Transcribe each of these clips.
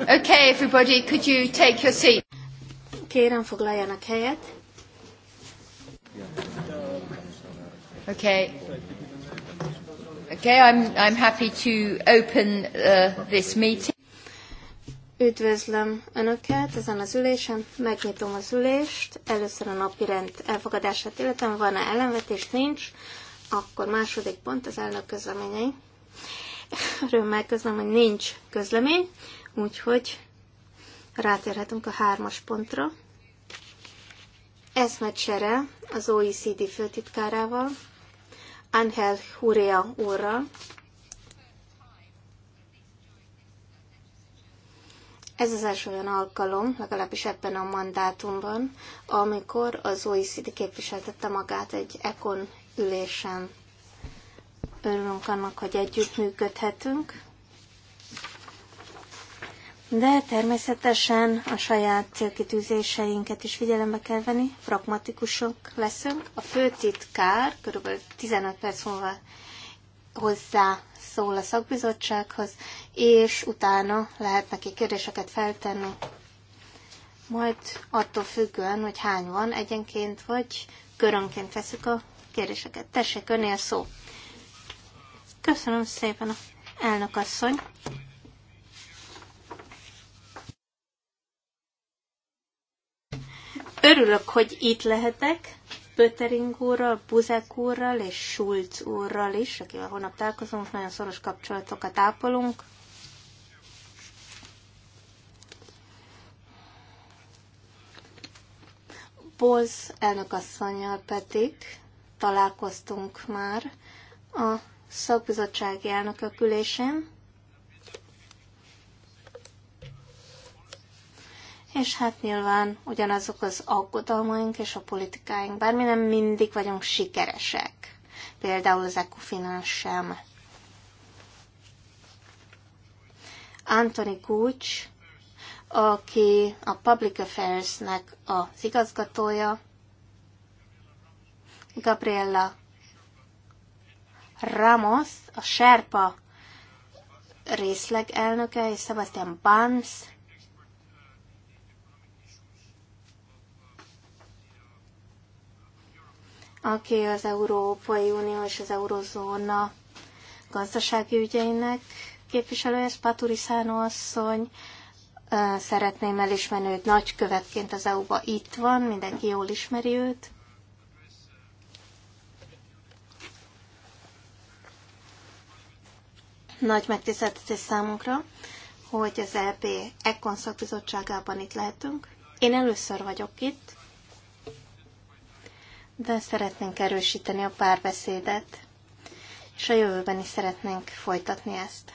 Okay, everybody, could you take your seat? Kérem foglaljanak helyet. Okay. Okay, I'm, I'm happy to open uh, this meeting. Üdvözlöm Önöket ezen az ülésen, megnyitom az ülést, először a napi rend elfogadását, illetem. van-e ellenvetés, nincs, akkor második pont az elnök közleményei már közlöm, hogy nincs közlemény, úgyhogy rátérhetünk a hármas pontra. Ez csere az OECD főtitkárával, Angel Hurea úrral. Ez az első olyan alkalom, legalábbis ebben a mandátumban, amikor az OECD képviseltette magát egy ECON ülésen. Örülünk annak, hogy együttműködhetünk. De természetesen a saját célkitűzéseinket is figyelembe kell venni, pragmatikusok leszünk. A fő titkár kb. 15 perc múlva hozzá szól a szakbizottsághoz, és utána lehet neki kérdéseket feltenni. Majd attól függően, hogy hány van, egyenként vagy körönként veszük a kérdéseket. Tessék, önél szó. Köszönöm szépen, elnök asszony. Örülök, hogy itt lehetek. Pöttering úrral, Buzek úrral és Schulz úrral is, akivel holnap találkozunk, nagyon szoros kapcsolatokat ápolunk. Boz elnökasszonyjal pedig találkoztunk már a szakbizottsági elnökök ülésén, és hát nyilván ugyanazok az aggodalmaink és a politikáink, bár mi nem mindig vagyunk sikeresek, például az Ecofinan sem. Anthony Kucs, aki a Public Affairs-nek az igazgatója, Gabriella Ramos, a Serpa részleg elnöke, és Sebastian Banz, aki az Európai Unió és az Eurozóna gazdasági ügyeinek képviselője, Szánó asszony, szeretném elismerni őt nagykövetként az EU-ba itt van, mindenki jól ismeri őt. Nagy megtiszteltetés számunkra, hogy az LP e Ekkon szakbizottságában itt lehetünk. Én először vagyok itt, de szeretnénk erősíteni a párbeszédet, és a jövőben is szeretnénk folytatni ezt.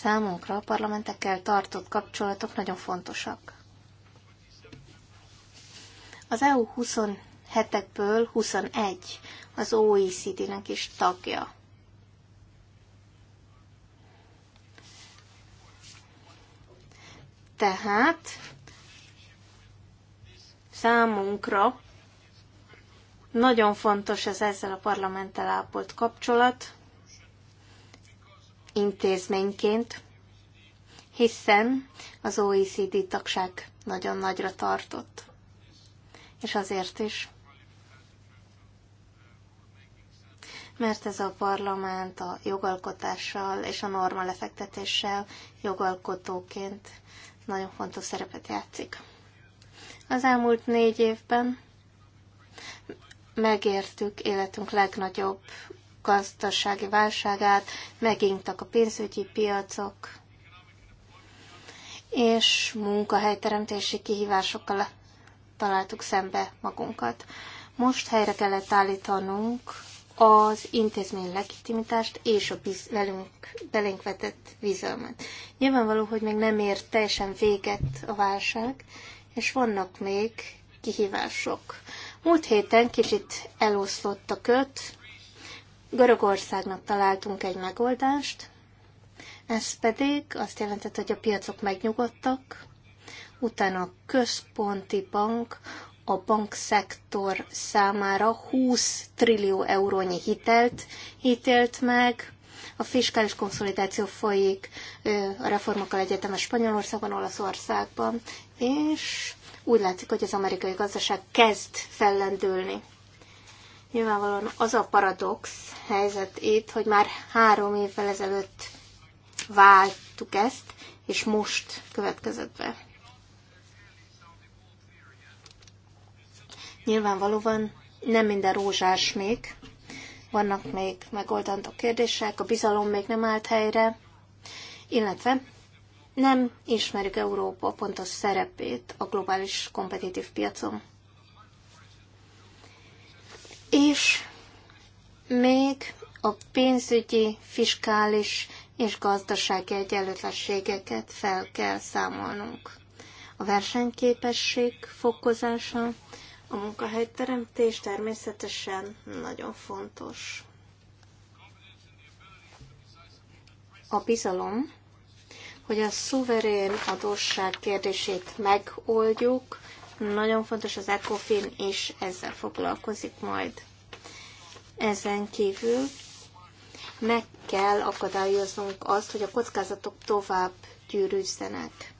Számunkra a parlamentekkel tartott kapcsolatok nagyon fontosak. Az EU 27-ekből 21 az OECD-nek is tagja. Tehát számunkra nagyon fontos az ezzel a parlamenttel ápolt kapcsolat intézményként, hiszen az OECD tagság nagyon nagyra tartott. És azért is, mert ez a parlament a jogalkotással és a norma lefektetéssel jogalkotóként nagyon fontos szerepet játszik. Az elmúlt négy évben megértük életünk legnagyobb gazdasági válságát, megintak a pénzügyi piacok, és munkahelyteremtési kihívásokkal találtuk szembe magunkat. Most helyre kellett állítanunk az intézmény legitimitást és a biz, velünk, belénk vetett bizalmat. Nyilvánvaló, hogy még nem ér teljesen véget a válság, és vannak még kihívások. Múlt héten kicsit eloszlott a köt, Görögországnak találtunk egy megoldást, ez pedig azt jelentett, hogy a piacok megnyugodtak, utána a központi bank a bankszektor számára 20 trillió eurónyi hitelt ítélt meg, a fiskális konszolidáció folyik a reformokkal egyetemes Spanyolországban, Olaszországban, és úgy látszik, hogy az amerikai gazdaság kezd fellendülni. Nyilvánvalóan az a paradox helyzet itt, hogy már három évvel ezelőtt váltuk ezt, és most következett be. Nyilvánvalóan nem minden rózsás még. Vannak még megoldandó kérdések, a bizalom még nem állt helyre, illetve nem ismerjük Európa pontos szerepét a globális kompetitív piacon. És még a pénzügyi, fiskális és gazdasági egyenlőtlenségeket fel kell számolnunk. A versenyképesség fokozása, a munkahelyteremtés természetesen nagyon fontos. A bizalom, hogy a szuverén adósság kérdését megoldjuk, nagyon fontos az ECOFIN is ezzel foglalkozik majd. Ezen kívül meg kell akadályoznunk azt, hogy a kockázatok tovább gyűrűzzenek.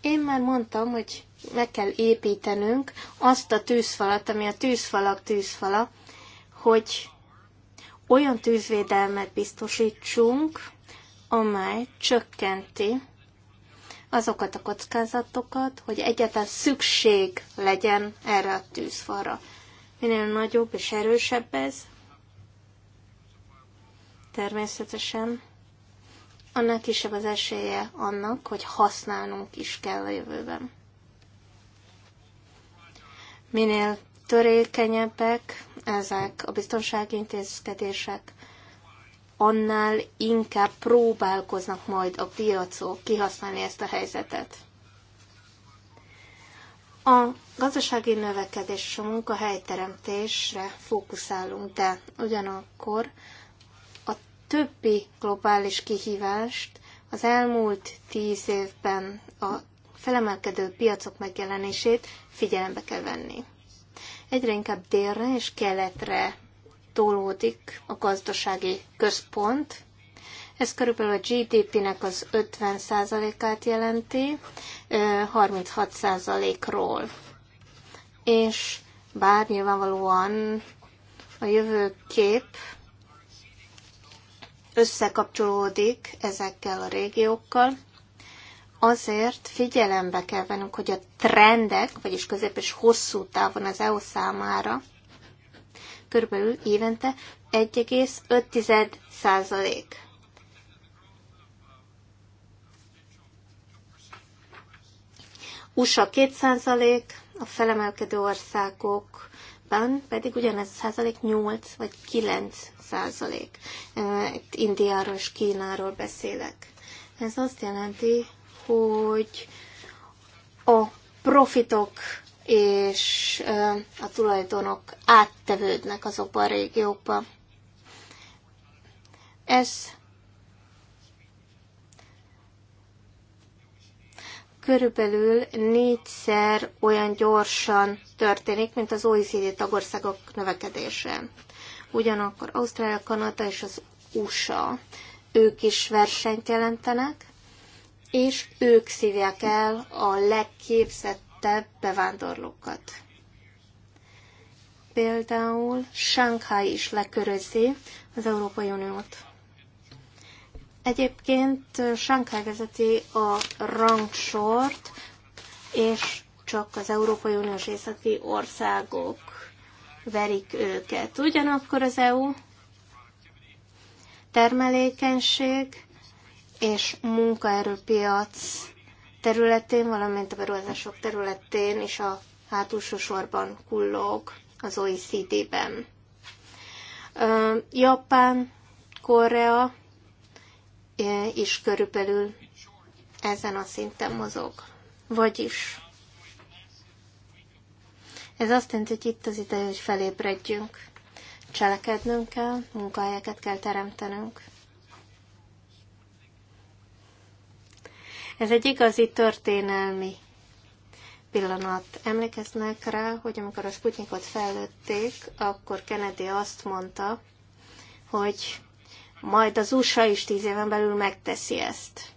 Én már mondtam, hogy meg kell építenünk azt a tűzfalat, ami a tűzfalak tűzfala, hogy olyan tűzvédelmet biztosítsunk, amely csökkenti azokat a kockázatokat, hogy egyáltalán szükség legyen erre a tűzfalra. Minél nagyobb és erősebb ez, természetesen, annál kisebb az esélye annak, hogy használnunk is kell a jövőben. Minél törékenyebbek ezek a biztonsági intézkedések, annál inkább próbálkoznak majd a piacok kihasználni ezt a helyzetet. A gazdasági növekedés és a munkahelyteremtésre fókuszálunk, de ugyanakkor a többi globális kihívást az elmúlt tíz évben a felemelkedő piacok megjelenését figyelembe kell venni. Egyre inkább délre és keletre tolódik a gazdasági központ. Ez körülbelül a GDP-nek az 50%-át jelenti, 36%-ról. És bár nyilvánvalóan a jövőkép összekapcsolódik ezekkel a régiókkal, azért figyelembe kell vennünk, hogy a trendek, vagyis közép és hosszú távon az EU számára körülbelül évente 1,5 százalék. USA 2 százalék, a felemelkedő országokban pedig ugyanez a százalék 8 vagy 9 százalék. Itt Indiáról és Kínáról beszélek. Ez azt jelenti, hogy a profitok és a tulajdonok áttevődnek azokba a régiókba. Ez körülbelül négyszer olyan gyorsan történik, mint az OECD tagországok növekedése. Ugyanakkor Ausztrália, Kanada és az USA, ők is versenyt jelentenek, és ők szívják el a legképzettebb bevándorlókat. Például Shanghai is lekörözi az Európai Uniót. Egyébként Shanghai vezeti a rangsort, és csak az Európai Uniós északi országok verik őket. Ugyanakkor az EU termelékenység és munkaerőpiac területén, valamint a beruházások területén is a hátulsó sorban kullog az OECD-ben. Japán, Korea is körülbelül ezen a szinten mozog. Vagyis ez azt jelenti, hogy itt az ideje, hogy felébredjünk. Cselekednünk kell, munkahelyeket kell teremtenünk. Ez egy igazi történelmi pillanat. Emlékeznek rá, hogy amikor a Sputnikot fellőtték, akkor Kennedy azt mondta, hogy majd az USA is tíz éven belül megteszi ezt.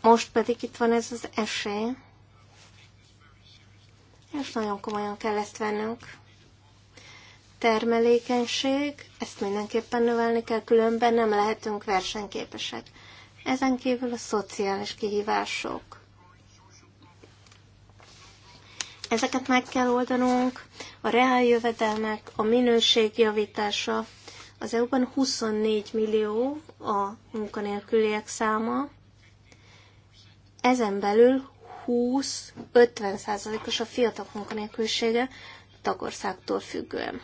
Most pedig itt van ez az esély, és nagyon komolyan kell ezt vennünk. Termelékenység, ezt mindenképpen növelni kell, különben nem lehetünk versenyképesek. Ezen kívül a szociális kihívások. Ezeket meg kell oldanunk, a reál jövedelmek, a minőség javítása. Az EU-ban 24 millió a munkanélküliek száma, ezen belül 20-50 százalékos a fiatal munkanélkülisége tagországtól függően.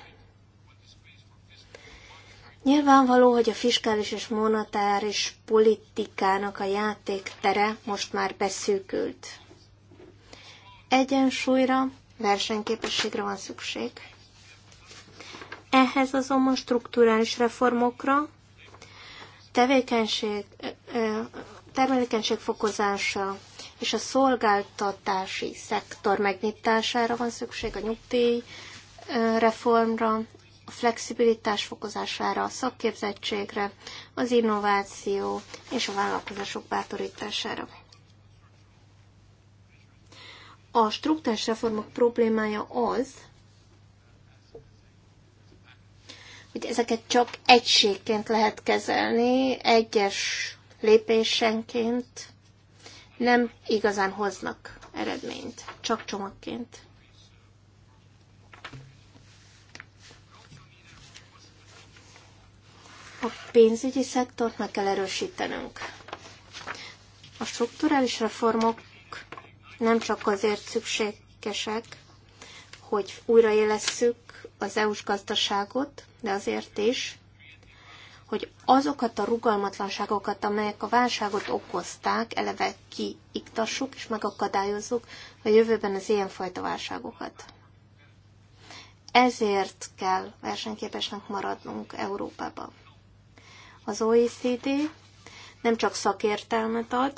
Nyilvánvaló, hogy a fiskális és monetáris politikának a játéktere most már beszűkült. Egyensúlyra, versenyképességre van szükség. Ehhez azonban strukturális reformokra, tevékenység, termelékenység fokozása és a szolgáltatási szektor megnyitására van szükség, a nyugdíj reformra, a flexibilitás fokozására, a szakképzettségre, az innováció és a vállalkozások bátorítására. A struktúrás reformok problémája az, hogy ezeket csak egységként lehet kezelni, egyes lépésenként nem igazán hoznak eredményt, csak csomagként. a pénzügyi szektort meg kell erősítenünk. A strukturális reformok nem csak azért szükségesek, hogy újraélesszük az EU-s gazdaságot, de azért is, hogy azokat a rugalmatlanságokat, amelyek a válságot okozták, eleve kiiktassuk és megakadályozzuk a jövőben az ilyenfajta válságokat. Ezért kell versenyképesnek maradnunk Európában az OECD nem csak szakértelmet ad,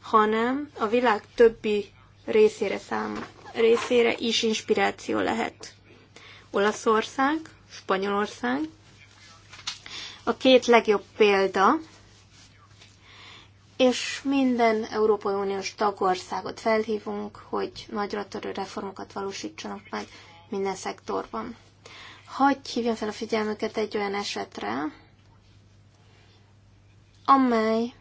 hanem a világ többi részére, szám, részére is inspiráció lehet. Olaszország, Spanyolország, a két legjobb példa, és minden Európai Uniós tagországot felhívunk, hogy nagyra törő reformokat valósítsanak meg minden szektorban. Hagy hívjam fel a figyelmüket egy olyan esetre, amely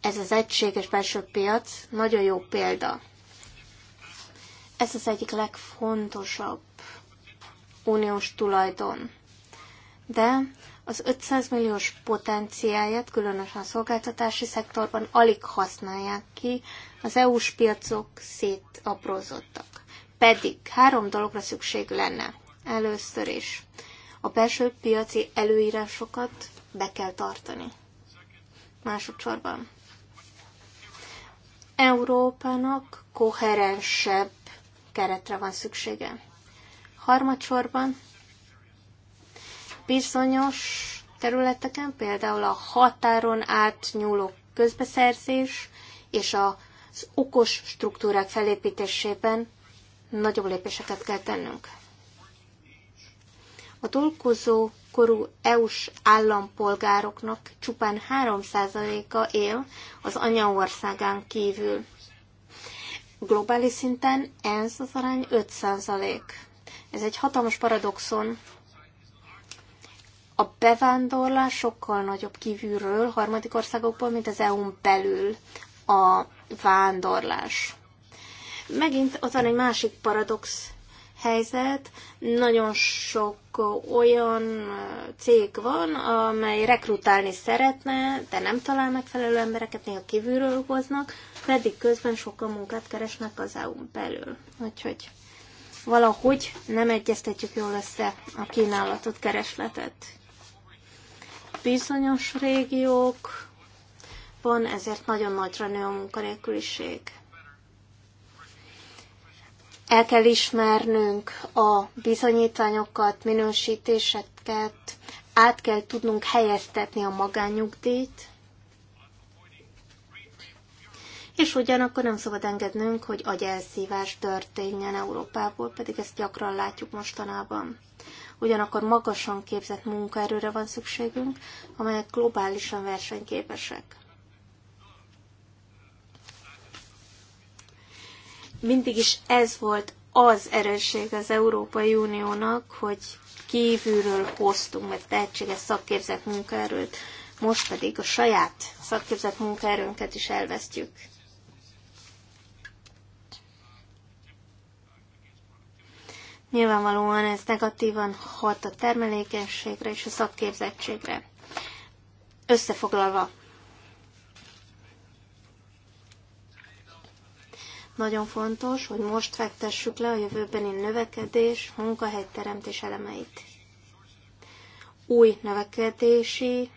ez az egységes belső piac nagyon jó példa. Ez az egyik legfontosabb uniós tulajdon. De az 500 milliós potenciáját, különösen a szolgáltatási szektorban alig használják ki, az EU-s piacok szétaprózottak. Pedig három dologra szükség lenne. Először is a belső piaci előírásokat be kell tartani. Másodszorban. Európának koherensebb keretre van szüksége. Harmadsorban bizonyos területeken, például a határon átnyúló közbeszerzés és az okos struktúrák felépítésében nagyobb lépéseket kell tennünk. A dolgozó korú EU-s állampolgároknak csupán 3%-a él az anyaországán kívül. Globális szinten ez az arány 5%. Ez egy hatalmas paradoxon. A bevándorlás sokkal nagyobb kívülről, harmadik országokból, mint az EU-n belül a vándorlás. Megint ott van egy másik paradox helyzet. Nagyon sok olyan cég van, amely rekrutálni szeretne, de nem talál megfelelő embereket, néha kívülről hoznak, pedig közben sokkal munkát keresnek az EU-n belül. Úgyhogy valahogy nem egyeztetjük jól össze a kínálatot, keresletet. Bizonyos régiók van, ezért nagyon nagyra nő a munkanélküliség el kell ismernünk a bizonyítványokat, minősítéseket, át kell tudnunk helyeztetni a magányugdíjt, és ugyanakkor nem szabad engednünk, hogy agyelszívás történjen Európából, pedig ezt gyakran látjuk mostanában. Ugyanakkor magasan képzett munkaerőre van szükségünk, amelyek globálisan versenyképesek. mindig is ez volt az erősség az Európai Uniónak, hogy kívülről hoztunk meg tehetséges szakképzett munkaerőt, most pedig a saját szakképzett munkaerőnket is elvesztjük. Nyilvánvalóan ez negatívan hat a termelékenységre és a szakképzettségre. Összefoglalva, Nagyon fontos, hogy most fektessük le a jövőbeni növekedés, munkahelyteremtés elemeit. Új növekedési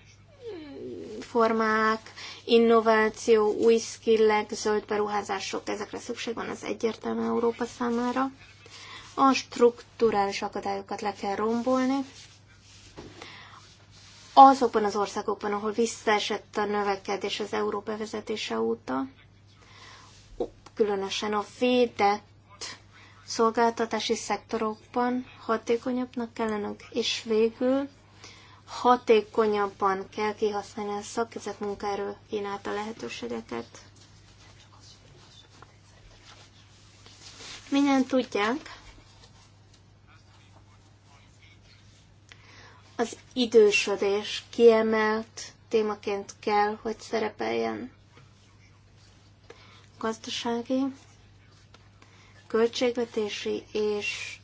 mm, formák, innováció, új skillek, zöld beruházások, ezekre szükség van az egyértelmű Európa számára. A strukturális akadályokat le kell rombolni. Azokban az országokban, ahol visszaesett a növekedés az Európa vezetése óta, különösen a védett szolgáltatási szektorokban hatékonyabbnak kellenek és végül hatékonyabban kell kihasználni a szakképzett munkáról kínálta lehetőségeket. Minden tudják, az idősödés kiemelt témaként kell, hogy szerepeljen gazdasági, költségvetési és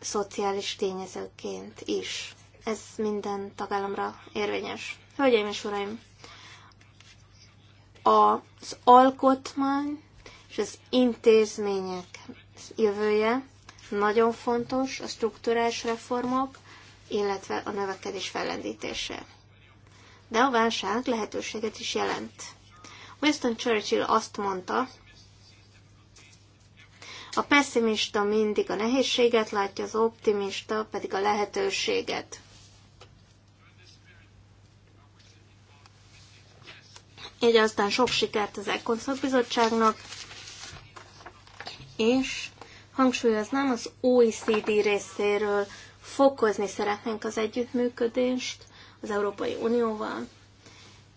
szociális tényezőként is. Ez minden tagállamra érvényes. Hölgyeim és uraim, az alkotmány és az intézmények jövője nagyon fontos, a strukturális reformok, illetve a növekedés fellendítése. De a válság lehetőséget is jelent. Winston Churchill azt mondta, a pessimista mindig a nehézséget látja, az optimista pedig a lehetőséget. Így aztán sok sikert az Ekon szakbizottságnak, és hangsúlyoznám az OECD részéről fokozni szeretnénk az együttműködést az Európai Unióval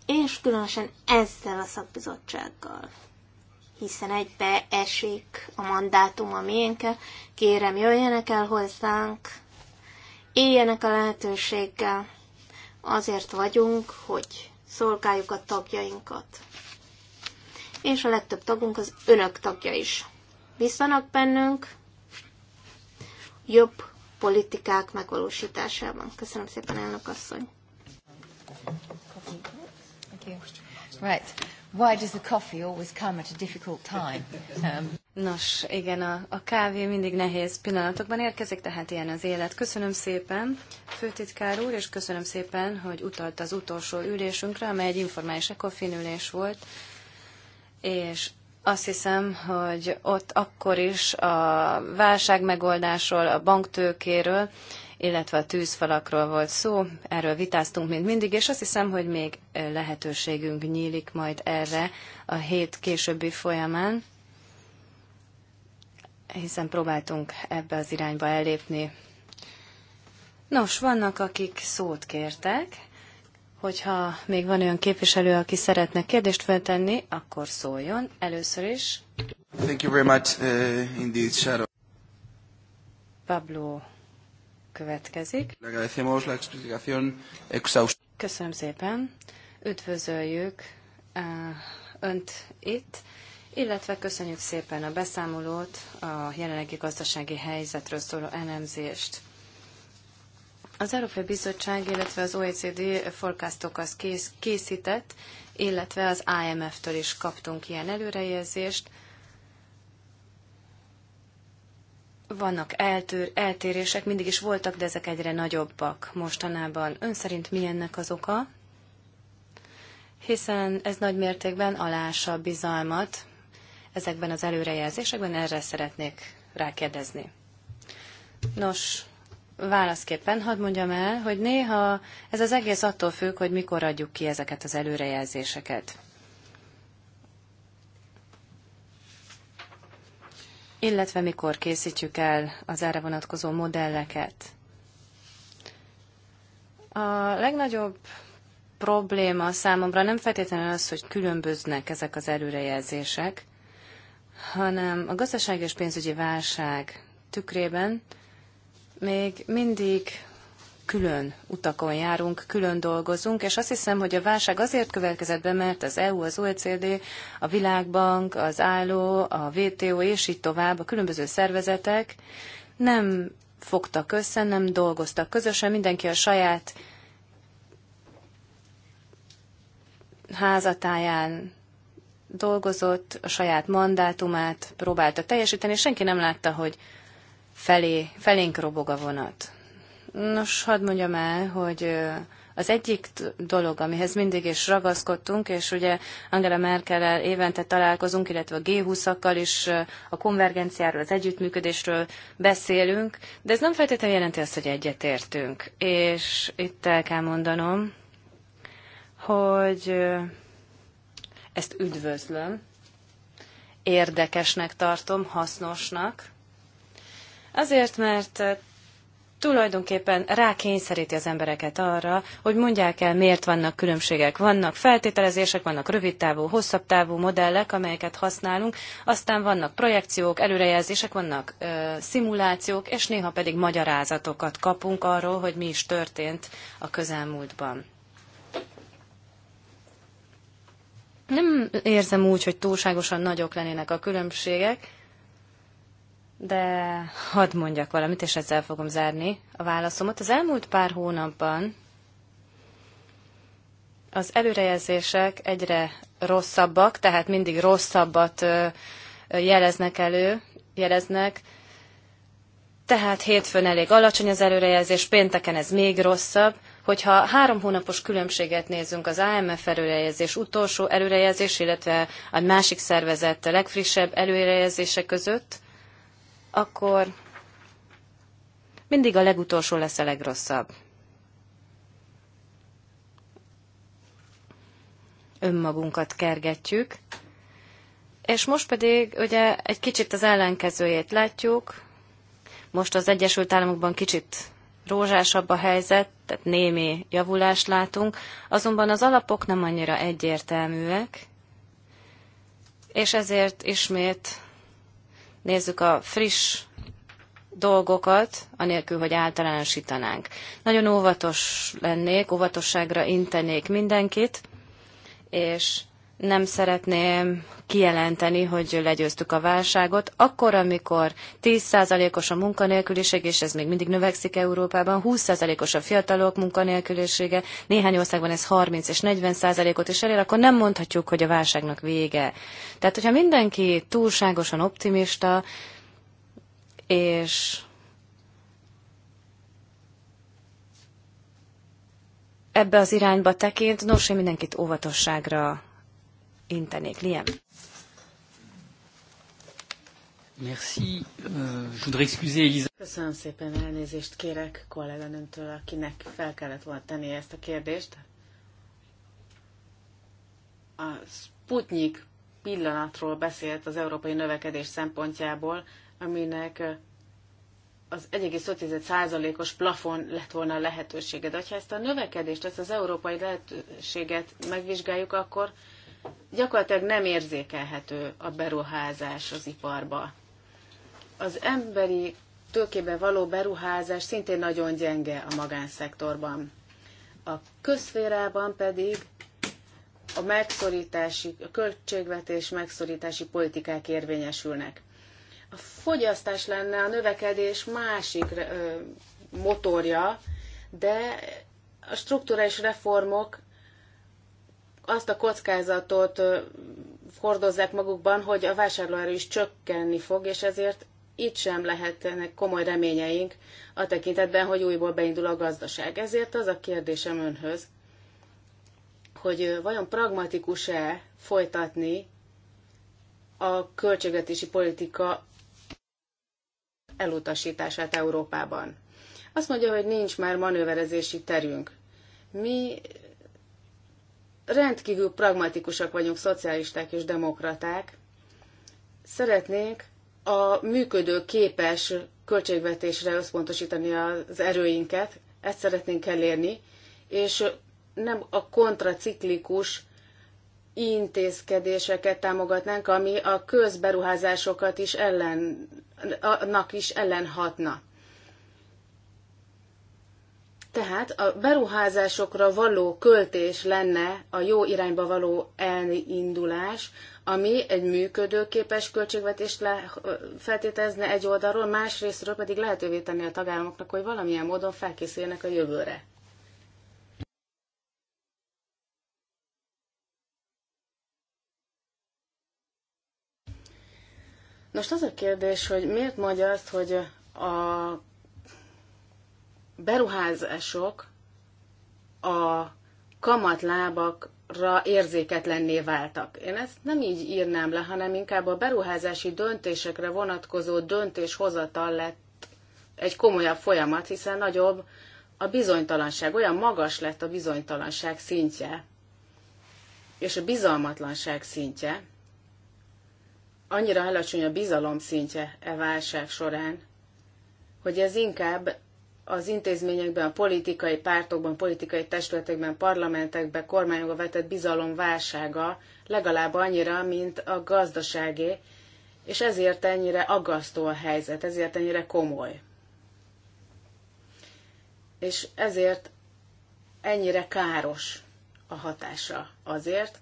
és különösen ezzel a szakbizottsággal, hiszen egybe esik a mandátum a miénkkel, kérem jöjjenek el hozzánk, éljenek a lehetőséggel, azért vagyunk, hogy szolgáljuk a tagjainkat. És a legtöbb tagunk az önök tagja is. Bízzanak bennünk jobb politikák megvalósításában. Köszönöm szépen, elnök asszony! Köszönöm. Thank you. Right. Why does the coffee always come at a difficult time? Um. Nos, igen, a, a kávé mindig nehéz pillanatokban érkezik, tehát ilyen az élet. Köszönöm szépen, főtitkár úr, és köszönöm szépen, hogy utalt az utolsó ülésünkre, amely egy informális ECOFIN ülés volt, és azt hiszem, hogy ott akkor is a válság megoldásról, a banktőkéről, illetve a tűzfalakról volt szó, erről vitáztunk, mint mindig, és azt hiszem, hogy még lehetőségünk nyílik majd erre a hét későbbi folyamán, hiszen próbáltunk ebbe az irányba ellépni. Nos, vannak, akik szót kértek, hogyha még van olyan képviselő, aki szeretne kérdést feltenni, akkor szóljon. Először is. Thank you very much, uh, indeed, Sharon. Pablo következik. Köszönöm szépen. Üdvözöljük eh, Önt itt, illetve köszönjük szépen a beszámolót, a jelenlegi gazdasági helyzetről szóló elemzést. Az Európai Bizottság, illetve az OECD forecastokat az kész, készített, illetve az IMF-től is kaptunk ilyen előrejelzést. vannak eltör, eltérések, mindig is voltak, de ezek egyre nagyobbak mostanában. Ön szerint mi ennek az oka? Hiszen ez nagy mértékben alása a bizalmat ezekben az előrejelzésekben, erre szeretnék rákérdezni. Nos, válaszképpen hadd mondjam el, hogy néha ez az egész attól függ, hogy mikor adjuk ki ezeket az előrejelzéseket. illetve mikor készítjük el az erre vonatkozó modelleket. A legnagyobb probléma számomra nem feltétlenül az, hogy különböznek ezek az előrejelzések, hanem a gazdasági és pénzügyi válság tükrében még mindig külön utakon járunk, külön dolgozunk, és azt hiszem, hogy a válság azért következett be, mert az EU, az OECD, a Világbank, az álló, a WTO és így tovább, a különböző szervezetek nem fogtak össze, nem dolgoztak közösen, mindenki a saját házatáján dolgozott, a saját mandátumát próbálta teljesíteni, és senki nem látta, hogy felé, felénk robog a vonat. Nos, hadd mondjam el, hogy az egyik dolog, amihez mindig is ragaszkodtunk, és ugye Angela Merkel-el évente találkozunk, illetve a G20-akkal is a konvergenciáról, az együttműködésről beszélünk, de ez nem feltétlenül jelenti azt, hogy egyetértünk. És itt el kell mondanom, hogy ezt üdvözlöm, érdekesnek tartom, hasznosnak, Azért, mert tulajdonképpen rákényszeríti az embereket arra, hogy mondják el, miért vannak különbségek. Vannak feltételezések, vannak rövidtávú, hosszabb távú modellek, amelyeket használunk, aztán vannak projekciók, előrejelzések, vannak ö, szimulációk, és néha pedig magyarázatokat kapunk arról, hogy mi is történt a közelmúltban. Nem érzem úgy, hogy túlságosan nagyok lennének a különbségek, de hadd mondjak valamit, és ezzel fogom zárni a válaszomat. Az elmúlt pár hónapban az előrejelzések egyre rosszabbak, tehát mindig rosszabbat jeleznek elő, jeleznek. Tehát hétfőn elég alacsony az előrejelzés, pénteken ez még rosszabb. Hogyha három hónapos különbséget nézünk az AMF előrejelzés utolsó előrejelzés, illetve a másik szervezet legfrissebb előrejelzése között, akkor mindig a legutolsó lesz a legrosszabb. Önmagunkat kergetjük. És most pedig ugye egy kicsit az ellenkezőjét látjuk. Most az Egyesült Államokban kicsit rózsásabb a helyzet, tehát némi javulást látunk, azonban az alapok nem annyira egyértelműek, és ezért ismét nézzük a friss dolgokat, anélkül, hogy általánosítanánk. Nagyon óvatos lennék, óvatosságra intenék mindenkit, és nem szeretném kijelenteni, hogy legyőztük a válságot. Akkor, amikor 10%-os a munkanélküliség, és ez még mindig növekszik Európában, 20%-os a fiatalok munkanélkülisége, néhány országban ez 30 és 40%-ot is elér, akkor nem mondhatjuk, hogy a válságnak vége. Tehát, hogyha mindenki túlságosan optimista, és ebbe az irányba tekint, nos, én mindenkit óvatosságra intenék. Liam. Merci. Euh, Elisa. Köszönöm szépen, elnézést kérek kolléganőntől, akinek fel kellett volna tenni ezt a kérdést. A Sputnik pillanatról beszélt az európai növekedés szempontjából, aminek az 1,5%-os plafon lett volna a lehetőséged. ha ezt a növekedést, ezt az európai lehetőséget megvizsgáljuk, akkor gyakorlatilag nem érzékelhető a beruházás az iparba. Az emberi tőkébe való beruházás szintén nagyon gyenge a magánszektorban. A közférában pedig a megszorítási, a költségvetés megszorítási politikák érvényesülnek. A fogyasztás lenne a növekedés másik motorja, de a strukturális reformok azt a kockázatot hordozzák magukban, hogy a vásárlóerő is csökkenni fog, és ezért itt sem lehetnek komoly reményeink a tekintetben, hogy újból beindul a gazdaság. Ezért az a kérdésem önhöz, hogy vajon pragmatikus-e folytatni a költségvetési politika elutasítását Európában. Azt mondja, hogy nincs már manőverezési terünk. Mi rendkívül pragmatikusak vagyunk, szocialisták és demokraták. Szeretnénk a működő képes költségvetésre összpontosítani az erőinket, ezt szeretnénk elérni, és nem a kontraciklikus intézkedéseket támogatnánk, ami a közberuházásokat is ellennak is ellenhatna. Tehát a beruházásokra való költés lenne a jó irányba való elindulás, ami egy működőképes költségvetést le, feltételezne egy oldalról, másrésztről pedig lehetővé tenni a tagállamoknak, hogy valamilyen módon felkészüljenek a jövőre. Most az a kérdés, hogy miért mondja azt, hogy a beruházások a kamatlábakra érzéketlenné váltak. Én ezt nem így írnám le, hanem inkább a beruházási döntésekre vonatkozó döntéshozatal lett egy komolyabb folyamat, hiszen nagyobb a bizonytalanság, olyan magas lett a bizonytalanság szintje, és a bizalmatlanság szintje, annyira alacsony a bizalom szintje e válság során, hogy ez inkább az intézményekben, a politikai pártokban, politikai testületekben, parlamentekben, kormányokba vetett bizalom válsága legalább annyira, mint a gazdaságé, és ezért ennyire aggasztó a helyzet, ezért ennyire komoly. És ezért ennyire káros a hatása azért,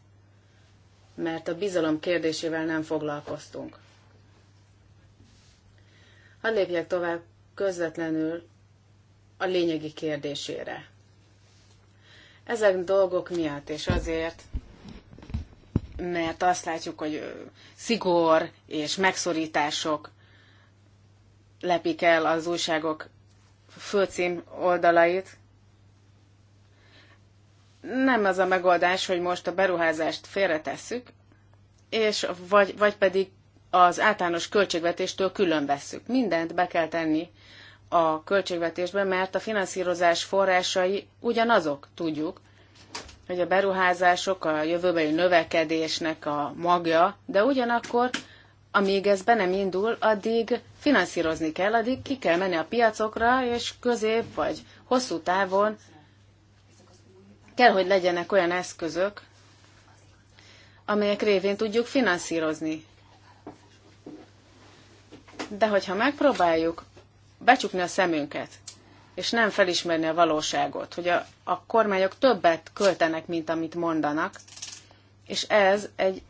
mert a bizalom kérdésével nem foglalkoztunk. Hadd lépjek tovább közvetlenül a lényegi kérdésére. Ezek dolgok miatt, és azért, mert azt látjuk, hogy szigor és megszorítások lepik el az újságok főcím oldalait. Nem az a megoldás, hogy most a beruházást félretesszük, és vagy, vagy pedig az általános költségvetéstől külön vesszük. Mindent be kell tenni a költségvetésben, mert a finanszírozás forrásai ugyanazok, tudjuk, hogy a beruházások a jövőbeli növekedésnek a magja, de ugyanakkor, amíg ez be nem indul, addig finanszírozni kell, addig ki kell menni a piacokra, és közép vagy hosszú távon kell, hogy legyenek olyan eszközök, amelyek révén tudjuk finanszírozni. De hogyha megpróbáljuk becsukni a szemünket, és nem felismerni a valóságot, hogy a, a kormányok többet költenek, mint amit mondanak, és ez egy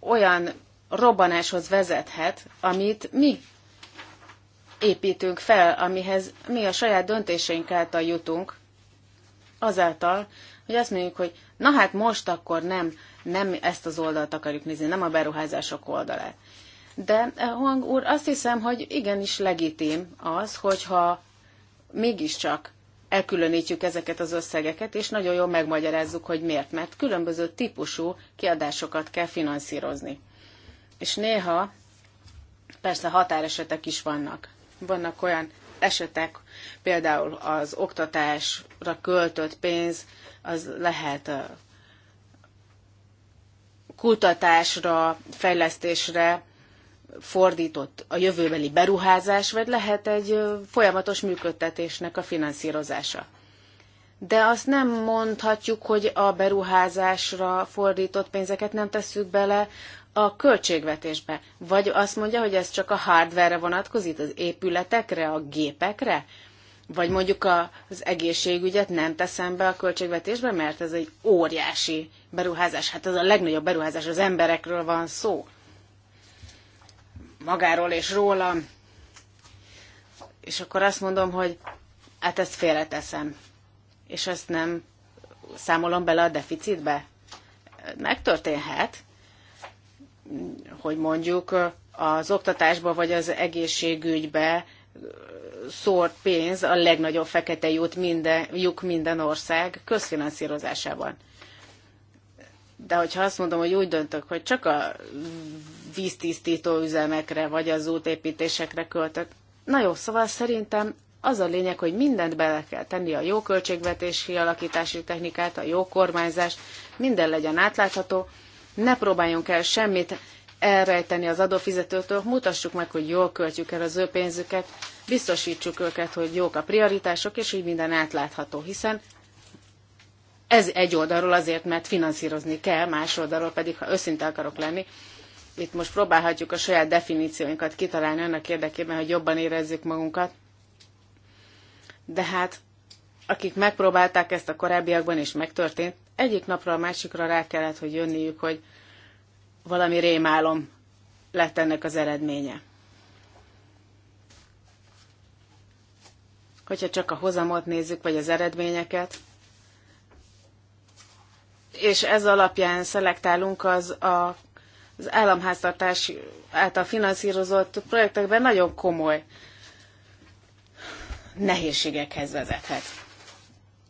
olyan robbanáshoz vezethet, amit mi építünk fel, amihez mi a saját döntéseink által jutunk, azáltal, hogy azt mondjuk, hogy na hát most akkor nem, nem ezt az oldalt akarjuk nézni, nem a beruházások oldalát. De eh, Huang úr, azt hiszem, hogy igenis legitim az, hogyha mégiscsak elkülönítjük ezeket az összegeket, és nagyon jól megmagyarázzuk, hogy miért, mert különböző típusú kiadásokat kell finanszírozni. És néha persze határesetek is vannak. Vannak olyan esetek, például az oktatásra költött pénz, az lehet eh, kutatásra, fejlesztésre, fordított a jövőbeli beruházás, vagy lehet egy folyamatos működtetésnek a finanszírozása. De azt nem mondhatjuk, hogy a beruházásra fordított pénzeket nem tesszük bele a költségvetésbe. Vagy azt mondja, hogy ez csak a hardware vonatkozik, az épületekre, a gépekre? Vagy mondjuk az egészségügyet nem teszem be a költségvetésbe, mert ez egy óriási beruházás. Hát ez a legnagyobb beruházás, az emberekről van szó magáról és rólam, és akkor azt mondom, hogy hát ezt félreteszem, és ezt nem számolom bele a deficitbe. Megtörténhet, hogy mondjuk az oktatásba vagy az egészségügybe szórt pénz a legnagyobb fekete lyuk minden, lyuk minden ország közfinanszírozásában. De hogyha azt mondom, hogy úgy döntök, hogy csak a víztisztító üzemekre vagy az útépítésekre költök, na jó, szóval szerintem az a lényeg, hogy mindent bele kell tenni, a jó költségvetési alakítási technikát, a jó kormányzás, minden legyen átlátható, ne próbáljunk el semmit elrejteni az adófizetőtől, mutassuk meg, hogy jól költjük el az ő pénzüket, biztosítsuk őket, hogy jók a prioritások, és hogy minden átlátható, hiszen ez egy oldalról azért, mert finanszírozni kell, más oldalról pedig, ha őszinte akarok lenni, itt most próbálhatjuk a saját definícióinkat kitalálni annak érdekében, hogy jobban érezzük magunkat. De hát, akik megpróbálták ezt a korábbiakban, és megtörtént, egyik napra a másikra rá kellett, hogy jönniük, hogy valami rémálom lett ennek az eredménye. Hogyha csak a hozamot nézzük, vagy az eredményeket, és ez alapján szelektálunk az a, az államháztartás által finanszírozott projektekben nagyon komoly nehézségekhez vezethet.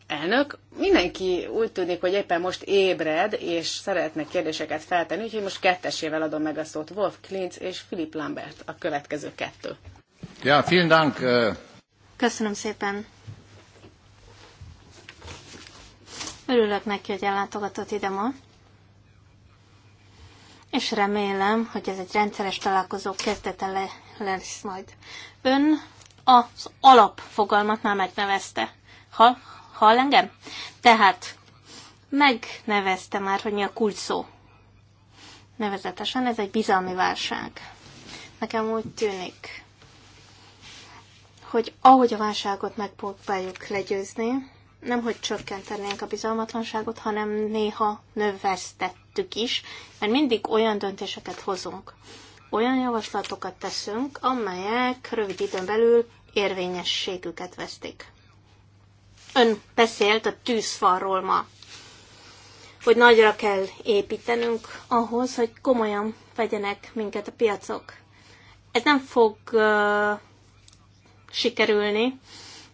Elnök, mindenki úgy tűnik, hogy éppen most ébred, és szeretne kérdéseket feltenni, úgyhogy most kettesével adom meg a szót Wolf Klintz és Philip Lambert, a következő kettő. Ja, vielen Dank. Köszönöm szépen. Örülök neki, hogy ellátogatott ide ma, és remélem, hogy ez egy rendszeres találkozó kezdete le, lesz majd. Ön az alapfogalmat már megnevezte. Ha, hall engem? Tehát megnevezte már, hogy mi a kulcs szó. Nevezetesen ez egy bizalmi válság. Nekem úgy tűnik, hogy ahogy a válságot megpróbáljuk legyőzni, nem hogy csökkentenénk a bizalmatlanságot, hanem néha növesztettük is, mert mindig olyan döntéseket hozunk, olyan javaslatokat teszünk, amelyek rövid időn belül érvényességüket vesztik. Ön beszélt a tűzfalról ma, hogy nagyra kell építenünk ahhoz, hogy komolyan vegyenek minket a piacok. Ez nem fog uh, sikerülni,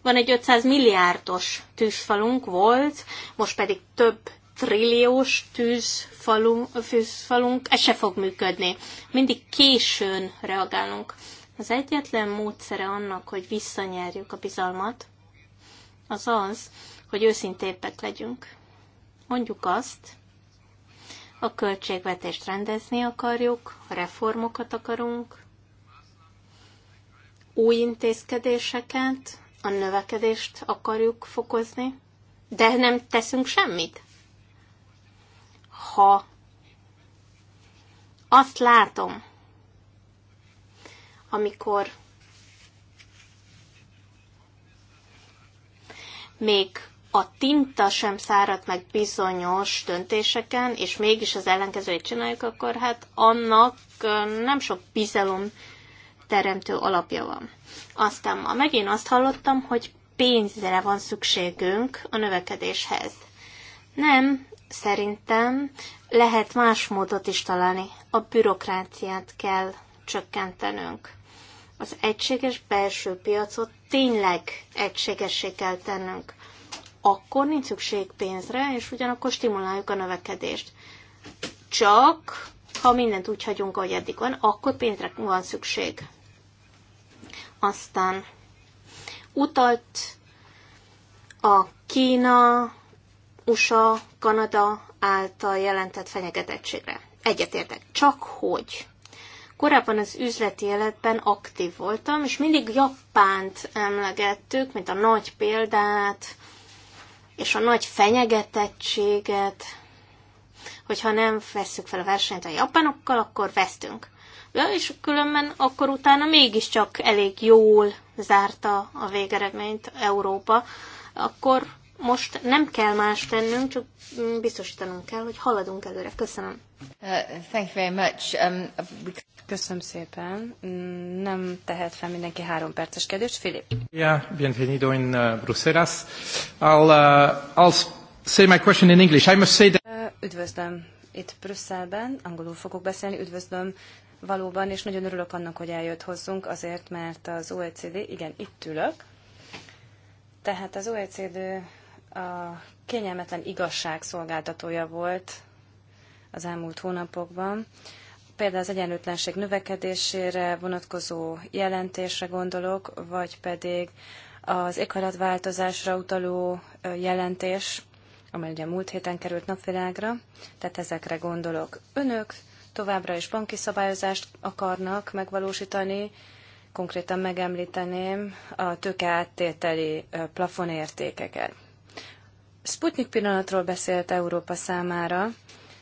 van egy 500 milliárdos tűzfalunk volt, most pedig több trilliós tűzfalunk, tűzfalunk, ez se fog működni. Mindig későn reagálunk. Az egyetlen módszere annak, hogy visszanyerjük a bizalmat, az az, hogy őszintépek legyünk. Mondjuk azt, a költségvetést rendezni akarjuk, reformokat akarunk, új intézkedéseket, a növekedést akarjuk fokozni, de nem teszünk semmit. Ha azt látom, amikor még a tinta sem szárad meg bizonyos döntéseken, és mégis az ellenkezőjét csináljuk, akkor hát annak nem sok bizalom teremtő alapja van. Aztán ma megint azt hallottam, hogy pénzre van szükségünk a növekedéshez. Nem, szerintem lehet más módot is találni. A bürokráciát kell csökkentenünk. Az egységes belső piacot tényleg egységessé kell tennünk. Akkor nincs szükség pénzre, és ugyanakkor stimuláljuk a növekedést. Csak ha mindent úgy hagyunk, ahogy eddig van, akkor pénzre van szükség. Aztán utalt a Kína, USA, Kanada által jelentett fenyegetettségre. Egyetértek. Csak hogy korábban az üzleti életben aktív voltam, és mindig Japánt emlegettük, mint a nagy példát, és a nagy fenyegetettséget, hogyha nem vesszük fel a versenyt a japánokkal, akkor vesztünk. Ja, és különben akkor utána mégiscsak elég jól zárta a végeredményt Európa, akkor most nem kell más tennünk, csak mm, biztosítanunk kell, hogy haladunk előre. Köszönöm. Uh, thank you very much. Um, Köszönöm szépen. Nem tehet fel mindenki három perces kérdést. Filip. Yeah, bienvenido in uh, Bruselas. I'll, uh, I'll say my question in English. I must say that... Üdvözlöm itt Brüsszelben, angolul fogok beszélni, üdvözlöm valóban, és nagyon örülök annak, hogy eljött hozzunk, azért, mert az OECD, igen, itt ülök, tehát az OECD a kényelmetlen igazság szolgáltatója volt az elmúlt hónapokban. Például az egyenlőtlenség növekedésére vonatkozó jelentésre gondolok, vagy pedig az éghajlatváltozásra utaló jelentés, amely ugye múlt héten került napvilágra, tehát ezekre gondolok. Önök továbbra is banki szabályozást akarnak megvalósítani, konkrétan megemlíteném a tőkeáttételi plafonértékeket. Sputnik pillanatról beszélt Európa számára,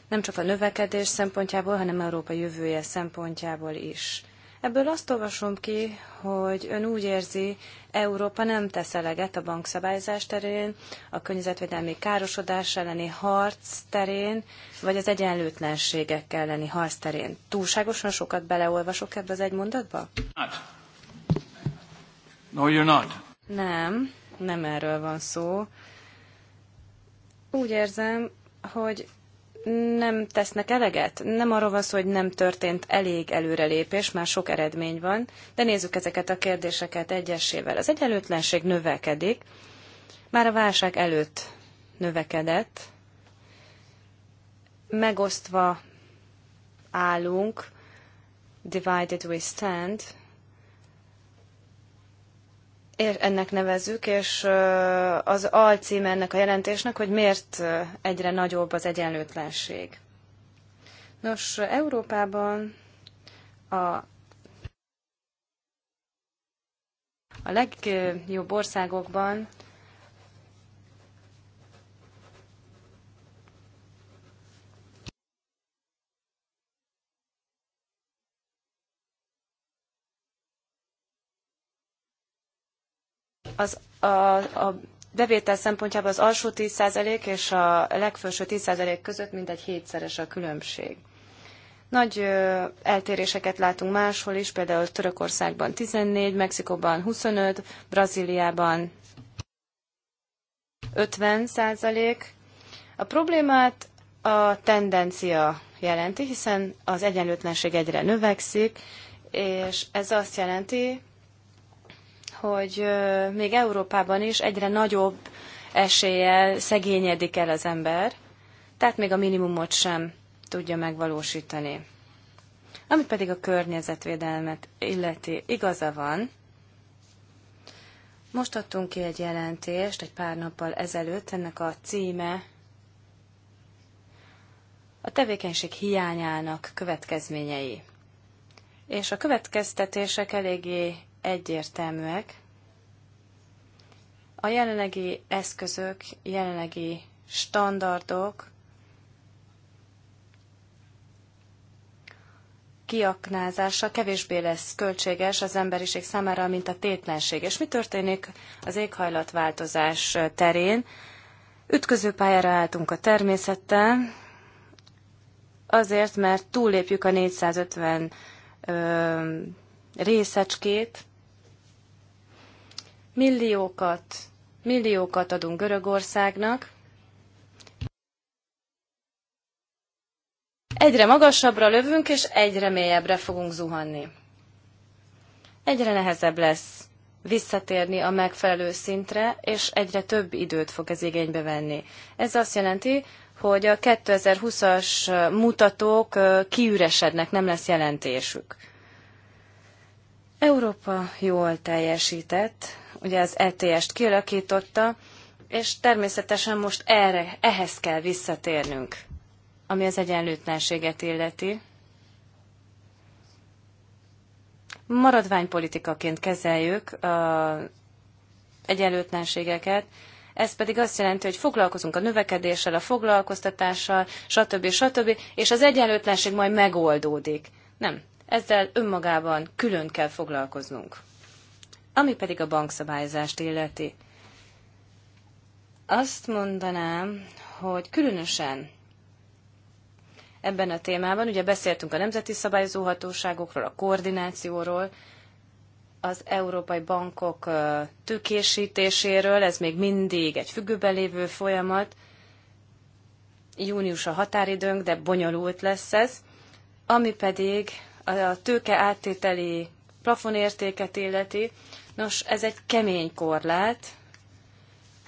nem csak a növekedés szempontjából, hanem Európa jövője szempontjából is. Ebből azt olvasom ki, hogy ön úgy érzi, Európa nem tesz eleget a bankszabályzás terén, a környezetvédelmi károsodás elleni harc terén, vagy az egyenlőtlenségek elleni harc terén. Túlságosan sokat beleolvasok ebbe az egy mondatba? Not. No, you're not. Nem, nem erről van szó. Úgy érzem, hogy nem tesznek eleget? Nem arról van szó, hogy nem történt elég előrelépés, már sok eredmény van, de nézzük ezeket a kérdéseket egyesével. Az egyenlőtlenség növekedik, már a válság előtt növekedett, megosztva állunk, divided we stand, ennek nevezzük, és az alcím ennek a jelentésnek, hogy miért egyre nagyobb az egyenlőtlenség. Nos, Európában a a legjobb országokban az, a, a bevétel szempontjából az alsó 10% és a legfelső 10% között mindegy hétszeres a különbség. Nagy ö, eltéréseket látunk máshol is, például Törökországban 14, Mexikóban 25, Brazíliában 50 százalék. A problémát a tendencia jelenti, hiszen az egyenlőtlenség egyre növekszik, és ez azt jelenti, hogy még Európában is egyre nagyobb eséllyel szegényedik el az ember, tehát még a minimumot sem tudja megvalósítani. Ami pedig a környezetvédelmet illeti, igaza van, most adtunk ki egy jelentést egy pár nappal ezelőtt, ennek a címe a tevékenység hiányának következményei. És a következtetések eléggé egyértelműek. A jelenlegi eszközök, jelenlegi standardok kiaknázása kevésbé lesz költséges az emberiség számára, mint a tétlenség. És mi történik az éghajlatváltozás terén? Ütköző pályára álltunk a természettel, azért, mert túllépjük a 450 ö, részecskét, Milliókat, milliókat adunk Görögországnak. Egyre magasabbra lövünk, és egyre mélyebbre fogunk zuhanni. Egyre nehezebb lesz visszatérni a megfelelő szintre, és egyre több időt fog ez igénybe venni. Ez azt jelenti, hogy a 2020-as mutatók kiüresednek, nem lesz jelentésük. Európa jól teljesített, ugye az ETS-t kialakította, és természetesen most erre, ehhez kell visszatérnünk, ami az egyenlőtlenséget illeti. Maradványpolitikaként kezeljük az egyenlőtlenségeket, ez pedig azt jelenti, hogy foglalkozunk a növekedéssel, a foglalkoztatással, stb. stb. és az egyenlőtlenség majd megoldódik. Nem, ezzel önmagában külön kell foglalkoznunk. Ami pedig a bankszabályzást illeti. Azt mondanám, hogy különösen ebben a témában, ugye beszéltünk a nemzeti szabályzóhatóságokról, a koordinációról, az európai bankok tőkésítéséről, ez még mindig egy függőben lévő folyamat. Június a határidőnk, de bonyolult lesz ez. Ami pedig a tőke áttételi plafonértéket illeti, Nos, ez egy kemény korlát,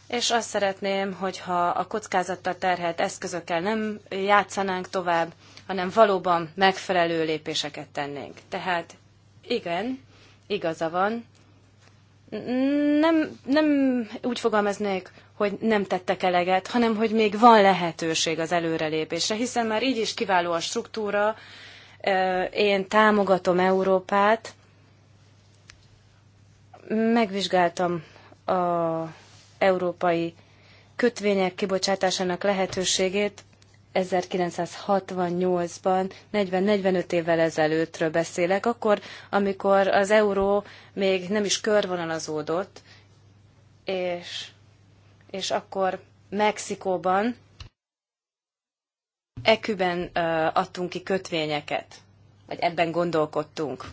és azt szeretném, hogyha a kockázattal terhelt eszközökkel nem játszanánk tovább, hanem valóban megfelelő lépéseket tennénk. Tehát igen, igaza van. Nem, nem úgy fogalmaznék, hogy nem tettek eleget, hanem hogy még van lehetőség az előrelépésre, hiszen már így is kiváló a struktúra, én támogatom Európát, Megvizsgáltam a európai kötvények kibocsátásának lehetőségét 1968-ban, 40-45 évvel ezelőttről beszélek, akkor, amikor az euró még nem is körvonalazódott, és, és akkor Mexikóban, Eküben uh, adtunk ki kötvényeket, vagy ebben gondolkodtunk.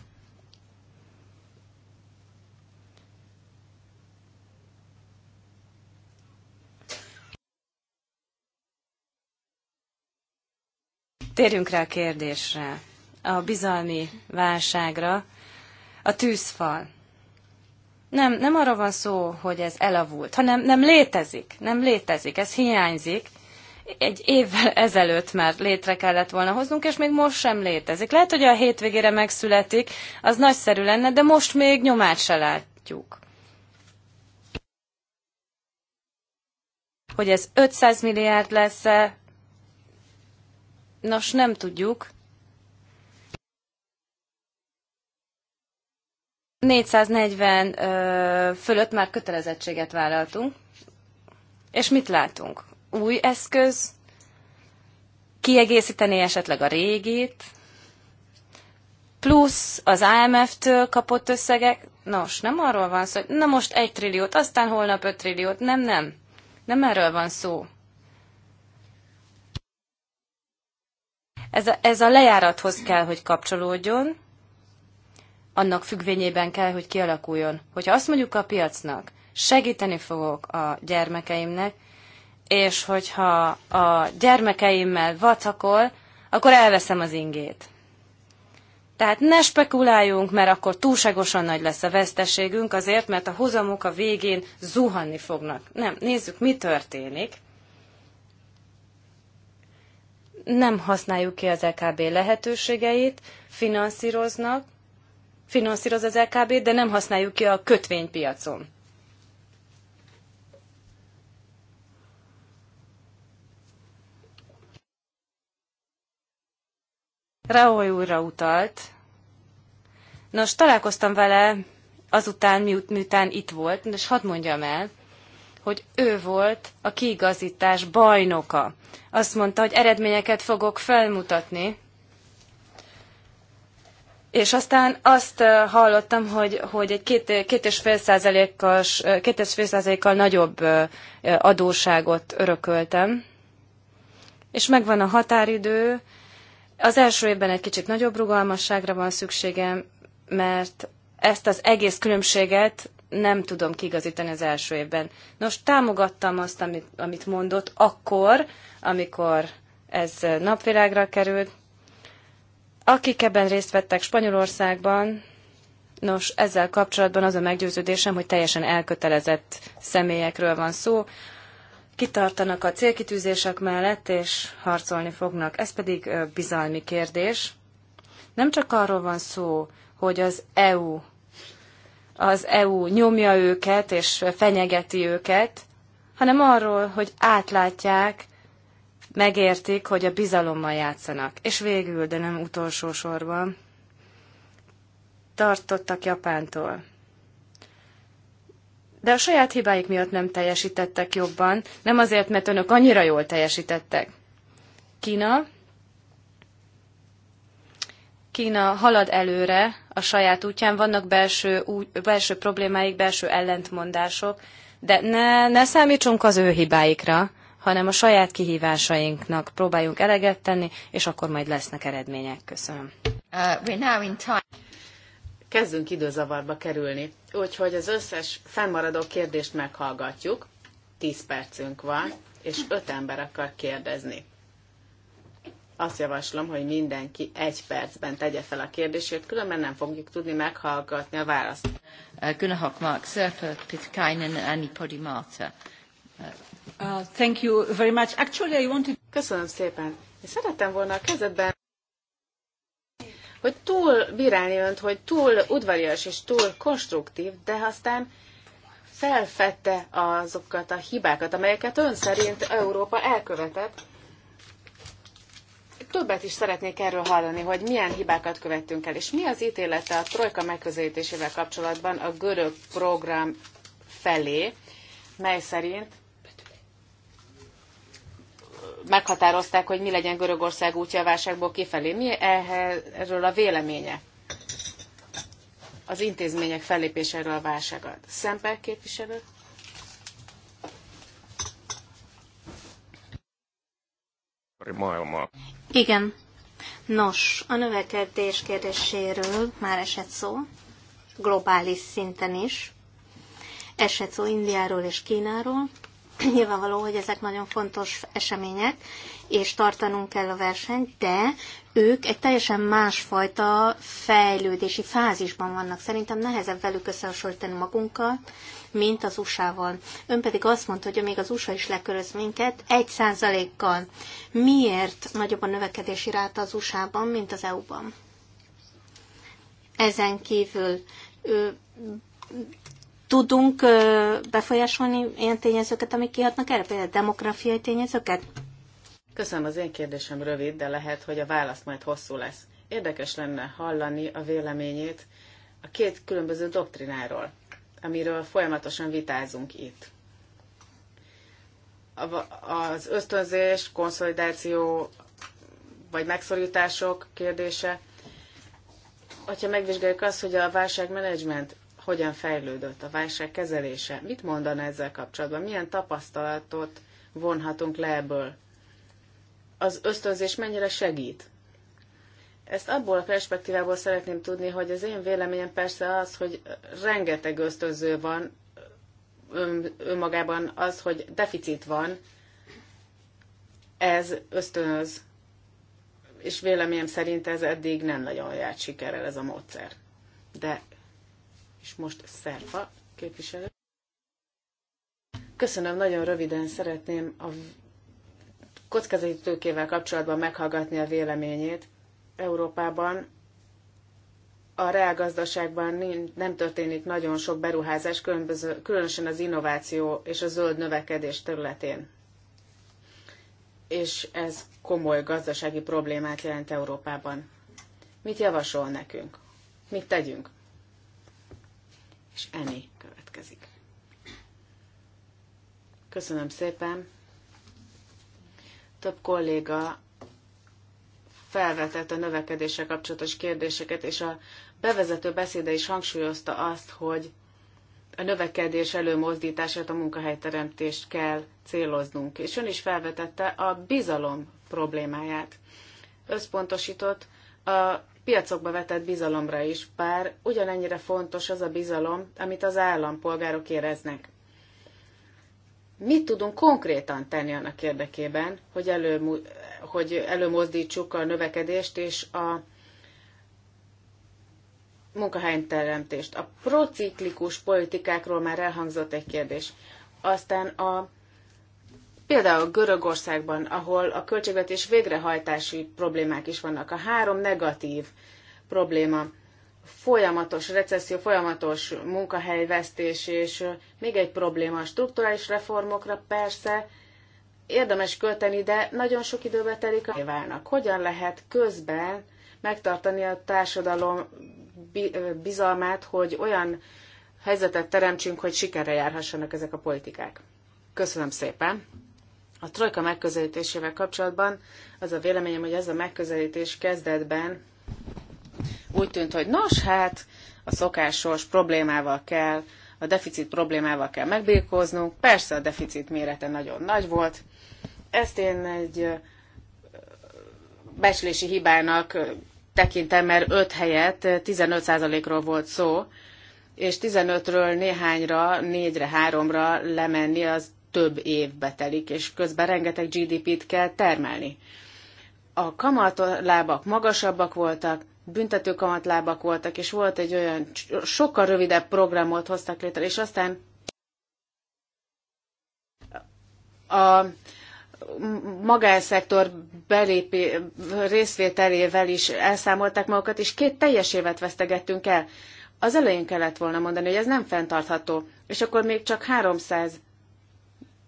Térjünk rá a kérdésre, a bizalmi válságra, a tűzfal. Nem, nem arra van szó, hogy ez elavult, hanem nem létezik, nem létezik, ez hiányzik. Egy évvel ezelőtt már létre kellett volna hoznunk, és még most sem létezik. Lehet, hogy a hétvégére megszületik, az nagyszerű lenne, de most még nyomát se látjuk. Hogy ez 500 milliárd lesz-e, Nos, nem tudjuk. 440 ö, fölött már kötelezettséget vállaltunk. És mit látunk? Új eszköz, kiegészíteni esetleg a régit, plusz az AMF-től kapott összegek. Nos, nem arról van szó, hogy na most egy trilliót, aztán holnap öt trilliót. Nem, nem. Nem erről van szó. Ez a, ez a lejárathoz kell, hogy kapcsolódjon, annak függvényében kell, hogy kialakuljon. Hogyha azt mondjuk a piacnak, segíteni fogok a gyermekeimnek, és hogyha a gyermekeimmel vacakol, akkor elveszem az ingét. Tehát ne spekuláljunk, mert akkor túlságosan nagy lesz a veszteségünk azért, mert a hozamok a végén zuhanni fognak. Nem, nézzük, mi történik nem használjuk ki az LKB lehetőségeit, finanszíroznak, finanszíroz az LKB, de nem használjuk ki a kötvénypiacon. Raúl újra utalt. Nos, találkoztam vele azután, miután itt volt, és hadd mondjam el, hogy ő volt a kiigazítás bajnoka. Azt mondta, hogy eredményeket fogok felmutatni, és aztán azt hallottam, hogy, hogy egy két, két és fél százalékkal, két és fél százalékkal nagyobb adóságot örököltem. És megvan a határidő. Az első évben egy kicsit nagyobb rugalmasságra van szükségem, mert ezt az egész különbséget nem tudom kigazítani az első évben. Nos, támogattam azt, amit, amit mondott akkor, amikor ez napvilágra került. Akik ebben részt vettek Spanyolországban, Nos, ezzel kapcsolatban az a meggyőződésem, hogy teljesen elkötelezett személyekről van szó. Kitartanak a célkitűzések mellett, és harcolni fognak. Ez pedig bizalmi kérdés. Nem csak arról van szó, hogy az EU az EU nyomja őket és fenyegeti őket, hanem arról, hogy átlátják, megértik, hogy a bizalommal játszanak. És végül, de nem utolsó sorban, tartottak Japántól. De a saját hibáik miatt nem teljesítettek jobban, nem azért, mert önök annyira jól teljesítettek. Kína Kína halad előre a saját útján, vannak belső, úgy, belső problémáik, belső ellentmondások, de ne, ne számítsunk az ő hibáikra, hanem a saját kihívásainknak próbáljunk eleget tenni, és akkor majd lesznek eredmények. Köszönöm. Uh, Kezdünk időzavarba kerülni, úgyhogy az összes fennmaradó kérdést meghallgatjuk. Tíz percünk van, és öt ember akar kérdezni azt javaslom, hogy mindenki egy percben tegye fel a kérdését, különben nem fogjuk tudni meghallgatni a választ. Uh, Gunnar Hockmark, Serpa, Pitkainen, Anni Podimata. Uh, thank you very much. Actually, I wanted... Köszönöm szépen. Én szerettem volna a kezdetben hogy túl bírálni önt, hogy túl udvarias és túl konstruktív, de aztán felfedte azokat a hibákat, amelyeket ön szerint Európa elkövetett, többet is szeretnék erről hallani, hogy milyen hibákat követtünk el, és mi az ítélete a trojka megközelítésével kapcsolatban a görög program felé, mely szerint meghatározták, hogy mi legyen Görögország útja a válságból kifelé. Mi erről a véleménye? Az intézmények fellépéséről a válságad. Szemper képviselő? maailmaa. Igen. Nos, a növekedés kérdéséről már esett szó, globális szinten is. Esett szó Indiáról és Kínáról, Nyilvánvaló, hogy ezek nagyon fontos események, és tartanunk kell a versenyt, de ők egy teljesen másfajta fejlődési fázisban vannak. Szerintem nehezebb velük összehasonlítani magunkkal, mint az USA-val. Ön pedig azt mondta, hogy még az USA is leköröz minket, egy százalékkal. Miért nagyobb a növekedési ráta az USA-ban, mint az EU-ban? Ezen kívül tudunk befolyásolni ilyen tényezőket, amik kihatnak erre, például demográfiai tényezőket? Köszönöm, az én kérdésem rövid, de lehet, hogy a válasz majd hosszú lesz. Érdekes lenne hallani a véleményét a két különböző doktrináról, amiről folyamatosan vitázunk itt. Az ösztönzés, konszolidáció vagy megszorítások kérdése. Hogyha megvizsgáljuk azt, hogy a válságmenedzsment hogyan fejlődött a válság kezelése. Mit mondan ezzel kapcsolatban? Milyen tapasztalatot vonhatunk le ebből? Az ösztönzés mennyire segít? Ezt abból a perspektívából szeretném tudni, hogy az én véleményem persze az, hogy rengeteg ösztönző van önmagában az, hogy deficit van, ez ösztönöz, és véleményem szerint ez eddig nem nagyon járt sikerrel ez a módszer. De és most Szerfa képviselő. Köszönöm, nagyon röviden szeretném a kockázati tőkével kapcsolatban meghallgatni a véleményét. Európában a reálgazdaságban nem történik nagyon sok beruházás, különösen az innováció és a zöld növekedés területén. És ez komoly gazdasági problémát jelent Európában. Mit javasol nekünk? Mit tegyünk? és Eni következik. Köszönöm szépen. Több kolléga felvetett a növekedéssel kapcsolatos kérdéseket, és a bevezető beszéde is hangsúlyozta azt, hogy a növekedés előmozdítását, a munkahelyteremtést kell céloznunk. És ön is felvetette a bizalom problémáját. Összpontosított a piacokba vetett bizalomra is, bár ugyanennyire fontos az a bizalom, amit az állampolgárok éreznek. Mit tudunk konkrétan tenni annak érdekében, hogy, elő, hogy előmozdítsuk a növekedést és a munkahelyteremtést? A prociklikus politikákról már elhangzott egy kérdés. Aztán a Például Görögországban, ahol a költségvetés végrehajtási problémák is vannak. A három negatív probléma folyamatos recesszió, folyamatos munkahelyvesztés, és még egy probléma a strukturális reformokra persze érdemes költeni, de nagyon sok időbe telik a válnak. Hogyan lehet közben megtartani a társadalom bizalmát, hogy olyan helyzetet teremtsünk, hogy sikerre járhassanak ezek a politikák? Köszönöm szépen! A trojka megközelítésével kapcsolatban az a véleményem, hogy ez a megközelítés kezdetben úgy tűnt, hogy nos, hát a szokásos problémával kell, a deficit problémával kell megbírkoznunk. Persze a deficit mérete nagyon nagy volt. Ezt én egy becslési hibának tekintem, mert 5 helyett 15%-ról volt szó, és 15-ről néhányra, 4-re, 3-ra lemenni az több évbe telik, és közben rengeteg GDP-t kell termelni. A kamatlábak magasabbak voltak, büntető kamatlábak voltak, és volt egy olyan sokkal rövidebb programot hoztak létre, és aztán a magánszektor belépé, részvételével is elszámolták magukat, és két teljes évet vesztegettünk el. Az elején kellett volna mondani, hogy ez nem fenntartható, és akkor még csak 300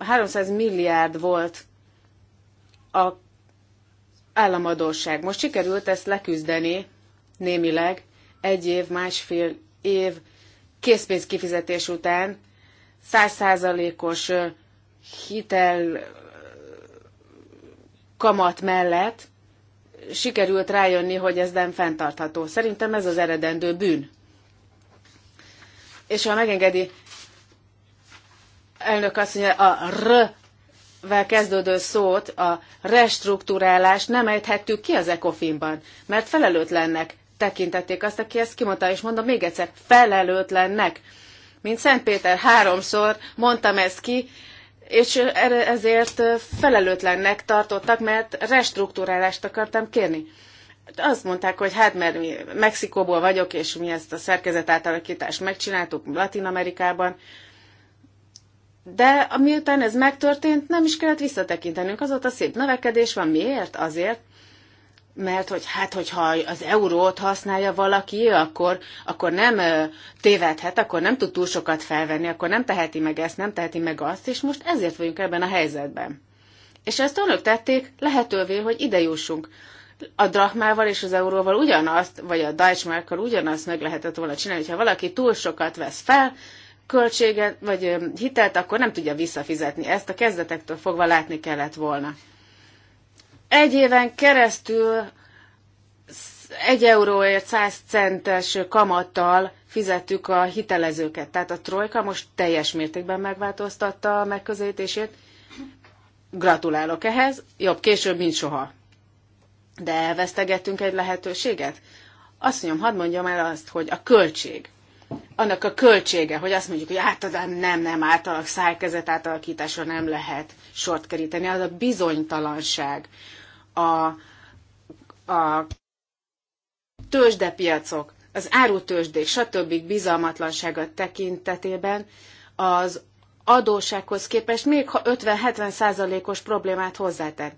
300 milliárd volt a államadóság. Most sikerült ezt leküzdeni némileg egy év, másfél év készpénz kifizetés után százszázalékos hitel kamat mellett sikerült rájönni, hogy ez nem fenntartható. Szerintem ez az eredendő bűn. És ha megengedi, elnök azt mondja, a r vel kezdődő szót, a restruktúrálást nem ejthettük ki az ECOFIN-ban, mert felelőtlennek tekintették azt, aki ezt kimondta, és mondom még egyszer, felelőtlennek. Mint Szent Péter háromszor mondtam ezt ki, és ezért felelőtlennek tartottak, mert restruktúrálást akartam kérni. Azt mondták, hogy hát mert mi Mexikóból vagyok, és mi ezt a szerkezet átalakítást megcsináltuk Latin Amerikában, de miután ez megtörtént, nem is kellett visszatekintenünk. a szép növekedés van. Miért? Azért, mert hogy hát, hogyha az eurót használja valaki, akkor, akkor nem ö, tévedhet, akkor nem tud túl sokat felvenni, akkor nem teheti meg ezt, nem teheti meg azt, és most ezért vagyunk ebben a helyzetben. És ezt önök tették lehetővé, hogy ide jussunk. A drachmával és az euróval ugyanazt, vagy a Deutschmarkkal ugyanazt meg lehetett volna csinálni, hogyha valaki túl sokat vesz fel, költséget, vagy hitelt, akkor nem tudja visszafizetni. Ezt a kezdetektől fogva látni kellett volna. Egy éven keresztül egy euróért 100 centes kamattal fizettük a hitelezőket. Tehát a trojka most teljes mértékben megváltoztatta a megközelítését. Gratulálok ehhez, jobb később, mint soha. De elvesztegettünk egy lehetőséget? Azt mondjam, hadd mondjam el azt, hogy a költség annak a költsége, hogy azt mondjuk, hogy átadán nem, nem, általak szájkezet átalakításra nem lehet sort keríteni, az a bizonytalanság, a, a tőzsdepiacok, az árutőzsdék, stb. bizalmatlansága tekintetében az adósághoz képest még ha 50-70 százalékos problémát hozzáten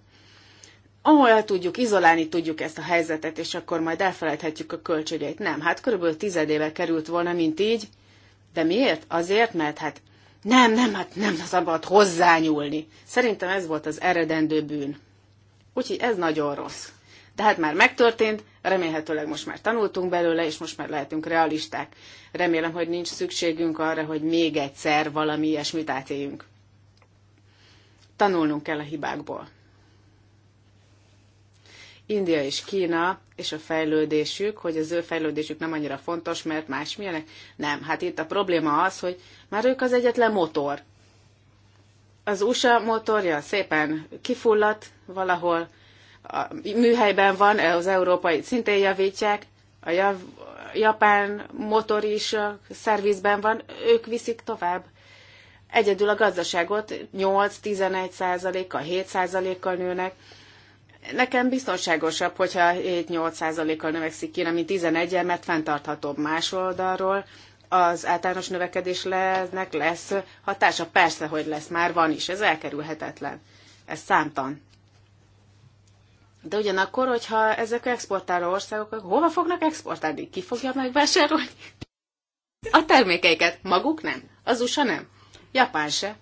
ahol el tudjuk, izolálni tudjuk ezt a helyzetet, és akkor majd elfelejthetjük a költségeit. Nem, hát körülbelül tizedével került volna, mint így. De miért? Azért, mert hát nem, nem, hát nem szabad hozzányúlni. Szerintem ez volt az eredendő bűn. Úgyhogy ez nagyon rossz. De hát már megtörtént, remélhetőleg most már tanultunk belőle, és most már lehetünk realisták. Remélem, hogy nincs szükségünk arra, hogy még egyszer valami ilyesmit átéljünk. Tanulnunk kell a hibákból. India és Kína és a fejlődésük, hogy az ő fejlődésük nem annyira fontos, mert más milyenek. Nem, hát itt a probléma az, hogy már ők az egyetlen motor. Az USA motorja szépen kifulladt valahol, a műhelyben van, az európai szintén javítják, a jav, japán motor is szervizben van, ők viszik tovább. Egyedül a gazdaságot 8-11 százalékkal, 7 százalékkal nőnek, Nekem biztonságosabb, hogyha 7-8%-kal növekszik Kína, mint 11-el, mert fenntarthatóbb más oldalról. Az általános növekedésnek lesz hatása, persze, hogy lesz, már van is, ez elkerülhetetlen. Ez számtan. De ugyanakkor, hogyha ezek exportáló országok, hova fognak exportálni? Ki fogja megvásárolni? A termékeiket maguk nem, az USA nem, Japán se.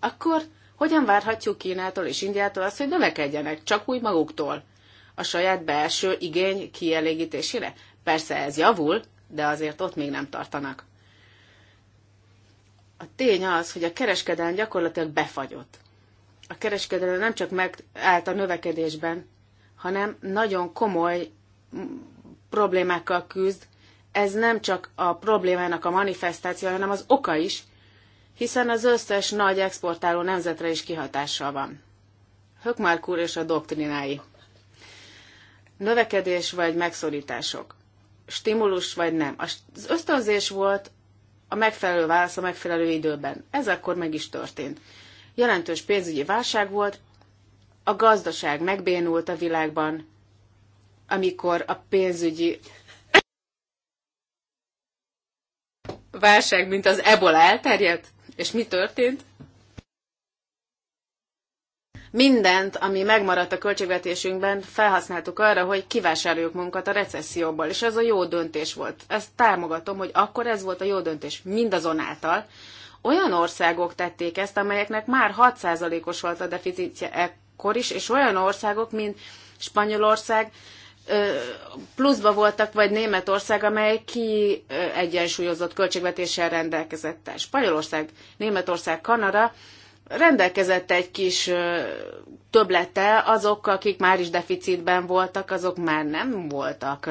Akkor hogyan várhatjuk Kínától és Indiától azt, hogy növekedjenek csak úgy maguktól? A saját belső igény kielégítésére? Persze ez javul, de azért ott még nem tartanak. A tény az, hogy a kereskedelem gyakorlatilag befagyott. A kereskedelem nem csak megállt a növekedésben, hanem nagyon komoly problémákkal küzd. Ez nem csak a problémának a manifestációja, hanem az oka is, hiszen az összes nagy exportáló nemzetre is kihatással van. Hökmark úr és a doktrinái. Növekedés vagy megszorítások. Stimulus vagy nem. Az ösztönzés volt a megfelelő válasz a megfelelő időben. Ez akkor meg is történt. Jelentős pénzügyi válság volt, a gazdaság megbénult a világban, amikor a pénzügyi válság, mint az ebola elterjedt? És mi történt? Mindent, ami megmaradt a költségvetésünkben, felhasználtuk arra, hogy kivásároljuk munkat a recesszióból, és ez a jó döntés volt. Ezt támogatom, hogy akkor ez volt a jó döntés, mindazonáltal. Olyan országok tették ezt, amelyeknek már 6%-os volt a deficitje ekkor is, és olyan országok, mint Spanyolország, pluszba voltak, vagy Németország, amely ki egyensúlyozott költségvetéssel rendelkezett. Spanyolország, Németország, Kanada rendelkezett egy kis töblete, azok, akik már is deficitben voltak, azok már nem voltak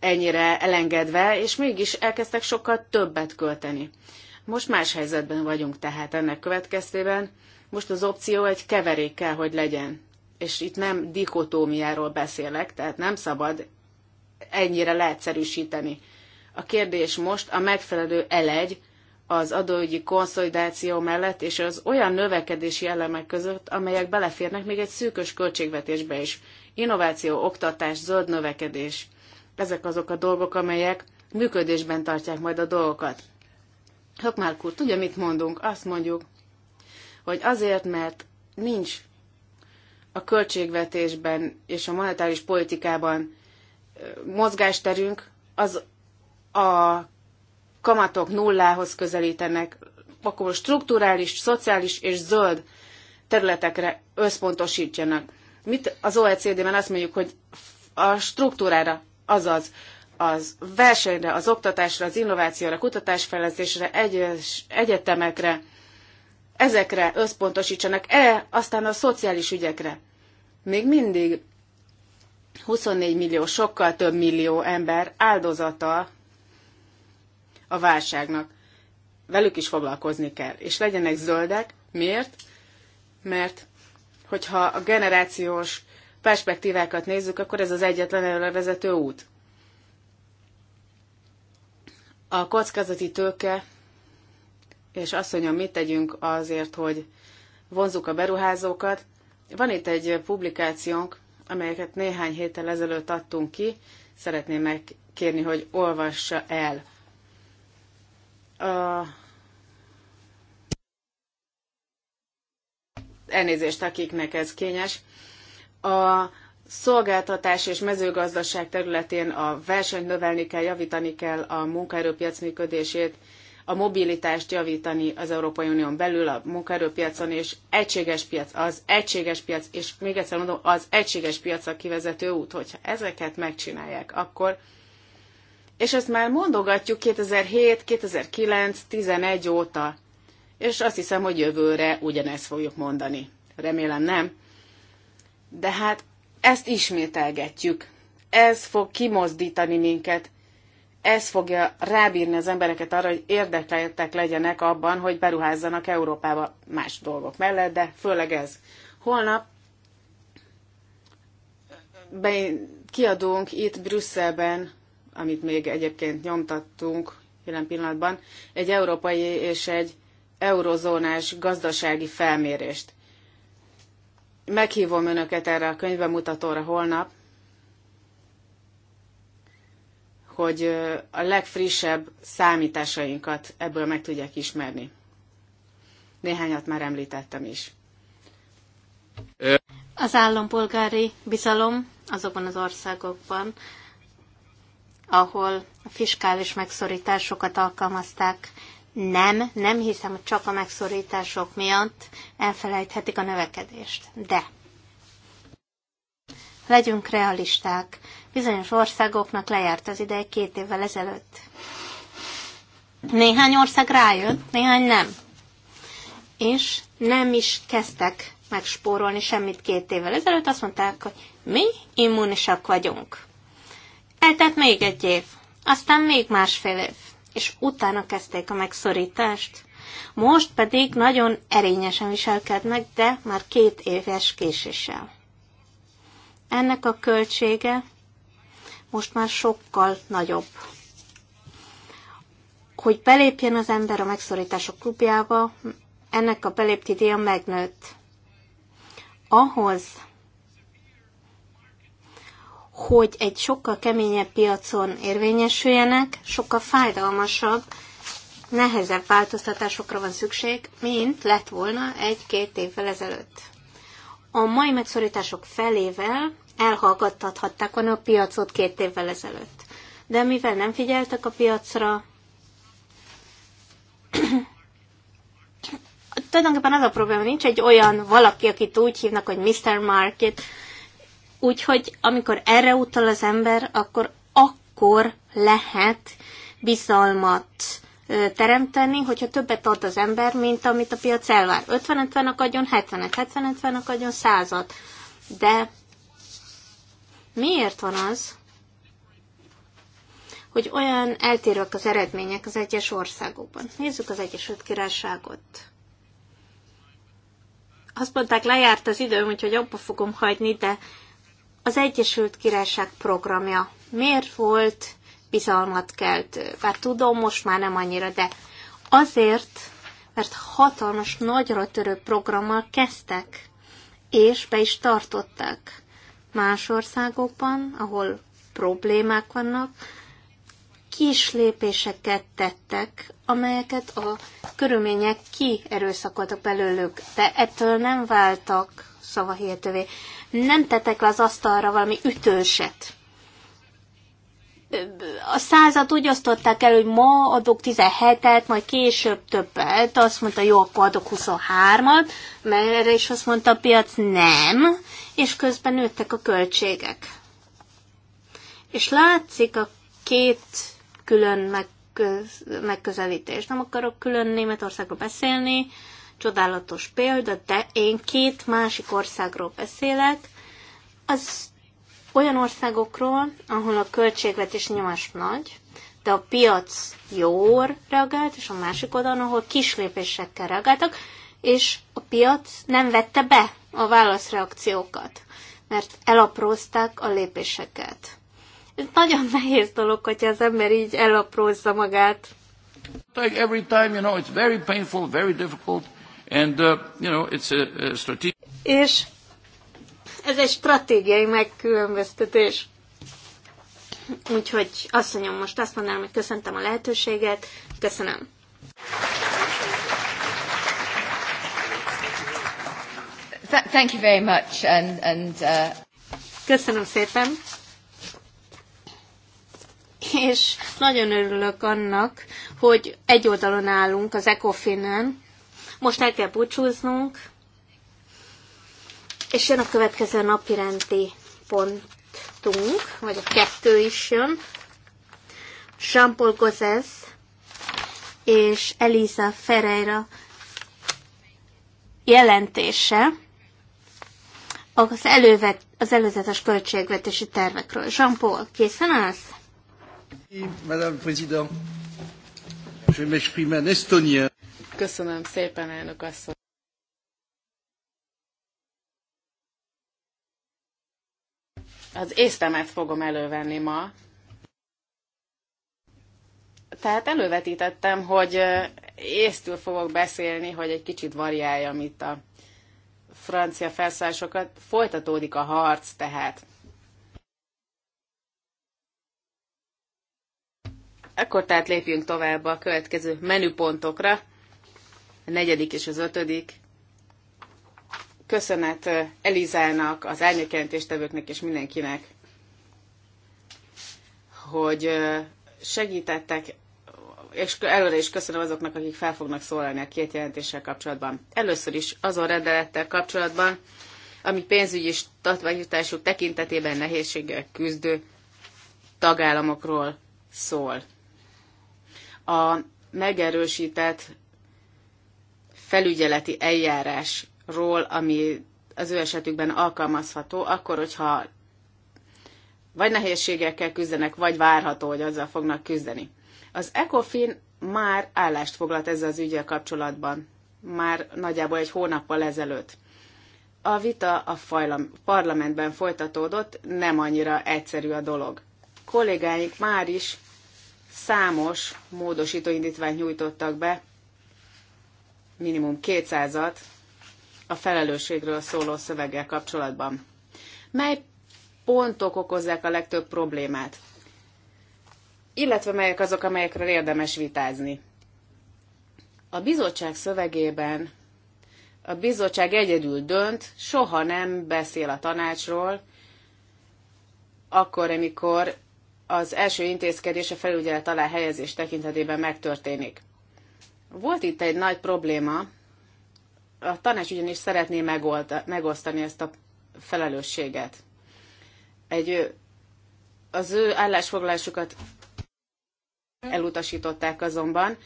ennyire elengedve, és mégis elkezdtek sokkal többet költeni. Most más helyzetben vagyunk tehát ennek következtében. Most az opció egy keverék hogy legyen és itt nem dikotómiáról beszélek, tehát nem szabad ennyire leegyszerűsíteni. A kérdés most a megfelelő elegy az adóügyi konszolidáció mellett és az olyan növekedési elemek között, amelyek beleférnek még egy szűkös költségvetésbe is. Innováció, oktatás, zöld növekedés. Ezek azok a dolgok, amelyek működésben tartják majd a dolgokat. Hökmárk úr, tudja, mit mondunk? Azt mondjuk, hogy azért, mert nincs a költségvetésben és a monetáris politikában mozgásterünk az a kamatok nullához közelítenek, akkor strukturális, szociális és zöld területekre összpontosítsanak. Mit az OECD-ben azt mondjuk, hogy a struktúrára, azaz az versenyre, az oktatásra, az innovációra, kutatásfejlesztésre, egyes, egyetemekre, ezekre összpontosítsanak, e, aztán a szociális ügyekre. Még mindig 24 millió, sokkal több millió ember áldozata a válságnak. Velük is foglalkozni kell. És legyenek zöldek. Miért? Mert hogyha a generációs perspektívákat nézzük, akkor ez az egyetlen előrevezető út. A kockázati tőke és azt mondja, mit tegyünk azért, hogy vonzuk a beruházókat. Van itt egy publikációnk, amelyeket néhány héttel ezelőtt adtunk ki, szeretném megkérni, hogy olvassa el. A... Elnézést, akiknek ez kényes. A szolgáltatás és mezőgazdaság területén a versenyt növelni kell, javítani kell a munkaerőpiac működését, a mobilitást javítani az Európai Unión belül, a munkaerőpiacon, és egységes piac, az egységes piac, és még egyszer mondom, az egységes piac a kivezető út, hogyha ezeket megcsinálják, akkor és ezt már mondogatjuk 2007, 2009, 11 óta, és azt hiszem, hogy jövőre ugyanezt fogjuk mondani. Remélem nem. De hát ezt ismételgetjük. Ez fog kimozdítani minket ez fogja rábírni az embereket arra, hogy érdekeltek legyenek abban, hogy beruházzanak Európába más dolgok mellett, de főleg ez. Holnap be, kiadunk itt Brüsszelben, amit még egyébként nyomtattunk jelen pillanatban, egy európai és egy eurozónás gazdasági felmérést. Meghívom önöket erre a könyvemutatóra holnap, hogy a legfrissebb számításainkat ebből meg tudják ismerni. Néhányat már említettem is. Az állampolgári bizalom azokban az országokban, ahol a fiskális megszorításokat alkalmazták, nem, nem hiszem, hogy csak a megszorítások miatt elfelejthetik a növekedést. De legyünk realisták, Bizonyos országoknak lejárt az ideje két évvel ezelőtt. Néhány ország rájött, néhány nem. És nem is kezdtek megspórolni semmit két évvel ezelőtt, azt mondták, hogy mi immunisak vagyunk. Eltett még egy év, aztán még másfél év, és utána kezdték a megszorítást. Most pedig nagyon erényesen viselkednek, de már két éves késéssel. Ennek a költsége most már sokkal nagyobb. Hogy belépjen az ember a megszorítások klubjába, ennek a belépti díja megnőtt. Ahhoz, hogy egy sokkal keményebb piacon érvényesüljenek, sokkal fájdalmasabb, nehezebb változtatásokra van szükség, mint lett volna egy-két évvel ezelőtt. A mai megszorítások felével elhallgattathatták volna a piacot két évvel ezelőtt. De mivel nem figyeltek a piacra, tulajdonképpen az a probléma, nincs egy olyan valaki, akit úgy hívnak, hogy Mr. Market, úgyhogy amikor erre utal az ember, akkor akkor lehet bizalmat teremteni, hogyha többet ad az ember, mint amit a piac elvár. 50-50-nak adjon, 70-et, 70-70-nak adjon, 100-at. De Miért van az, hogy olyan eltérőek az eredmények az egyes országokban? Nézzük az Egyesült Királyságot. Azt mondták, lejárt az időm, úgyhogy abba fogom hagyni, de az Egyesült Királyság programja miért volt bizalmat keltő? Bár tudom, most már nem annyira, de azért, mert hatalmas, nagyra törő programmal kezdtek, és be is tartották más országokban, ahol problémák vannak, kis lépéseket tettek, amelyeket a körülmények kierőszakoltak belőlük, de ettől nem váltak szavahihetővé. Nem tettek le az asztalra valami ütőset. A százat úgy osztották el, hogy ma adok 17-et, majd később többet. Azt mondta, jó, akkor adok 23-at, mert erre is azt mondta a piac, nem és közben nőttek a költségek. És látszik a két külön megközelítés. Nem akarok külön Németországról beszélni, csodálatos példa, de én két másik országról beszélek, az olyan országokról, ahol a költségvetés nyomás nagy, de a piac jól reagált, és a másik oldalon, ahol kis reagáltak, és a piac nem vette be a válaszreakciókat, mert elaprózták a lépéseket. Ez nagyon nehéz dolog, hogyha az ember így elaprózza magát. Like every time, you know, it's very painful, very difficult, and, uh, you know, it's a, a strategic... És ez egy stratégiai megkülönböztetés. Úgyhogy azt mondjam, most azt mondanám, hogy köszöntem a lehetőséget, köszönöm. thank you very much and, and uh... Köszönöm szépen. És nagyon örülök annak, hogy egy oldalon állunk az Ecofinen. Most el kell búcsúznunk, és jön a következő napi rendi pontunk, vagy a kettő is jön. Jean-Paul Gozes és Elisa Ferreira jelentése az, elővet, az előzetes költségvetési tervekről. Jean-Paul, készen állsz? Madame Président, je m'exprime en estonien. Köszönöm szépen, elnök asszony. Az észtemet fogom elővenni ma. Tehát elővetítettem, hogy észtül fogok beszélni, hogy egy kicsit variáljam itt a francia felszállásokat, folytatódik a harc tehát. Akkor tehát lépjünk tovább a következő menüpontokra, a negyedik és az ötödik. Köszönet eh, Elizának, az árnyékjelentéstevőknek és mindenkinek, hogy eh, segítettek és előre is köszönöm azoknak, akik fel fognak szólalni a két jelentéssel kapcsolatban. Először is azon rendelettel kapcsolatban, ami pénzügyi tatványításuk tekintetében nehézséggel küzdő tagállamokról szól. A megerősített felügyeleti eljárásról, ami az ő esetükben alkalmazható, akkor, hogyha vagy nehézségekkel küzdenek, vagy várható, hogy azzal fognak küzdeni. Az ECOFIN már állást foglalt ezzel az ügyel kapcsolatban, már nagyjából egy hónappal ezelőtt. A vita a parlamentben folytatódott, nem annyira egyszerű a dolog. Kollégáink már is számos módosító indítványt nyújtottak be, minimum 200-at a felelősségről szóló szöveggel kapcsolatban. Mely pontok okozzák a legtöbb problémát? illetve melyek azok, amelyekről érdemes vitázni. A bizottság szövegében a bizottság egyedül dönt, soha nem beszél a tanácsról, akkor, amikor az első intézkedés a felügyelet alá helyezés tekintetében megtörténik. Volt itt egy nagy probléma, a tanács ugyanis szeretné megold, megosztani ezt a felelősséget. Egy, az ő állásfoglalásukat elutasították azonban.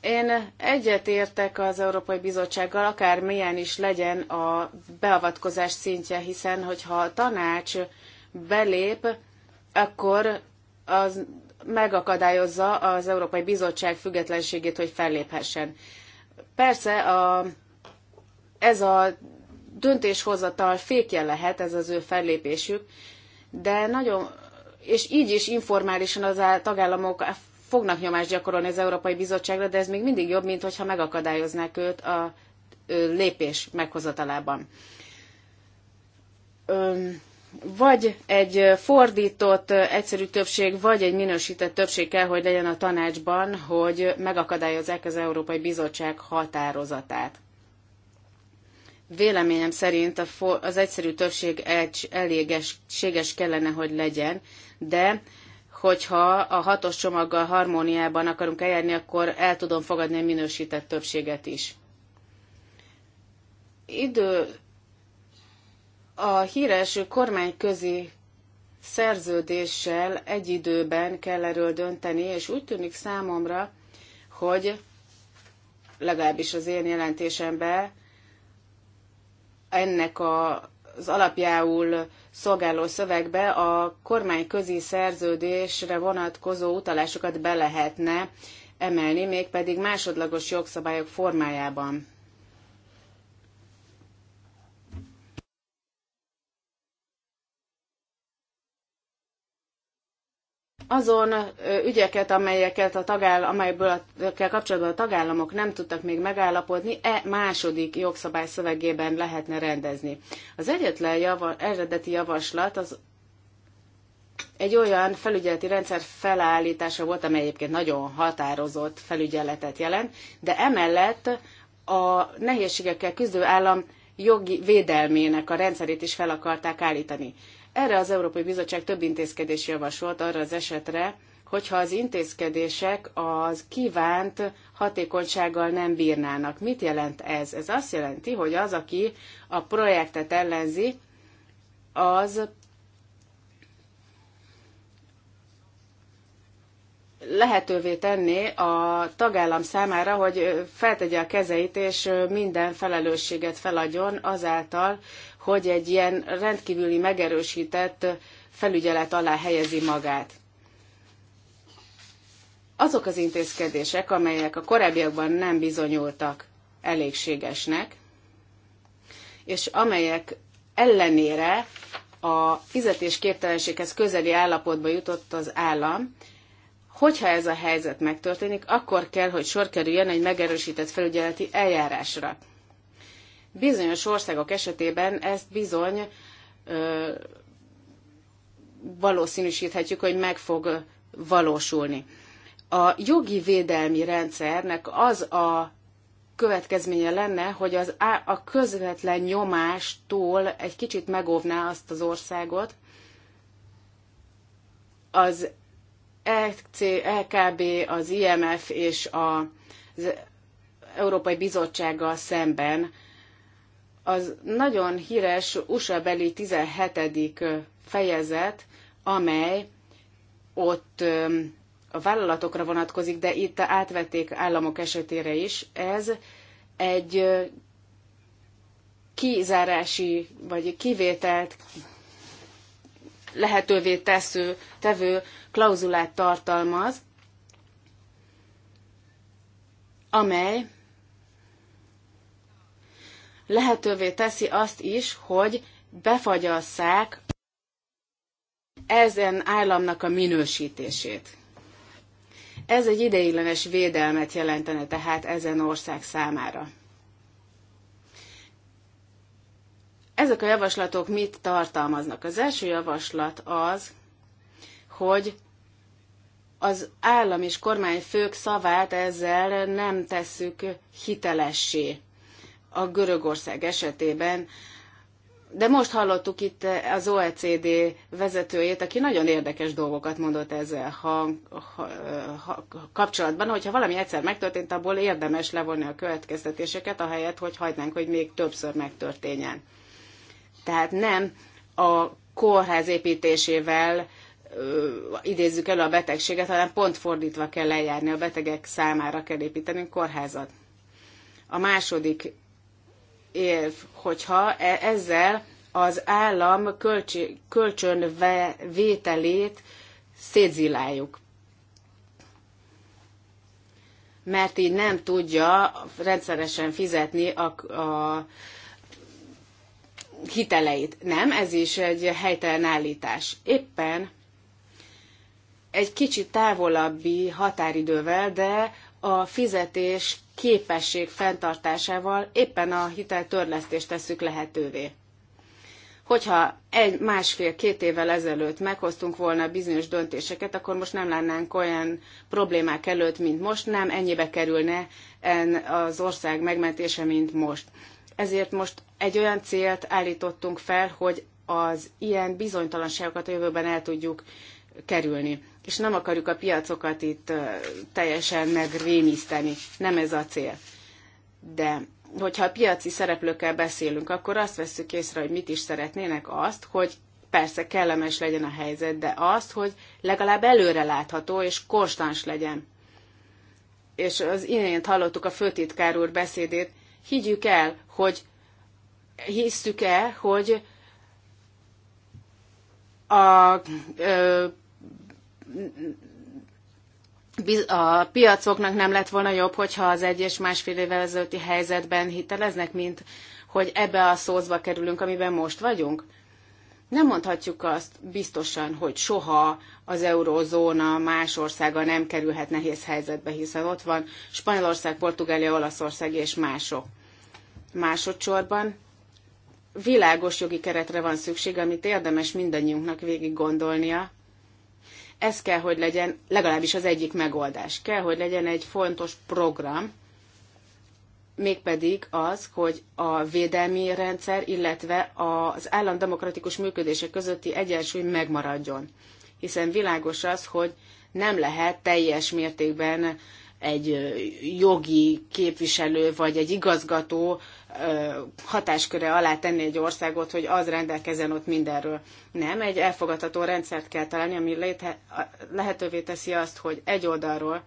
Én egyetértek az Európai Bizottsággal, akár milyen is legyen a beavatkozás szintje, hiszen hogyha a tanács belép, akkor az megakadályozza az Európai Bizottság függetlenségét, hogy felléphessen. Persze a, ez a döntéshozatal fékje lehet, ez az ő fellépésük, de nagyon és így is informálisan az a tagállamok fognak nyomást gyakorolni az Európai Bizottságra, de ez még mindig jobb, mint hogyha megakadályoznák őt a lépés meghozatalában. Vagy egy fordított egyszerű többség, vagy egy minősített többség kell, hogy legyen a tanácsban, hogy megakadályozzák az Európai Bizottság határozatát. Véleményem szerint az egyszerű többség elégséges kellene, hogy legyen, de hogyha a hatos csomaggal harmóniában akarunk eljárni, akkor el tudom fogadni a minősített többséget is. Idő a híres kormányközi szerződéssel egy időben kell erről dönteni, és úgy tűnik számomra, hogy legalábbis az én jelentésemben ennek a, az alapjául szolgáló szövegbe a kormányközi szerződésre vonatkozó utalásokat be lehetne emelni, mégpedig másodlagos jogszabályok formájában. azon ügyeket, amelyeket a tagáll, amelyből a, kapcsolatban a tagállamok nem tudtak még megállapodni, e második jogszabály szövegében lehetne rendezni. Az egyetlen java, eredeti javaslat az egy olyan felügyeleti rendszer felállítása volt, amely egyébként nagyon határozott felügyeletet jelent, de emellett a nehézségekkel küzdő állam jogi védelmének a rendszerét is fel akarták állítani. Erre az Európai Bizottság több intézkedés javasolt arra az esetre, hogyha az intézkedések az kívánt hatékonysággal nem bírnának. Mit jelent ez? Ez azt jelenti, hogy az, aki a projektet ellenzi, az lehetővé tenni a tagállam számára, hogy feltegye a kezeit, és minden felelősséget feladjon azáltal, hogy egy ilyen rendkívüli megerősített felügyelet alá helyezi magát. Azok az intézkedések, amelyek a korábbiakban nem bizonyultak elégségesnek, és amelyek ellenére a fizetésképtelenséghez közeli állapotba jutott az állam, hogyha ez a helyzet megtörténik, akkor kell, hogy sor kerüljön egy megerősített felügyeleti eljárásra. Bizonyos országok esetében ezt bizony ö, valószínűsíthetjük, hogy meg fog valósulni. A jogi védelmi rendszernek az a következménye lenne, hogy az a közvetlen nyomástól egy kicsit megóvná azt az országot, az EC, LKB, e az IMF és a, az Európai Bizottsággal szemben az nagyon híres USA beli 17. fejezet, amely ott a vállalatokra vonatkozik, de itt átvették államok esetére is. Ez egy kizárási vagy kivételt lehetővé tesző, tevő klauzulát tartalmaz, amely lehetővé teszi azt is, hogy befagyasszák ezen államnak a minősítését. Ez egy ideiglenes védelmet jelentene tehát ezen ország számára. Ezek a javaslatok mit tartalmaznak? Az első javaslat az, hogy az állam és kormányfők szavát ezzel nem tesszük hitelessé a Görögország esetében, de most hallottuk itt az OECD vezetőjét, aki nagyon érdekes dolgokat mondott ezzel hang, ha, ha, kapcsolatban, hogyha valami egyszer megtörtént, abból érdemes levonni a következtetéseket, ahelyett, hogy hagynánk, hogy még többször megtörténjen. Tehát nem a kórház építésével ö, idézzük elő a betegséget, hanem pont fordítva kell eljárni, a betegek számára kell építenünk kórházat. A második érv, hogyha e- ezzel az állam kölcsönvételét szétziláljuk. Mert így nem tudja rendszeresen fizetni a, a hiteleit. Nem, ez is egy helytelen állítás. Éppen egy kicsit távolabbi határidővel, de a fizetés képesség fenntartásával éppen a hiteltörlesztést tesszük lehetővé. Hogyha egy, másfél-két évvel ezelőtt meghoztunk volna bizonyos döntéseket, akkor most nem lennénk olyan problémák előtt, mint most, nem ennyibe kerülne az ország megmentése, mint most. Ezért most egy olyan célt állítottunk fel, hogy az ilyen bizonytalanságokat a jövőben el tudjuk kerülni és nem akarjuk a piacokat itt teljesen megrémiszteni, nem ez a cél. De hogyha a piaci szereplőkkel beszélünk, akkor azt vesszük észre, hogy mit is szeretnének azt, hogy persze kellemes legyen a helyzet, de azt, hogy legalább előre látható és konstans legyen. És az imént hallottuk a főtitkár úr beszédét, higgyük el, hogy hisztük el, hogy a ö, a piacoknak nem lett volna jobb, hogyha az egy és másfél évvel ezelőtti helyzetben hiteleznek, mint hogy ebbe a szózba kerülünk, amiben most vagyunk? Nem mondhatjuk azt biztosan, hogy soha az eurózóna más országa nem kerülhet nehéz helyzetbe, hiszen ott van Spanyolország, Portugália, Olaszország és mások. Másodszorban világos jogi keretre van szükség, amit érdemes mindannyiunknak végig gondolnia, ez kell, hogy legyen legalábbis az egyik megoldás. Kell, hogy legyen egy fontos program, mégpedig az, hogy a védelmi rendszer, illetve az állam demokratikus működése közötti egyensúly megmaradjon. Hiszen világos az, hogy nem lehet teljes mértékben egy jogi képviselő vagy egy igazgató hatásköre alá tenni egy országot, hogy az rendelkezzen ott mindenről. Nem, egy elfogadható rendszert kell találni, ami lehetővé teszi azt, hogy egy oldalról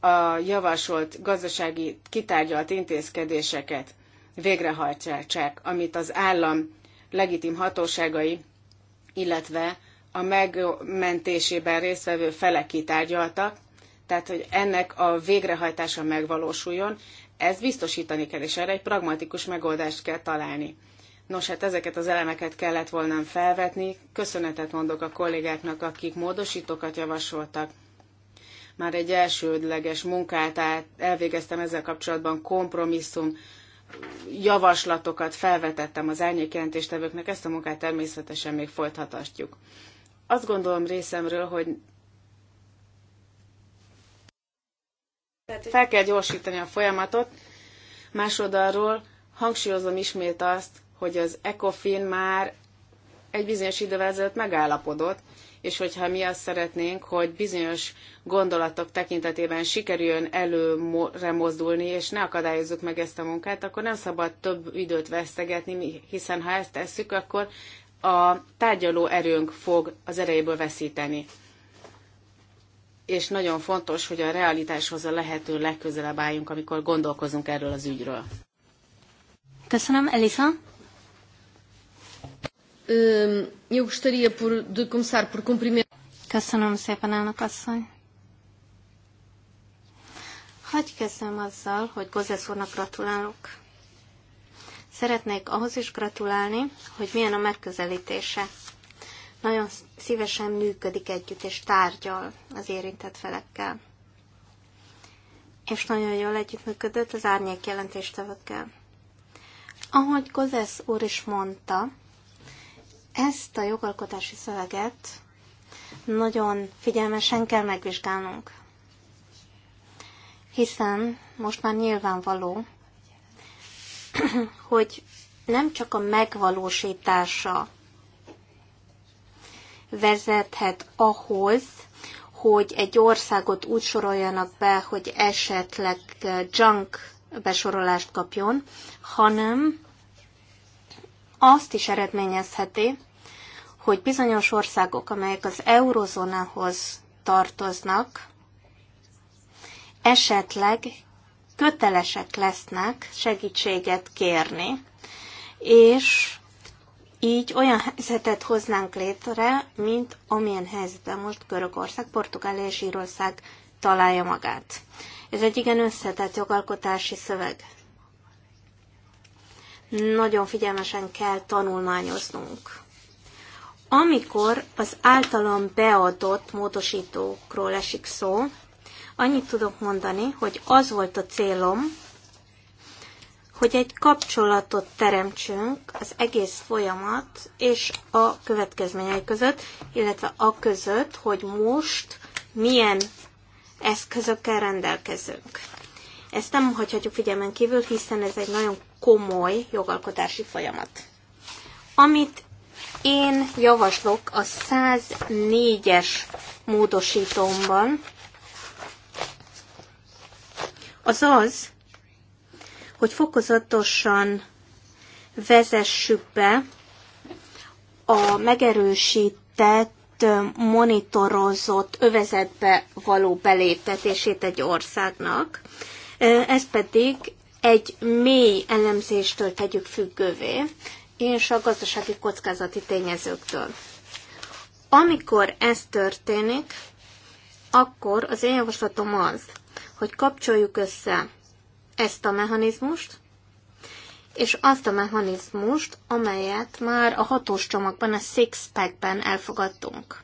a javasolt gazdasági kitárgyalt intézkedéseket végrehajtsák, amit az állam legitim hatóságai, illetve a megmentésében résztvevő felek kitárgyaltak, tehát hogy ennek a végrehajtása megvalósuljon, ezt biztosítani kell, és erre egy pragmatikus megoldást kell találni. Nos, hát ezeket az elemeket kellett volna felvetni. Köszönetet mondok a kollégáknak, akik módosítókat javasoltak. Már egy elsődleges munkát át, elvégeztem ezzel kapcsolatban kompromisszum, javaslatokat felvetettem az árnyékjelentéstevőknek, ezt a munkát természetesen még folytathatjuk. Azt gondolom részemről, hogy fel kell gyorsítani a folyamatot. Másoldalról hangsúlyozom ismét azt, hogy az ECOFIN már egy bizonyos idővel ezelőtt megállapodott, és hogyha mi azt szeretnénk, hogy bizonyos gondolatok tekintetében sikerüljön előre mozdulni, és ne akadályozzuk meg ezt a munkát, akkor nem szabad több időt vesztegetni, hiszen ha ezt tesszük, akkor a tárgyaló erőnk fog az erejéből veszíteni és nagyon fontos, hogy a realitáshoz a lehető legközelebb álljunk, amikor gondolkozunk erről az ügyről. Köszönöm, Elisa. Eu gostaria por, de começar por cumprimentar. Köszönöm szépen, elnök asszony. Hogy kezdem azzal, hogy Gozes úrnak gratulálok. Szeretnék ahhoz is gratulálni, hogy milyen a megközelítése nagyon szívesen működik együtt, és tárgyal az érintett felekkel. És nagyon jól együttműködött az árnyék jelentéstevőkkel. Ahogy Gozesz úr is mondta, ezt a jogalkotási szöveget nagyon figyelmesen kell megvizsgálnunk. Hiszen most már nyilvánvaló, hogy nem csak a megvalósítása vezethet ahhoz, hogy egy országot úgy soroljanak be, hogy esetleg eh, junk besorolást kapjon, hanem azt is eredményezheti, hogy bizonyos országok, amelyek az eurozónához tartoznak, esetleg kötelesek lesznek segítséget kérni, és így olyan helyzetet hoznánk létre, mint amilyen helyzetben most Görögország, Portugália és Írország találja magát. Ez egy igen összetett jogalkotási szöveg. Nagyon figyelmesen kell tanulmányoznunk. Amikor az általam beadott módosítókról esik szó, annyit tudok mondani, hogy az volt a célom, hogy egy kapcsolatot teremtsünk az egész folyamat és a következményei között, illetve a között, hogy most milyen eszközökkel rendelkezünk. Ezt nem hagyhatjuk figyelmen kívül, hiszen ez egy nagyon komoly jogalkotási folyamat. Amit én javaslok a 104-es módosítómban, az az, hogy fokozatosan vezessük be a megerősített, monitorozott övezetbe való beléptetését egy országnak. Ez pedig egy mély elemzéstől tegyük függővé, és a gazdasági kockázati tényezőktől. Amikor ez történik, akkor az én javaslatom az, hogy kapcsoljuk össze ezt a mechanizmust, és azt a mechanizmust, amelyet már a hatós csomagban, a six-packben elfogadtunk.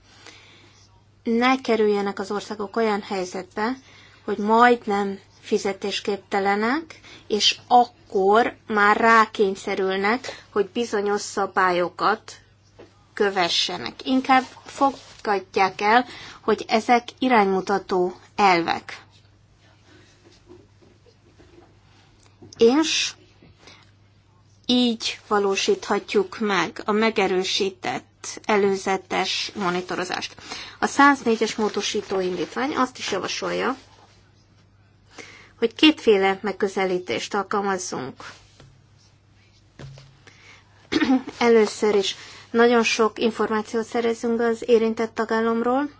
Ne kerüljenek az országok olyan helyzetbe, hogy majdnem fizetésképtelenek, és akkor már rákényszerülnek, hogy bizonyos szabályokat kövessenek. Inkább fogadják el, hogy ezek iránymutató elvek. és így valósíthatjuk meg a megerősített előzetes monitorozást. A 104-es módosító indítvány azt is javasolja, hogy kétféle megközelítést alkalmazzunk. Először is nagyon sok információt szerezünk az érintett tagállamról.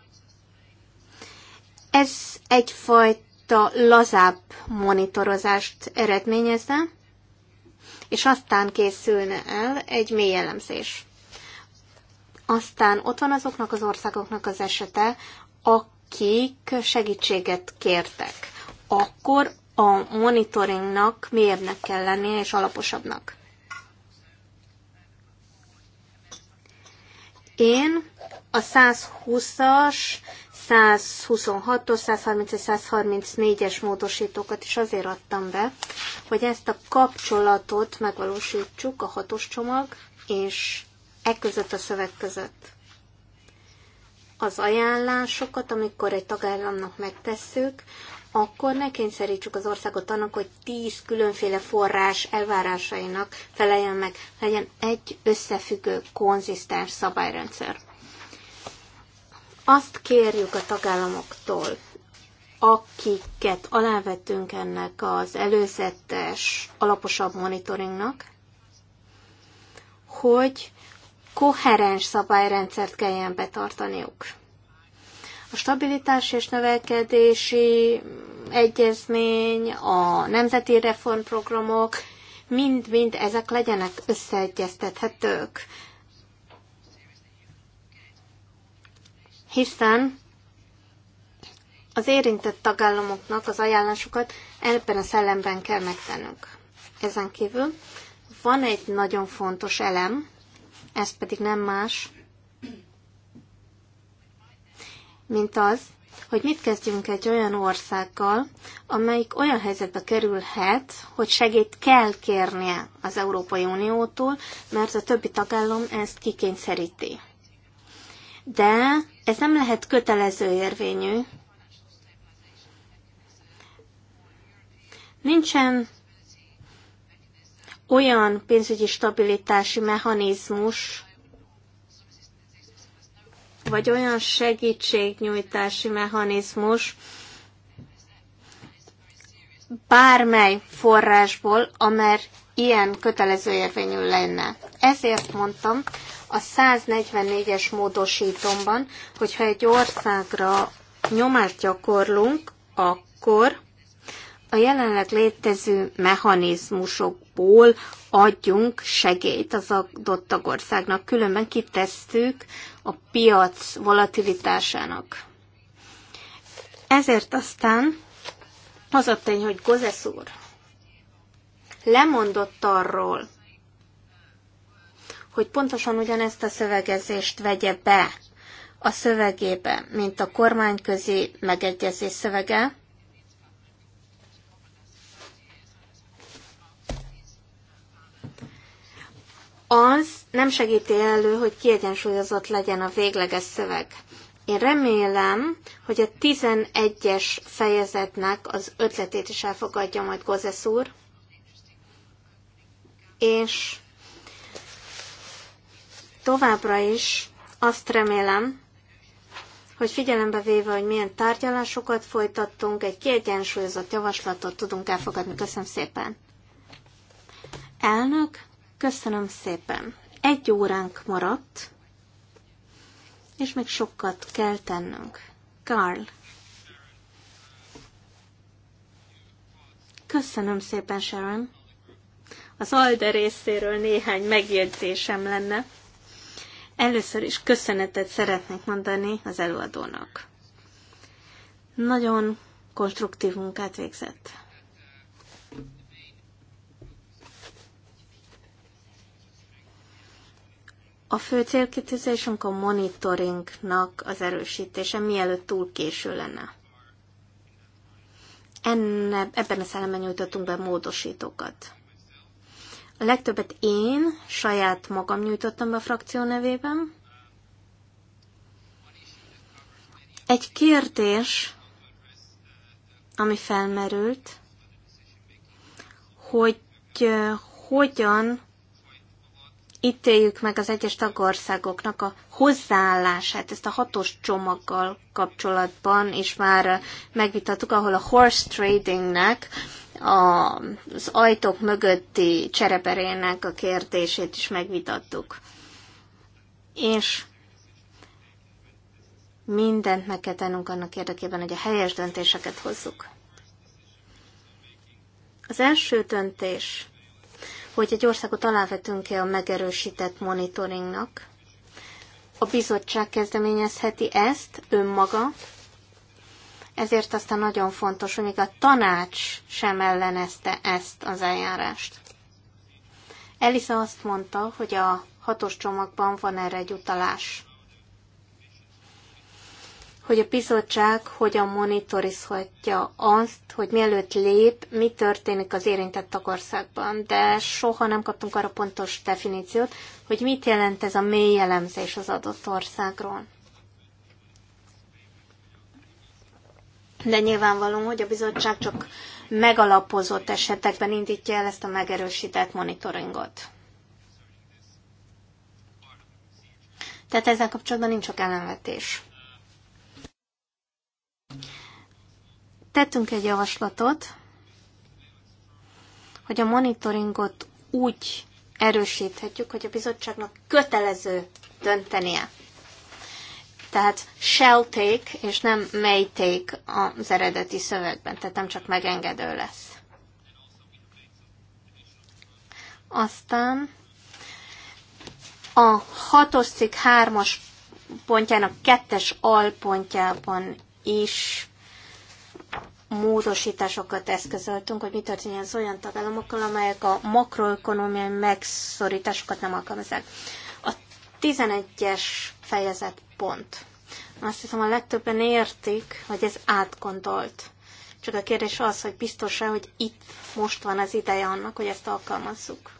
Ez egyfajta egyfajta lazább monitorozást eredményezne, és aztán készülne el egy mély elemzés. Aztán ott van azoknak az országoknak az esete, akik segítséget kértek. Akkor a monitoringnak mélyebnek kell lennie és alaposabbnak. Én a 120-as 126-os, 131-134-es módosítókat is azért adtam be, hogy ezt a kapcsolatot megvalósítsuk a hatos csomag és e között a szöveg között. Az ajánlásokat, amikor egy tagállamnak megtesszük, akkor ne kényszerítsük az országot annak, hogy tíz különféle forrás elvárásainak feleljen meg, legyen egy összefüggő, konzisztens szabályrendszer. Azt kérjük a tagállamoktól, akiket alávetünk ennek az előzetes, alaposabb monitoringnak, hogy koherens szabályrendszert kelljen betartaniuk. A stabilitás és növekedési egyezmény, a nemzeti reformprogramok, mind-mind ezek legyenek összeegyeztethetők. hiszen az érintett tagállamoknak az ajánlásokat ebben a szellemben kell megtennünk. Ezen kívül van egy nagyon fontos elem, ez pedig nem más, mint az, hogy mit kezdjünk egy olyan országgal, amelyik olyan helyzetbe kerülhet, hogy segít kell kérnie az Európai Uniótól, mert a többi tagállam ezt kikényszeríti. De ez nem lehet kötelező érvényű. Nincsen olyan pénzügyi stabilitási mechanizmus, vagy olyan segítségnyújtási mechanizmus, bármely forrásból, amely ilyen kötelező érvényű lenne. Ezért mondtam, a 144-es módosítomban, hogyha egy országra nyomást gyakorlunk, akkor a jelenleg létező mechanizmusokból adjunk segélyt az adott tagországnak, különben kitesztük a piac volatilitásának. Ezért aztán az a tény, hogy Gozesz úr lemondott arról, hogy pontosan ugyanezt a szövegezést vegye be a szövegébe, mint a kormányközi megegyezés szövege, az nem segíti elő, hogy kiegyensúlyozott legyen a végleges szöveg. Én remélem, hogy a 11-es fejezetnek az ötletét is elfogadja majd Gozesz úr, és Továbbra is azt remélem, hogy figyelembe véve, hogy milyen tárgyalásokat folytattunk, egy kiegyensúlyozott javaslatot tudunk elfogadni. Köszönöm szépen. Elnök, köszönöm szépen. Egy óránk maradt, és még sokat kell tennünk. Karl. Köszönöm szépen, Sharon. Az Alde részéről néhány megjegyzésem lenne. Először is köszönetet szeretnék mondani az előadónak. Nagyon konstruktív munkát végzett. A fő célkitűzésünk a monitoringnak az erősítése, mielőtt túl késő lenne. Enne, ebben a szellemben nyújtottunk be módosítókat. A legtöbbet én saját magam nyújtottam be a frakció nevében. Egy kérdés, ami felmerült, hogy eh, hogyan éljük meg az egyes tagországoknak a hozzáállását, ezt a hatos csomaggal kapcsolatban is már megvitattuk, ahol a horse tradingnek, az ajtók mögötti csereperének a kérdését is megvitattuk. És mindent meg kell tennünk annak érdekében, hogy a helyes döntéseket hozzuk. Az első döntés hogy egy országot alávetünk-e a megerősített monitoringnak. A bizottság kezdeményezheti ezt önmaga, ezért aztán nagyon fontos, hogy még a tanács sem ellenezte ezt az eljárást. Elisa azt mondta, hogy a hatos csomagban van erre egy utalás hogy a bizottság hogyan monitorizhatja azt, hogy mielőtt lép, mi történik az érintett tagországban. De soha nem kaptunk arra pontos definíciót, hogy mit jelent ez a mély elemzés az adott országról. De nyilvánvaló, hogy a bizottság csak megalapozott esetekben indítja el ezt a megerősített monitoringot. Tehát ezzel kapcsolatban nincs csak ellenvetés. Tettünk egy javaslatot, hogy a monitoringot úgy erősíthetjük, hogy a bizottságnak kötelező döntenie. Tehát shall take, és nem may take az eredeti szövegben, tehát nem csak megengedő lesz. Aztán a hatos cikk hármas pontjának kettes alpontjában is módosításokat eszközöltünk, hogy mi történjen az olyan tagállamokkal, amelyek a makroökonomiai megszorításokat nem alkalmazzák. A 11-es fejezet pont. Azt hiszem a legtöbben értik, hogy ez átgondolt. Csak a kérdés az, hogy biztos-e, hogy itt most van az ideje annak, hogy ezt alkalmazzuk.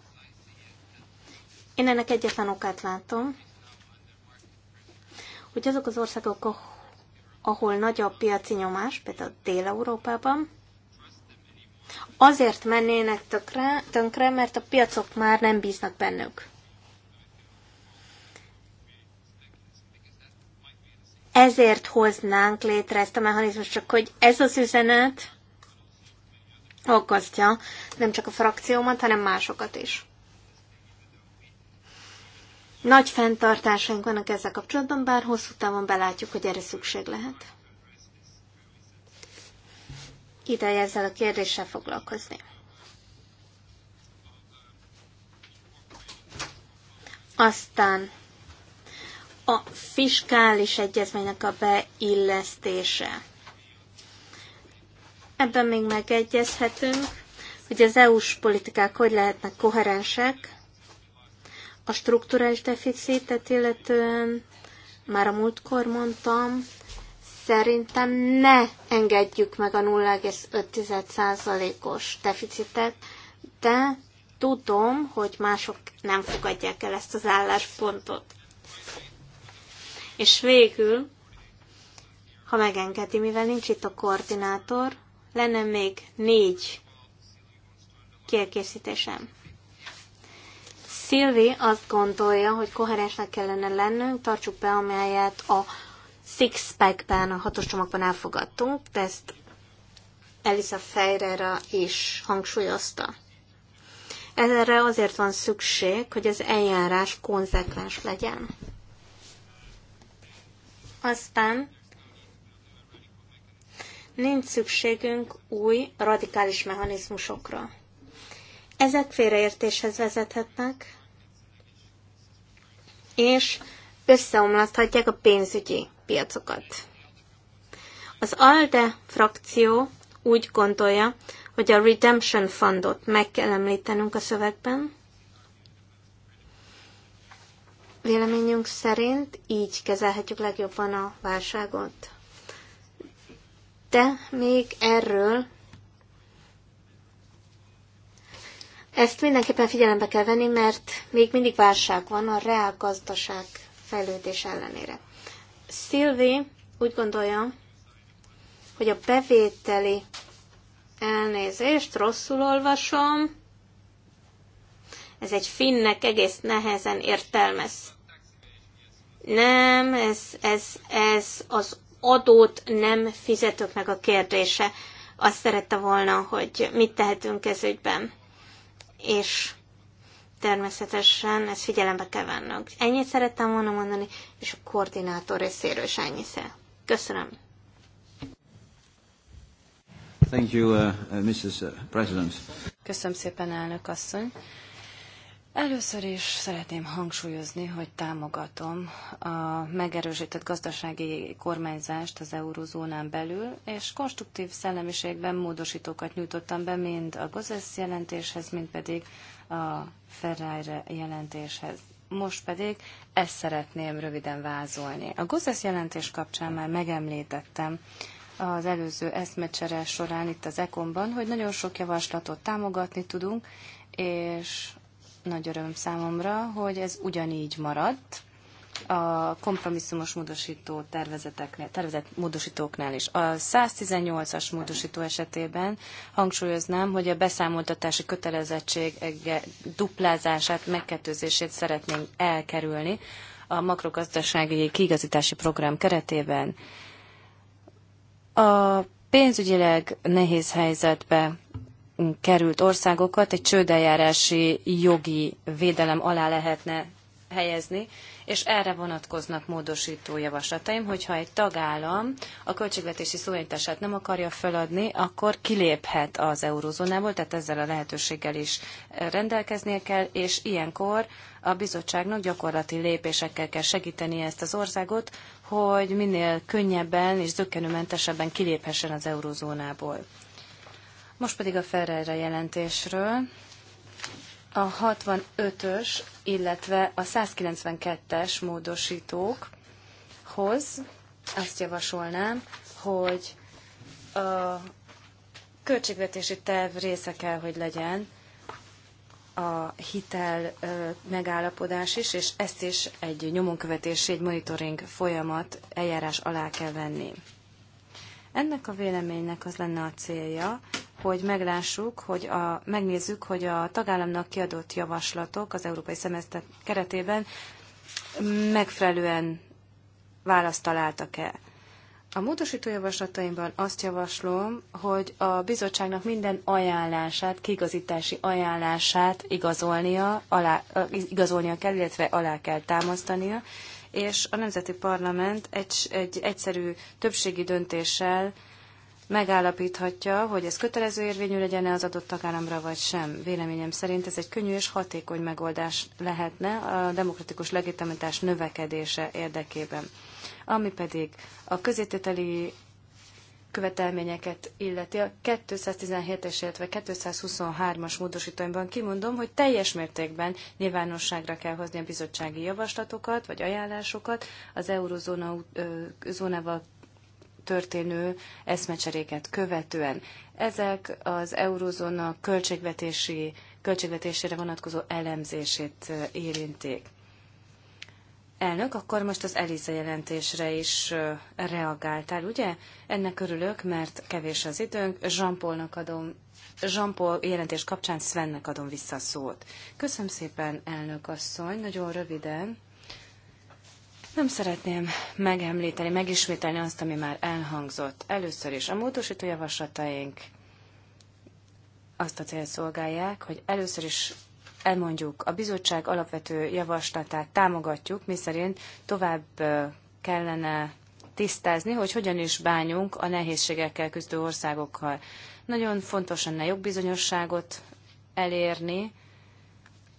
Én ennek egyetlen okát látom, hogy azok az országok, ahol nagyobb piaci nyomás, például Dél-Európában, azért mennének tökre, tönkre, mert a piacok már nem bíznak bennük. Ezért hoznánk létre ezt a mechanizmus, csak hogy ez az üzenet aggasztja nem csak a frakciómat, hanem másokat is. Nagy fenntartásaink vannak ezzel kapcsolatban, bár hosszú távon belátjuk, hogy erre szükség lehet. Ideje ezzel a kérdéssel foglalkozni. Aztán a fiskális egyezménynek a beillesztése. Ebben még megegyezhetünk, hogy az EU-s politikák hogy lehetnek koherensek, a strukturális deficitet illetően már a múltkor mondtam, szerintem ne engedjük meg a 0,5%-os deficitet, de tudom, hogy mások nem fogadják el ezt az álláspontot. És végül, ha megengedi, mivel nincs itt a koordinátor, lenne még négy kiegészítésem. Szilvi azt gondolja, hogy koherensnek kellene lennünk, tartsuk be, amelyet a six-packben, a hatos csomagban elfogadtunk, de ezt Elisa Ferreira is hangsúlyozta. Erre azért van szükség, hogy az eljárás konzekvens legyen. Aztán nincs szükségünk új radikális mechanizmusokra. Ezek félreértéshez vezethetnek, és összeomlaszthatják a pénzügyi piacokat. Az ALDE frakció úgy gondolja, hogy a Redemption Fundot meg kell említenünk a szövegben. Véleményünk szerint így kezelhetjük legjobban a válságot. De még erről Ezt mindenképpen figyelembe kell venni, mert még mindig válság van a reál gazdaság fejlődés ellenére. Szilvi úgy gondolja, hogy a bevételi elnézést rosszul olvasom, ez egy finnek egész nehezen értelmez. Nem, ez, ez, ez az adót nem fizetőknek a kérdése. Azt szerette volna, hogy mit tehetünk ez ügyben és természetesen ezt figyelembe kell vennünk. Ennyit szerettem volna mondani, és a koordinátor részéről is ennyi szél. Köszönöm. Thank you, uh, uh Mrs. Uh, President. Köszönöm szépen, elnök asszony. Először is szeretném hangsúlyozni, hogy támogatom a megerősített gazdasági kormányzást az eurozónán belül, és konstruktív szellemiségben módosítókat nyújtottam be mind a GOZESZ jelentéshez, mind pedig a Ferrari jelentéshez. Most pedig ezt szeretném röviden vázolni. A GOZESZ jelentés kapcsán már megemlítettem, az előző eszmecsere során itt az Ekonban, hogy nagyon sok javaslatot támogatni tudunk, és nagy öröm számomra, hogy ez ugyanígy maradt a kompromisszumos módosító tervezeteknél, tervezett módosítóknál is. A 118-as módosító esetében hangsúlyoznám, hogy a beszámoltatási kötelezettség duplázását, megkettőzését szeretnénk elkerülni a makrogazdasági kiigazítási program keretében. A pénzügyileg nehéz helyzetbe került országokat egy csődeljárási jogi védelem alá lehetne helyezni, és erre vonatkoznak módosító javaslataim, hogyha egy tagállam a költségvetési szuverenitását nem akarja feladni, akkor kiléphet az eurozónából, tehát ezzel a lehetőséggel is eh, rendelkeznie kell, és ilyenkor a bizottságnak gyakorlati lépésekkel kell segíteni ezt az országot, hogy minél könnyebben és zöggenőmentesebben kiléphessen az eurozónából. Most pedig a Ferreira jelentésről. A 65-ös, illetve a 192-es módosítókhoz azt javasolnám, hogy a költségvetési terv része kell, hogy legyen a hitel megállapodás is, és ezt is egy nyomonkövetési, egy monitoring folyamat eljárás alá kell venni. Ennek a véleménynek az lenne a célja, hogy meglássuk, hogy a, megnézzük, hogy a tagállamnak kiadott javaslatok az európai szemeszter keretében megfelelően választ találtak-e. A módosító javaslataimban azt javaslom, hogy a bizottságnak minden ajánlását, kigazítási ajánlását igazolnia, alá, igazolnia kell, illetve alá kell támasztania, és a Nemzeti Parlament egy, egy egyszerű többségi döntéssel megállapíthatja, hogy ez kötelező érvényű legyen-e az adott tagállamra, vagy sem. Véleményem szerint ez egy könnyű és hatékony megoldás lehetne a demokratikus legitimitás növekedése érdekében. Ami pedig a közétételi követelményeket illeti. A 217-es, illetve 223-as módosítóimban kimondom, hogy teljes mértékben nyilvánosságra kell hozni a bizottsági javaslatokat vagy ajánlásokat az eurozónával történő eszmecseréket követően. Ezek az eurozóna költségvetési, költségvetésére vonatkozó elemzését érinték. Elnök, akkor most az Eliza jelentésre is reagáltál, ugye? Ennek örülök, mert kevés az időnk. Jean-Paulnak adom, Jean-Paul jelentés kapcsán Svennek adom vissza a szót. Köszönöm szépen, elnök asszony, nagyon röviden. Nem szeretném megemlíteni, megismételni azt, ami már elhangzott. Először is a módosító javaslataink azt a célt szolgálják, hogy először is elmondjuk, a bizottság alapvető javaslatát támogatjuk, miszerint tovább kellene tisztázni, hogy hogyan is bánjunk a nehézségekkel küzdő országokkal. Nagyon fontos lenne jogbizonyosságot elérni,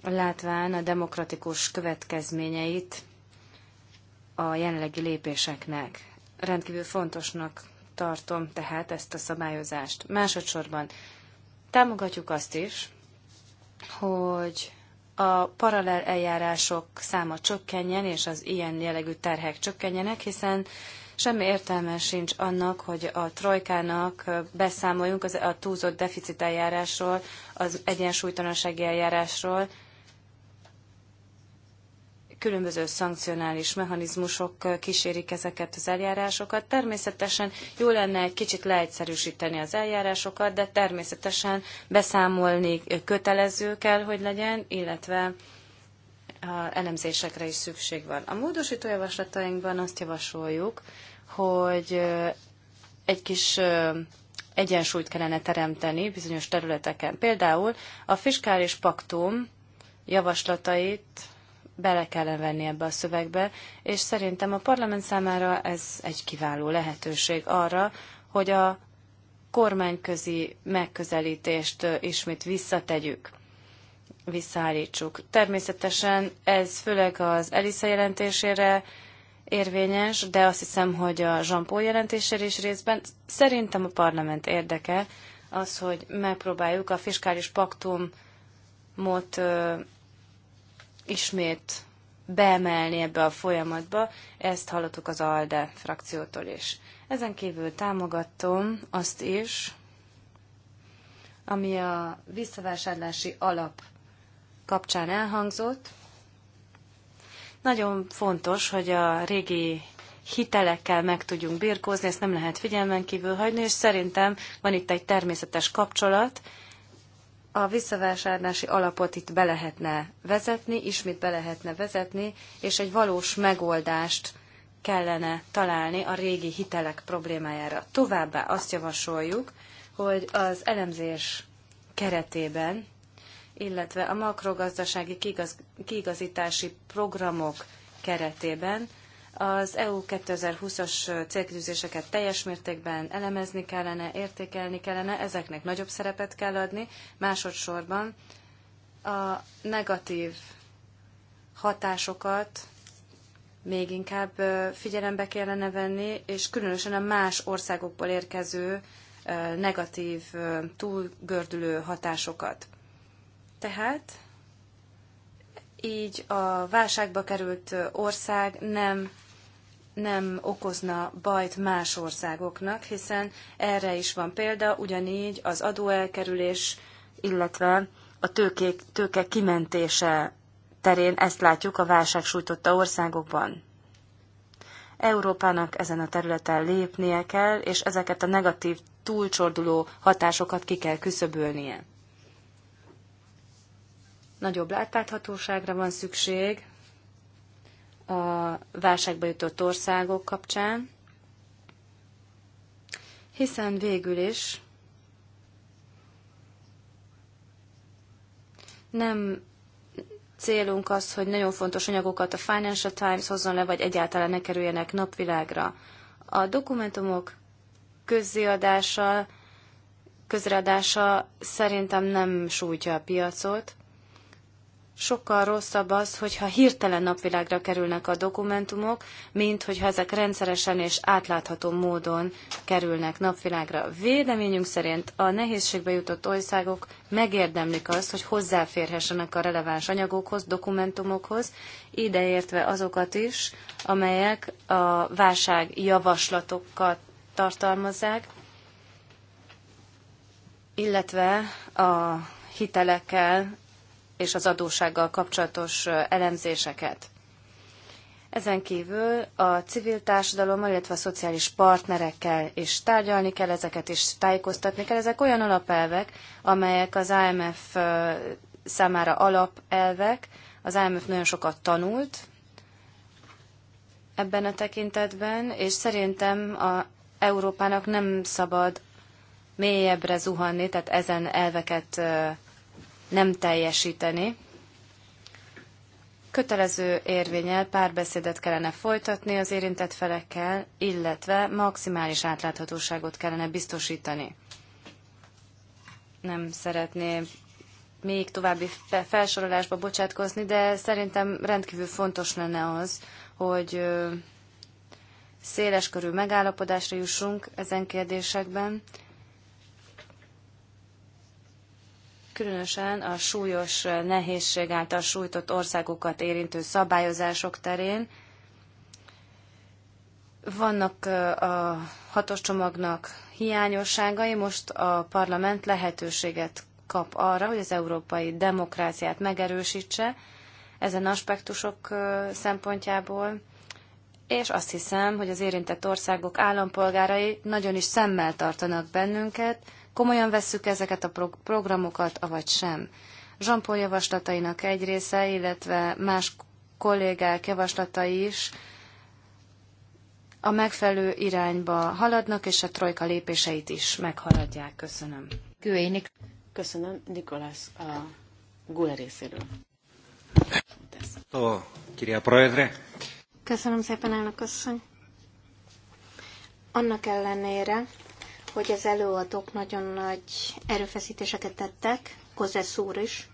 látván a demokratikus következményeit a jelenlegi lépéseknek. Rendkívül fontosnak tartom tehát ezt a szabályozást. Másodszorban támogatjuk azt is, hogy a paralel eljárások száma csökkenjen, és az ilyen jellegű terhek csökkenjenek, hiszen semmi értelme sincs annak, hogy a trojkának beszámoljunk az, a túlzott deficit eljárásról, az egyensúlytalansági eljárásról, különböző szankcionális mechanizmusok kísérik ezeket az eljárásokat. Természetesen jó lenne egy kicsit leegyszerűsíteni az eljárásokat, de természetesen beszámolni kötelező kell, hogy legyen, illetve elemzésekre is szükség van. A módosító javaslatainkban azt javasoljuk, hogy egy kis egyensúlyt kellene teremteni bizonyos területeken. Például a fiskális paktum javaslatait bele kellene venni ebbe a szövegbe, és szerintem a parlament számára ez egy kiváló lehetőség arra, hogy a kormányközi megközelítést ismét visszategyük, visszaállítsuk. Természetesen ez főleg az Elisa jelentésére érvényes, de azt hiszem, hogy a jean jelentésére is részben szerintem a parlament érdeke az, hogy megpróbáljuk a fiskális paktumot ismét beemelni ebbe a folyamatba, ezt hallottuk az ALDE frakciótól is. Ezen kívül támogatom azt is, ami a visszavásárlási alap kapcsán elhangzott. Nagyon fontos, hogy a régi hitelekkel meg tudjunk birkózni, ezt nem lehet figyelmen kívül hagyni, és szerintem van itt egy természetes kapcsolat, a visszavásárlási alapot itt be lehetne vezetni, ismét be lehetne vezetni, és egy valós megoldást kellene találni a régi hitelek problémájára. Továbbá azt javasoljuk, hogy az elemzés keretében, illetve a makrogazdasági kiigazítási programok keretében az EU 2020-as célkitűzéseket teljes mértékben elemezni kellene, értékelni kellene, ezeknek nagyobb szerepet kell adni. Másodszorban a negatív hatásokat még inkább figyelembe kellene venni, és különösen a más országokból érkező negatív, túlgördülő hatásokat. Tehát így a válságba került ország nem nem okozna bajt más országoknak, hiszen erre is van példa, ugyanígy az adóelkerülés, illetve a tőkék, tőke kimentése terén ezt látjuk a válság sújtotta országokban. Európának ezen a területen lépnie kell, és ezeket a negatív túlcsorduló hatásokat ki kell küszöbölnie. Nagyobb látáthatóságra van szükség, a válságba jutott országok kapcsán, hiszen végül is nem célunk az, hogy nagyon fontos anyagokat a Financial Times hozzon le, vagy egyáltalán ne kerüljenek napvilágra. A dokumentumok közéadása, közreadása szerintem nem sújtja a piacot, sokkal rosszabb az, hogyha hirtelen napvilágra kerülnek a dokumentumok, mint hogyha ezek rendszeresen és átlátható módon kerülnek napvilágra. Véleményünk szerint a nehézségbe jutott országok megérdemlik azt, hogy hozzáférhessenek a releváns anyagokhoz, dokumentumokhoz, ideértve azokat is, amelyek a válság javaslatokat tartalmazzák, illetve a hitelekkel és az adósággal kapcsolatos elemzéseket. Ezen kívül a civil társadalommal, illetve a szociális partnerekkel is tárgyalni kell ezeket, és tájékoztatni kell. Ezek olyan alapelvek, amelyek az IMF számára alapelvek. Az IMF nagyon sokat tanult ebben a tekintetben, és szerintem a Európának nem szabad mélyebbre zuhanni, tehát ezen elveket nem teljesíteni. Kötelező érvényel párbeszédet kellene folytatni az érintett felekkel, illetve maximális átláthatóságot kellene biztosítani. Nem szeretném még további felsorolásba bocsátkozni, de szerintem rendkívül fontos lenne az, hogy széleskörű megállapodásra jussunk ezen kérdésekben, különösen a súlyos nehézség által sújtott országokat érintő szabályozások terén. Vannak a hatos csomagnak hiányosságai, most a parlament lehetőséget kap arra, hogy az európai demokráciát megerősítse ezen aspektusok szempontjából, és azt hiszem, hogy az érintett országok állampolgárai nagyon is szemmel tartanak bennünket, komolyan vesszük ezeket a pro- programokat, avagy sem. Zsampol javaslatainak egy része, illetve más kollégák javaslatai is a megfelelő irányba haladnak, és a trojka lépéseit is meghaladják. Köszönöm. Kőénik. Köszönöm, Nikolász, a Gula részéről. Köszönöm szépen, elnök asszony. Annak ellenére, hogy az előadók nagyon nagy erőfeszítéseket tettek, Kozesz úr is.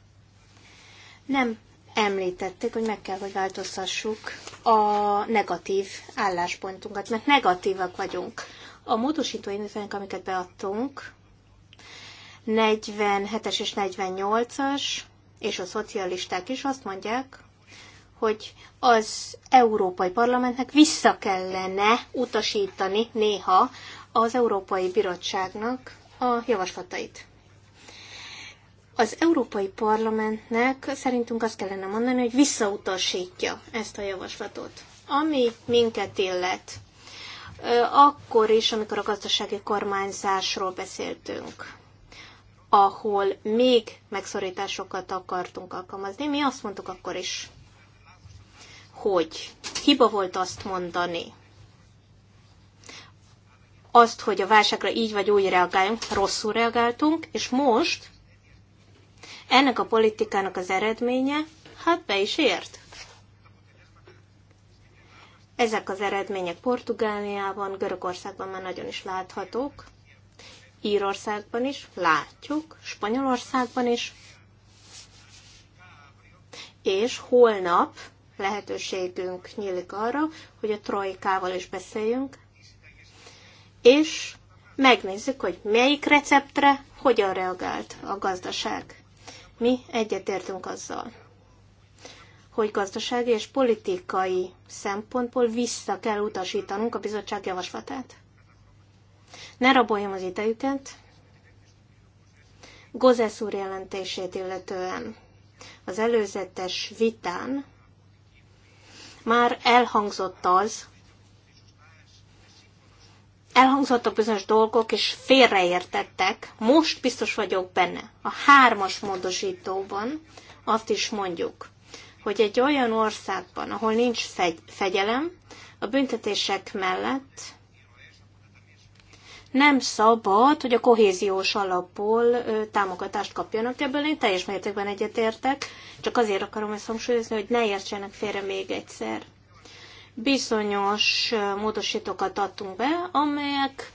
Nem említették, hogy meg kell, hogy változtassuk a negatív álláspontunkat, mert negatívak vagyunk. A módosító indítványok, amiket beadtunk, 47-es és 48-as, és a szocialisták is azt mondják, hogy az Európai Parlamentnek vissza kellene utasítani néha az Európai Bizottságnak a javaslatait. Az Európai Parlamentnek szerintünk azt kellene mondani, hogy visszautasítja ezt a javaslatot. Ami minket illet, akkor is, amikor a gazdasági kormányzásról beszéltünk, ahol még megszorításokat akartunk alkalmazni, mi azt mondtuk akkor is, hogy hiba volt azt mondani, azt, hogy a válságra így vagy úgy reagáljunk, rosszul reagáltunk, és most ennek a politikának az eredménye, hát be is ért. Ezek az eredmények Portugáliában, Görögországban már nagyon is láthatók, Írországban is látjuk, Spanyolországban is, és holnap lehetőségünk nyílik arra, hogy a trojkával is beszéljünk, és megnézzük, hogy melyik receptre hogyan reagált a gazdaság. Mi egyetértünk azzal, hogy gazdasági és politikai szempontból vissza kell utasítanunk a bizottság javaslatát. Ne raboljam az idejüket. Gozesz úr jelentését illetően az előzetes vitán már elhangzott az, Elhangzott a bizonyos dolgok, és félreértettek. Most biztos vagyok benne. A hármas módosítóban azt is mondjuk, hogy egy olyan országban, ahol nincs fegy- fegyelem, a büntetések mellett nem szabad, hogy a kohéziós alapból támogatást kapjanak ebből, én teljes mértékben egyetértek, csak azért akarom ezt hangsúlyozni, hogy ne értsenek félre még egyszer. Bizonyos módosítókat adtunk be, amelyek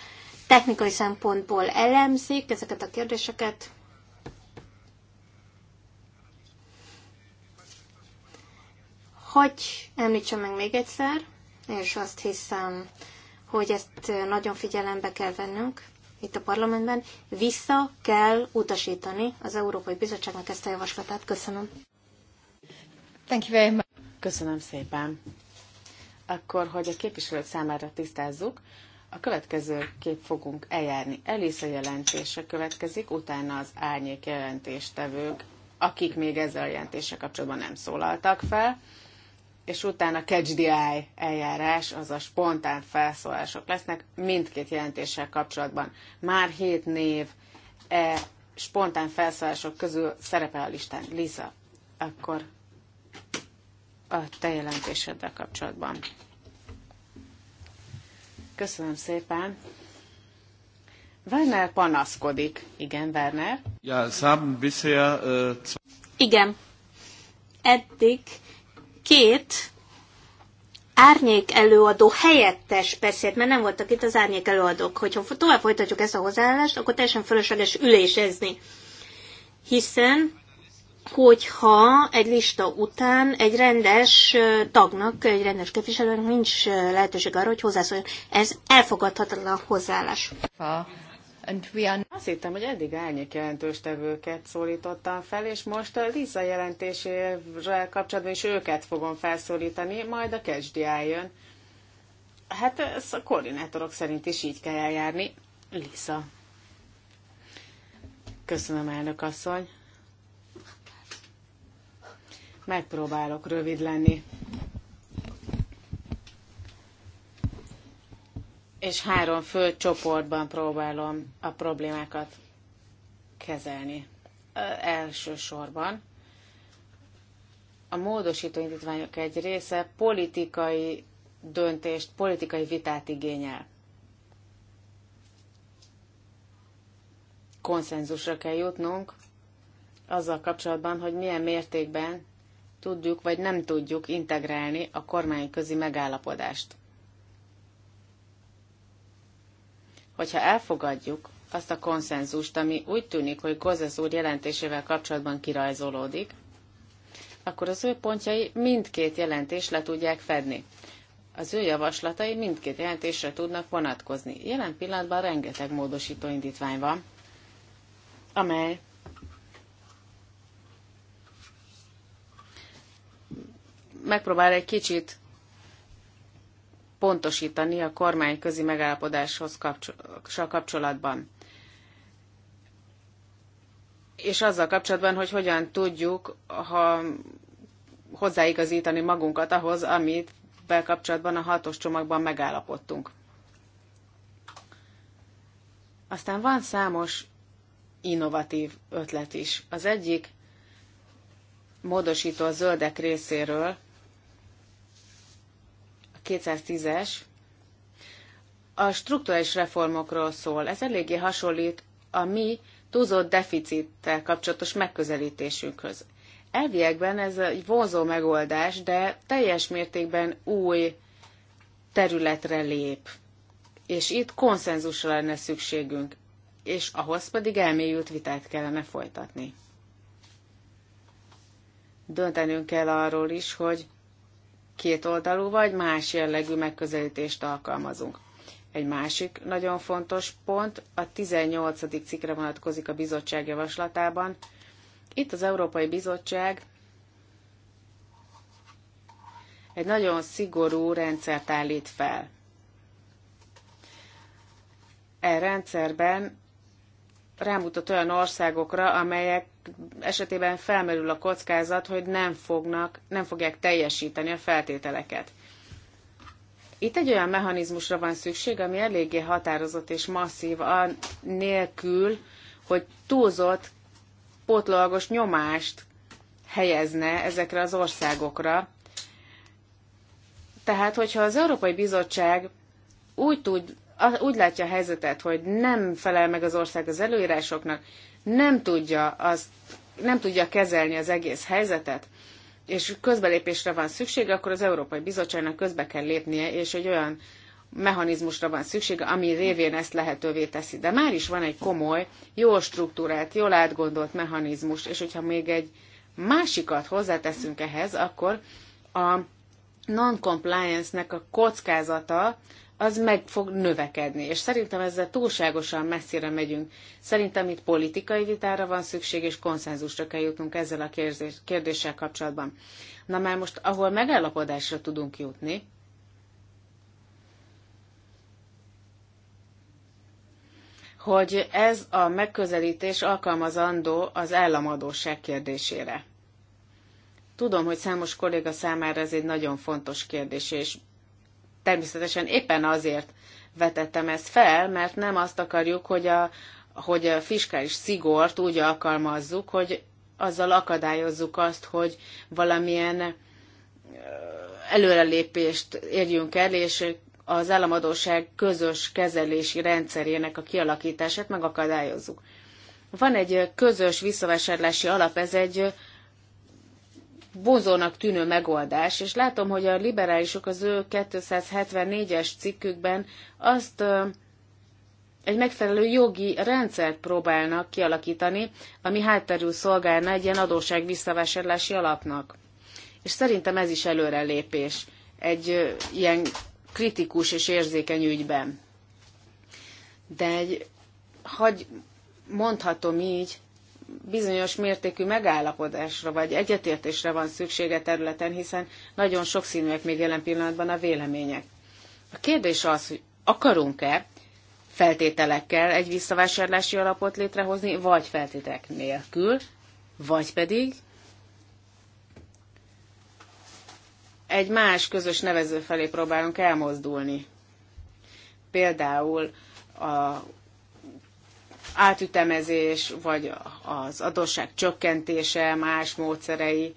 technikai szempontból elemzik ezeket a kérdéseket, Hogy említsem meg még egyszer, és azt hiszem, hogy ezt nagyon figyelembe kell vennünk itt a parlamentben, vissza kell utasítani az Európai Bizottságnak ezt a javaslatát. Köszönöm. Thank you very much. Köszönöm szépen. Akkor, hogy a képviselők számára tisztázzuk, a kép fogunk eljárni. Elisza jelentése következik, utána az árnyék jelentéstevők, akik még ezzel a jelentéssel kapcsolatban nem szólaltak fel és utána catch the eye eljárás, azaz spontán felszólások lesznek mindkét jelentéssel kapcsolatban. Már hét név e spontán felszólások közül szerepel a listán. Lisa, akkor a te jelentéseddel kapcsolatban. Köszönöm szépen. Werner panaszkodik. Igen, Werner? Ja, es bisher... Uh... Igen. Eddig két árnyék előadó helyettes beszélt, mert nem voltak itt az árnyék előadók. Hogyha tovább folytatjuk ezt a hozzáállást, akkor teljesen fölösleges ülésezni. Hiszen hogyha egy lista után egy rendes tagnak, egy rendes képviselőnek nincs lehetőség arra, hogy hozzászóljon. Ez elfogadhatatlan hozzáállás. Azt hittem, hogy eddig jelentős tevőket szólítottam fel, és most a Liza jelentésével kapcsolatban is őket fogom felszólítani, majd a kezdi jön. Hát ez a koordinátorok szerint is így kell eljárni. Liza. Köszönöm, elnök asszony. Megpróbálok rövid lenni. és három fő csoportban próbálom a problémákat kezelni. Elsősorban a módosító indítványok egy része politikai döntést, politikai vitát igényel. Konszenzusra kell jutnunk azzal kapcsolatban, hogy milyen mértékben tudjuk vagy nem tudjuk integrálni a kormányközi megállapodást. hogyha elfogadjuk azt a konszenzust, ami úgy tűnik, hogy Gozes úr jelentésével kapcsolatban kirajzolódik, akkor az ő pontjai mindkét jelentést le tudják fedni. Az ő javaslatai mindkét jelentésre tudnak vonatkozni. Jelen pillanatban rengeteg módosító indítvány van, amely megpróbál egy kicsit pontosítani a kormányközi megállapodáshoz kapcsolatban. És azzal kapcsolatban, hogy hogyan tudjuk ha hozzáigazítani magunkat ahhoz, amit kapcsolatban a hatos csomagban megállapodtunk. Aztán van számos innovatív ötlet is. Az egyik módosító a zöldek részéről 210-es a strukturális reformokról szól. Ez eléggé hasonlít a mi túlzott deficittel kapcsolatos megközelítésünkhöz. Elviekben ez egy vonzó megoldás, de teljes mértékben új területre lép. És itt konszenzusra lenne szükségünk, és ahhoz pedig elmélyült vitát kellene folytatni. Döntenünk kell arról is, hogy kétoldalú vagy más jellegű megközelítést alkalmazunk. Egy másik nagyon fontos pont a 18. cikkre vonatkozik a bizottság javaslatában. Itt az Európai Bizottság egy nagyon szigorú rendszert állít fel. E rendszerben rámutat olyan országokra, amelyek esetében felmerül a kockázat, hogy nem, fognak, nem fogják teljesíteni a feltételeket. Itt egy olyan mechanizmusra van szükség, ami eléggé határozott és masszív, nélkül, hogy túlzott, potlagos nyomást helyezne ezekre az országokra. Tehát, hogyha az Európai Bizottság úgy tud úgy látja a helyzetet, hogy nem felel meg az ország az előírásoknak, nem tudja, az, nem tudja kezelni az egész helyzetet, és közbelépésre van szüksége, akkor az Európai Bizottságnak közbe kell lépnie, és egy olyan mechanizmusra van szüksége, ami révén ezt lehetővé teszi. De már is van egy komoly, jó struktúrát, jól átgondolt mechanizmus, és hogyha még egy másikat hozzáteszünk ehhez, akkor a non-compliance-nek a kockázata az meg fog növekedni. És szerintem ezzel túlságosan messzire megyünk. Szerintem itt politikai vitára van szükség, és konszenzusra kell jutnunk ezzel a kérdéssel kapcsolatban. Na már most, ahol megállapodásra tudunk jutni, hogy ez a megközelítés alkalmazandó az államadóság kérdésére. Tudom, hogy számos kolléga számára ez egy nagyon fontos kérdés, és természetesen éppen azért vetettem ezt fel, mert nem azt akarjuk, hogy a, hogy a fiskális szigort úgy alkalmazzuk, hogy azzal akadályozzuk azt, hogy valamilyen előrelépést érjünk el, és az államadóság közös kezelési rendszerének a kialakítását megakadályozzuk. Van egy közös visszavásárlási alap, ez egy vonzónak tűnő megoldás, és látom, hogy a liberálisok az ő 274-es cikkükben azt egy megfelelő jogi rendszert próbálnak kialakítani, ami hátterül szolgálna egy ilyen adóság visszavásárlási alapnak. És szerintem ez is előrelépés egy ilyen kritikus és érzékeny ügyben. De egy, hagy mondhatom így, bizonyos mértékű megállapodásra vagy egyetértésre van szüksége területen, hiszen nagyon sokszínűek még jelen pillanatban a vélemények. A kérdés az, hogy akarunk-e feltételekkel egy visszavásárlási alapot létrehozni, vagy feltételek nélkül, vagy pedig egy más közös nevező felé próbálunk elmozdulni. Például a átütemezés, vagy az adósság csökkentése, más módszerei,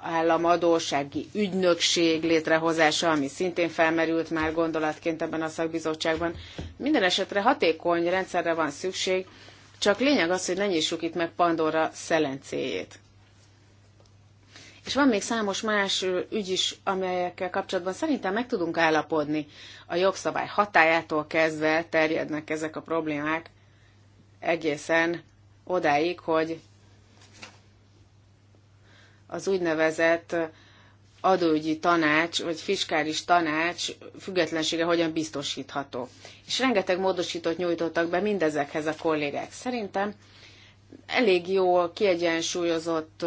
államadósági ügynökség létrehozása, ami szintén felmerült már gondolatként ebben a szakbizottságban. Minden esetre hatékony rendszerre van szükség, csak lényeg az, hogy ne nyissuk itt meg Pandora szelencéjét. És van még számos más ügy is, amelyekkel kapcsolatban szerintem meg tudunk állapodni. A jogszabály hatájától kezdve terjednek ezek a problémák, egészen odáig, hogy az úgynevezett adóügyi tanács, vagy fiskális tanács függetlensége hogyan biztosítható. És rengeteg módosítót nyújtottak be mindezekhez a kollégák. Szerintem elég jó, kiegyensúlyozott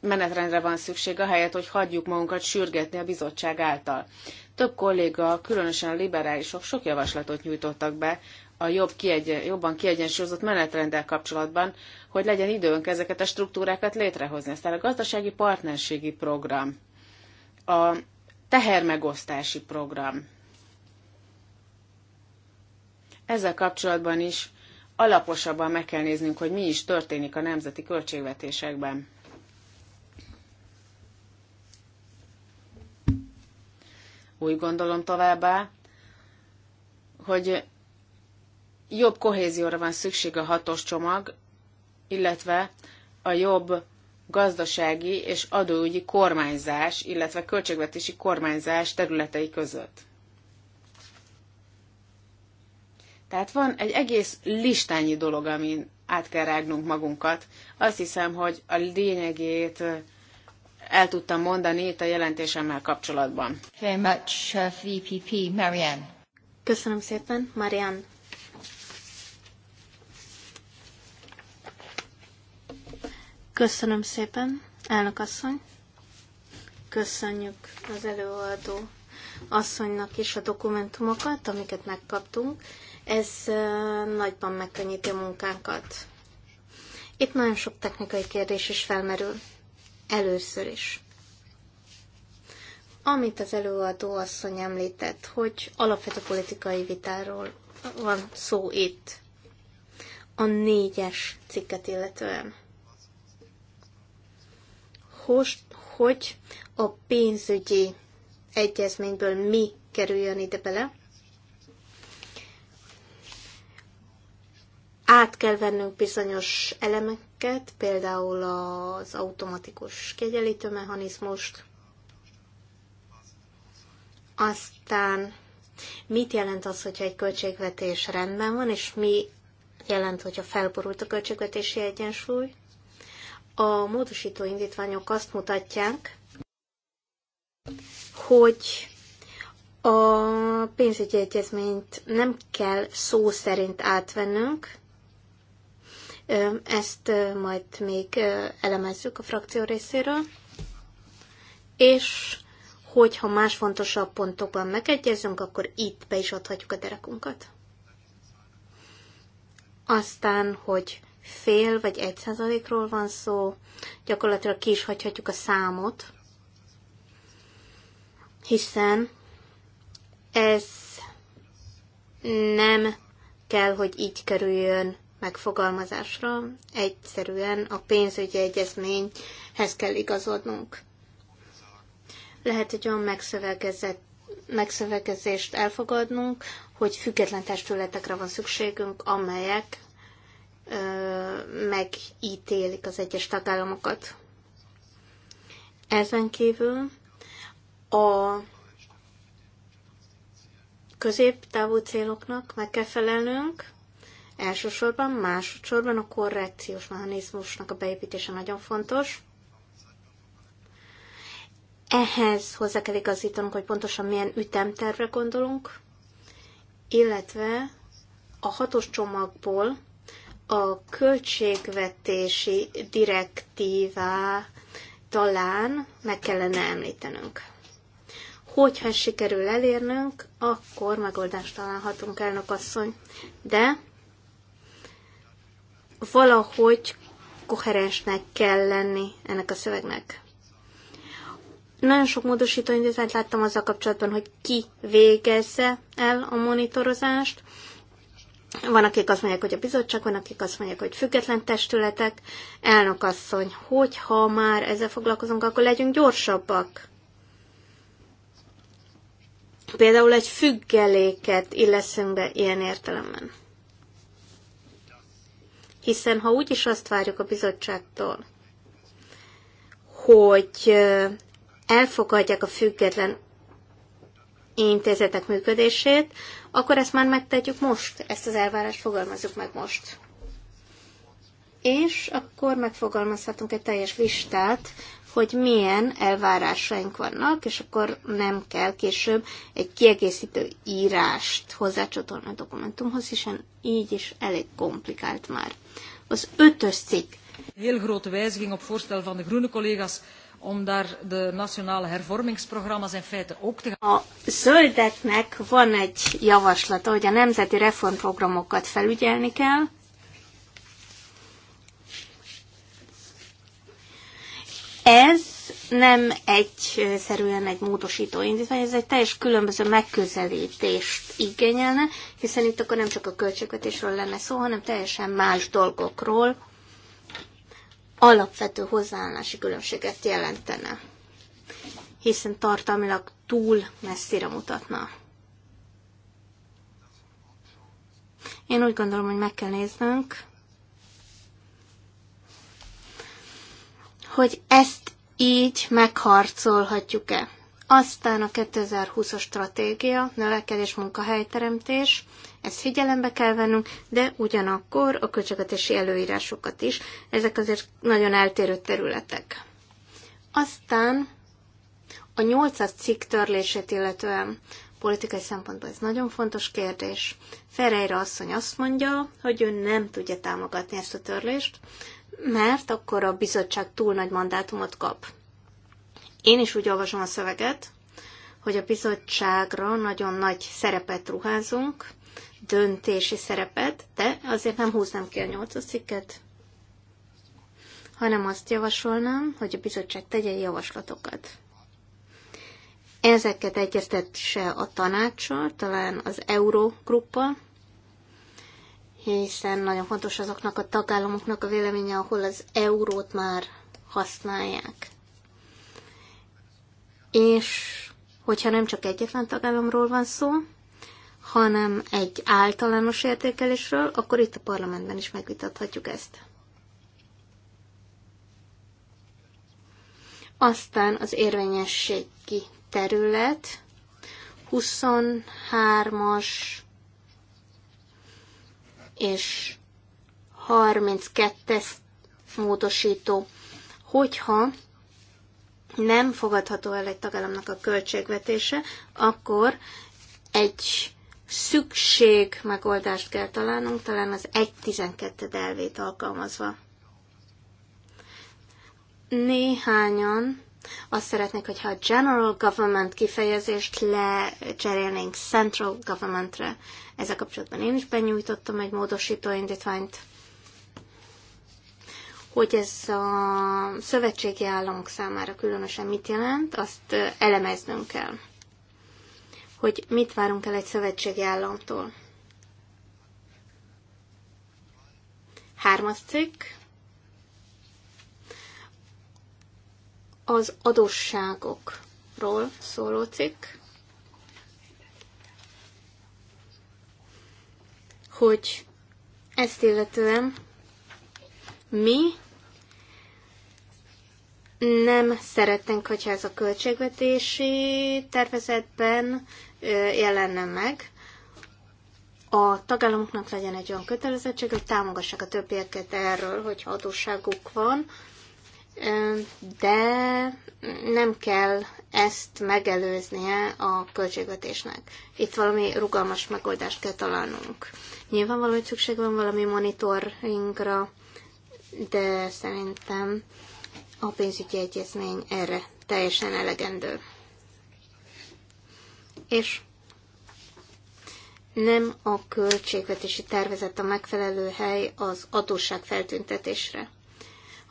menetrendre van szükség, ahelyett, hogy hagyjuk magunkat sürgetni a bizottság által. Több kolléga, különösen a liberálisok sok javaslatot nyújtottak be, a jobb kiegyen, jobban kiegyensúlyozott menetrenddel kapcsolatban, hogy legyen időnk ezeket a struktúrákat létrehozni. Aztán a gazdasági partnerségi program, a tehermegosztási program. Ezzel kapcsolatban is alaposabban meg kell néznünk, hogy mi is történik a nemzeti költségvetésekben. Úgy gondolom továbbá, hogy jobb kohézióra van szükség a hatos csomag, illetve a jobb gazdasági és adóügyi kormányzás, illetve költségvetési kormányzás területei között. Tehát van egy egész listányi dolog, amin át kell rágnunk magunkat. Azt hiszem, hogy a lényegét el tudtam mondani itt a jelentésemmel kapcsolatban. Very much, VPP, uh, e Marianne. Köszönöm szépen, Marianne. Köszönöm szépen, elnök asszony. Köszönjük az előadó asszonynak is a dokumentumokat, amiket megkaptunk. Ez nagyban megkönnyíti a munkánkat. Itt nagyon sok technikai kérdés is felmerül. Először is. Amit az előadó asszony említett, hogy alapvető politikai vitáról van szó itt. A négyes cikket illetően hogy a pénzügyi egyezményből mi kerüljön ide bele. Át kell vennünk bizonyos elemeket, például az automatikus kiegyenlítő mechanizmust, aztán mit jelent az, hogyha egy költségvetés rendben van, és mi jelent, hogyha felborult a költségvetési egyensúly. A módosító indítványok azt mutatják, hogy a pénzügyi egyezményt nem kell szó szerint átvennünk, ezt majd még elemezzük a frakció részéről, és hogyha más fontosabb pontokban megegyezünk, akkor itt be is adhatjuk a derekunkat. Aztán, hogy fél vagy egy százalékról van szó, gyakorlatilag ki is hagyhatjuk a számot, hiszen ez nem kell, hogy így kerüljön megfogalmazásra, egyszerűen a pénzügyi egyezményhez kell igazodnunk. Lehet egy olyan megszövegezett megszövegezést elfogadnunk, hogy független testületekre van szükségünk, amelyek megítélik az egyes tagállamokat. Ezen kívül a középtávú céloknak meg kell felelnünk, elsősorban, másodszorban a korrekciós mechanizmusnak a beépítése nagyon fontos. Ehhez hozzá kell igazítanunk, hogy pontosan milyen ütemtervre gondolunk, illetve a hatos csomagból a költségvetési direktívá talán meg kellene említenünk. Hogyha sikerül elérnünk, akkor megoldást találhatunk, elnök asszony. De valahogy koherensnek kell lenni ennek a szövegnek. Nagyon sok módosító indítványt láttam azzal kapcsolatban, hogy ki végezze el a monitorozást, van, akik azt mondják, hogy a bizottság, van, akik azt mondják, hogy független testületek. Elnök asszony, hogyha már ezzel foglalkozunk, akkor legyünk gyorsabbak. Például egy függeléket illeszünk be ilyen értelemben. Hiszen ha úgyis azt várjuk a bizottságtól, hogy elfogadják a független intézetek működését, akkor ezt már megtetjük most, ezt az elvárást fogalmazzuk meg most. És akkor megfogalmazhatunk egy teljes listát, hogy milyen elvárásaink vannak, és akkor nem kell később egy kiegészítő írást hozzácsatolni a dokumentumhoz, hiszen így is elég komplikált már. Az ötös cikk. Heel grote wijziging op voorstel van de groene collega's om daar de nationale hervormingsprogramma's in feite ook te gaan. A zöldeknek van egy javaslata, hogy a nemzeti reformprogramokat felügyelni kell, Ez nem egyszerűen egy módosító indítvány, ez egy teljes különböző megközelítést igényelne, hiszen itt akkor nem csak a költségvetésről lenne szó, hanem teljesen más dolgokról, alapvető hozzáállási különbséget jelentene, hiszen tartalmilag túl messzire mutatna. Én úgy gondolom, hogy meg kell néznünk, hogy ezt így megharcolhatjuk-e. Aztán a 2020-as stratégia, növekedés, munkahelyteremtés, ezt figyelembe kell vennünk, de ugyanakkor a költségvetési előírásokat is. Ezek azért nagyon eltérő területek. Aztán a 800 cikk törlését illetően politikai szempontból ez nagyon fontos kérdés. Ferreira asszony azt mondja, hogy ő nem tudja támogatni ezt a törlést, mert akkor a bizottság túl nagy mandátumot kap. Én is úgy olvasom a szöveget, hogy a bizottságra nagyon nagy szerepet ruházunk, döntési szerepet, de azért nem húznám ki a nyolcas cikket, hanem azt javasolnám, hogy a bizottság tegye javaslatokat. Ezeket egyeztetse a tanácssal, talán az Eurogruppa, hiszen nagyon fontos azoknak a tagállamoknak a véleménye, ahol az eurót már használják és hogyha nem csak egyetlen tagállamról van szó, hanem egy általános értékelésről, akkor itt a parlamentben is megvitathatjuk ezt. Aztán az érvényességi terület, 23-as és 32-es módosító. Hogyha nem fogadható el egy tagállamnak a költségvetése, akkor egy szükség megoldást kell találnunk, talán az 1.12 elvét alkalmazva. Néhányan azt szeretnék, hogyha a general government kifejezést lecserélnénk central governmentre. Ezzel kapcsolatban én is benyújtottam egy módosító indítványt hogy ez a szövetségi államok számára különösen mit jelent, azt elemeznünk kell. Hogy mit várunk el egy szövetségi államtól. Hármas cikk. Az adósságokról szóló cikk. Hogy ezt illetően mi nem szeretnénk, hogyha ez a költségvetési tervezetben jelenne meg. A tagállamoknak legyen egy olyan kötelezettség, hogy támogassák a többieket erről, hogy adósságuk van, de nem kell ezt megelőznie a költségvetésnek. Itt valami rugalmas megoldást kell találnunk. Nyilvánvalóan szükség van valami monitoringra, de szerintem a pénzügyi egyezmény erre teljesen elegendő. És nem a költségvetési tervezet a megfelelő hely az adósság feltüntetésre.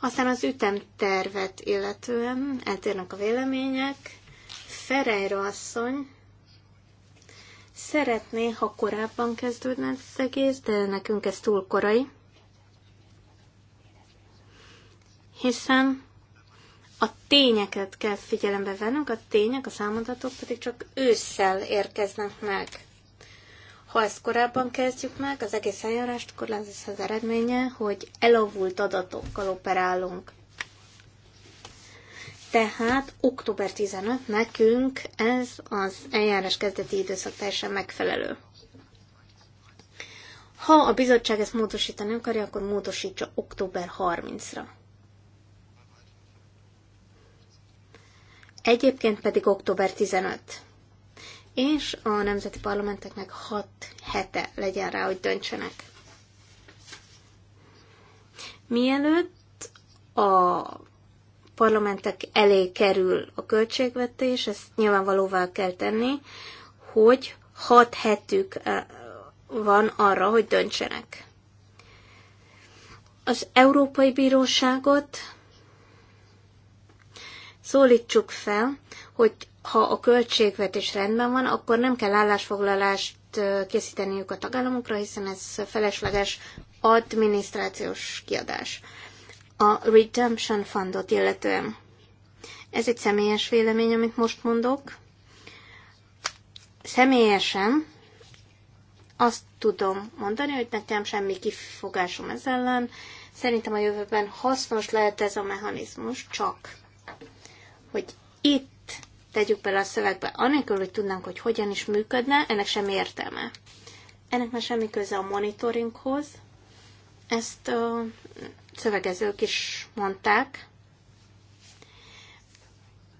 Aztán az ütemtervet illetően eltérnek a vélemények. Ferejra asszony szeretné, ha korábban kezdődne az egész, de nekünk ez túl korai. Hiszen a tényeket kell figyelembe vennünk, a tények, a számadatok pedig csak ősszel érkeznek meg. Ha ezt korábban kezdjük meg, az egész eljárást, akkor lesz az eredménye, hogy elavult adatokkal operálunk. Tehát október 15 nekünk ez az eljárás kezdeti időszak teljesen megfelelő. Ha a bizottság ezt módosítani akarja, akkor módosítsa október 30-ra. Egyébként pedig október 15. És a nemzeti parlamenteknek 6 hete legyen rá, hogy döntsenek. Mielőtt a parlamentek elé kerül a költségvetés, ezt nyilvánvalóvá kell tenni, hogy hat hetük eh, van arra, hogy döntsenek. Az Európai Bíróságot szólítsuk fel, hogy ha a költségvetés rendben van, akkor nem kell állásfoglalást készíteniük a tagállamokra, hiszen ez felesleges adminisztrációs kiadás. A Redemption Fundot illetően. Ez egy személyes vélemény, amit most mondok. Személyesen azt tudom mondani, hogy nekem semmi kifogásom ez ellen. Szerintem a jövőben hasznos lehet ez a mechanizmus, csak hogy itt tegyük bele a szövegbe, anélkül, hogy tudnánk, hogy hogyan is működne, ennek semmi értelme. Ennek már semmi köze a monitoringhoz. Ezt a szövegezők is mondták.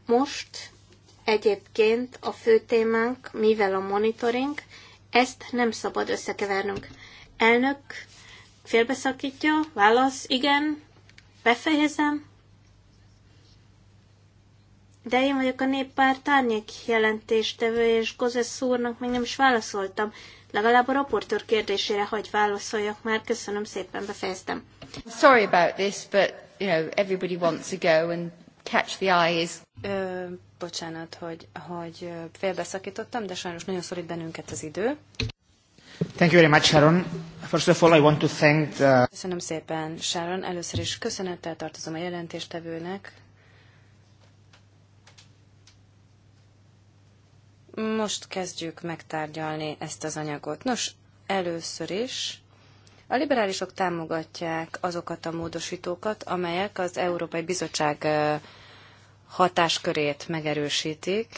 Most egyébként a fő témánk, mivel a monitoring, ezt nem szabad összekevernünk. Elnök félbeszakítja, válasz, igen, befejezem, de én vagyok a néppárt tárnyék jelentéstevő, és Gozesz úrnak még nem is válaszoltam. Legalább a raportőr kérdésére hagy válaszoljak már. Köszönöm szépen, befejeztem. Sorry about this, but you know, everybody wants to go and catch the eyes Ö, bocsánat, hogy, hogy félbeszakítottam, de sajnos nagyon szorít bennünket az idő. Thank you very much, Sharon. First of all, I want to thank the... Köszönöm szépen, Sharon. Először is köszönettel tartozom a jelentéstevőnek, most kezdjük megtárgyalni ezt az anyagot. Nos, először is a liberálisok támogatják azokat a módosítókat, amelyek az Európai Bizottság hatáskörét megerősítik.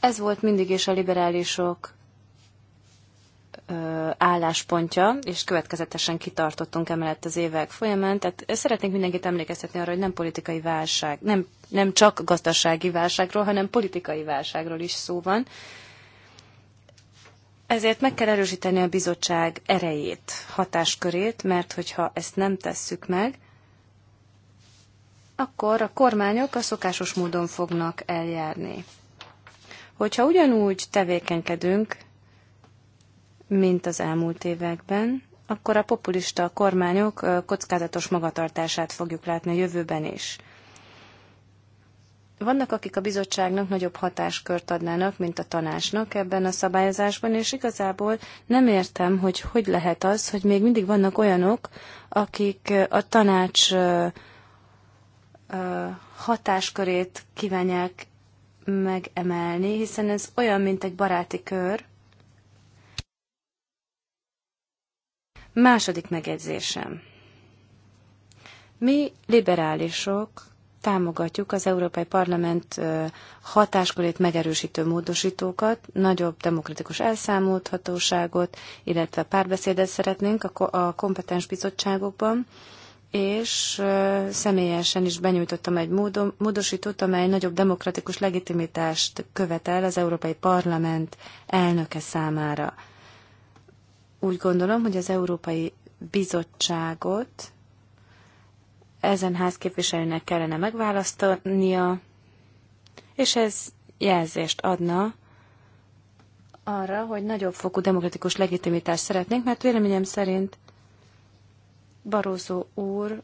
Ez volt mindig is a liberálisok álláspontja, és következetesen kitartottunk emellett az évek folyamán. Tehát szeretnék mindenkit emlékeztetni arra, hogy nem politikai válság, nem nem csak gazdasági válságról, hanem politikai válságról is szó van. Ezért meg kell erősíteni a bizottság erejét, hatáskörét, mert hogyha ezt nem tesszük meg, akkor a kormányok a szokásos módon fognak eljárni. Hogyha ugyanúgy tevékenykedünk, mint az elmúlt években, akkor a populista kormányok kockázatos magatartását fogjuk látni a jövőben is vannak, akik a bizottságnak nagyobb hatáskört adnának, mint a tanácsnak ebben a szabályozásban, és igazából nem értem, hogy hogy lehet az, hogy még mindig vannak olyanok, akik a tanács hatáskörét kívánják megemelni, hiszen ez olyan, mint egy baráti kör. Második megjegyzésem. Mi liberálisok támogatjuk az Európai Parlament hatáskörét megerősítő módosítókat, nagyobb demokratikus elszámolhatóságot, illetve párbeszédet szeretnénk a kompetens bizottságokban, és személyesen is benyújtottam egy módosítót, amely nagyobb demokratikus legitimitást követel az Európai Parlament elnöke számára. Úgy gondolom, hogy az Európai Bizottságot ezen házképviselőnek kellene megválasztania, és ez jelzést adna arra, hogy nagyobb fokú demokratikus legitimitást szeretnénk, mert véleményem szerint Barózó úr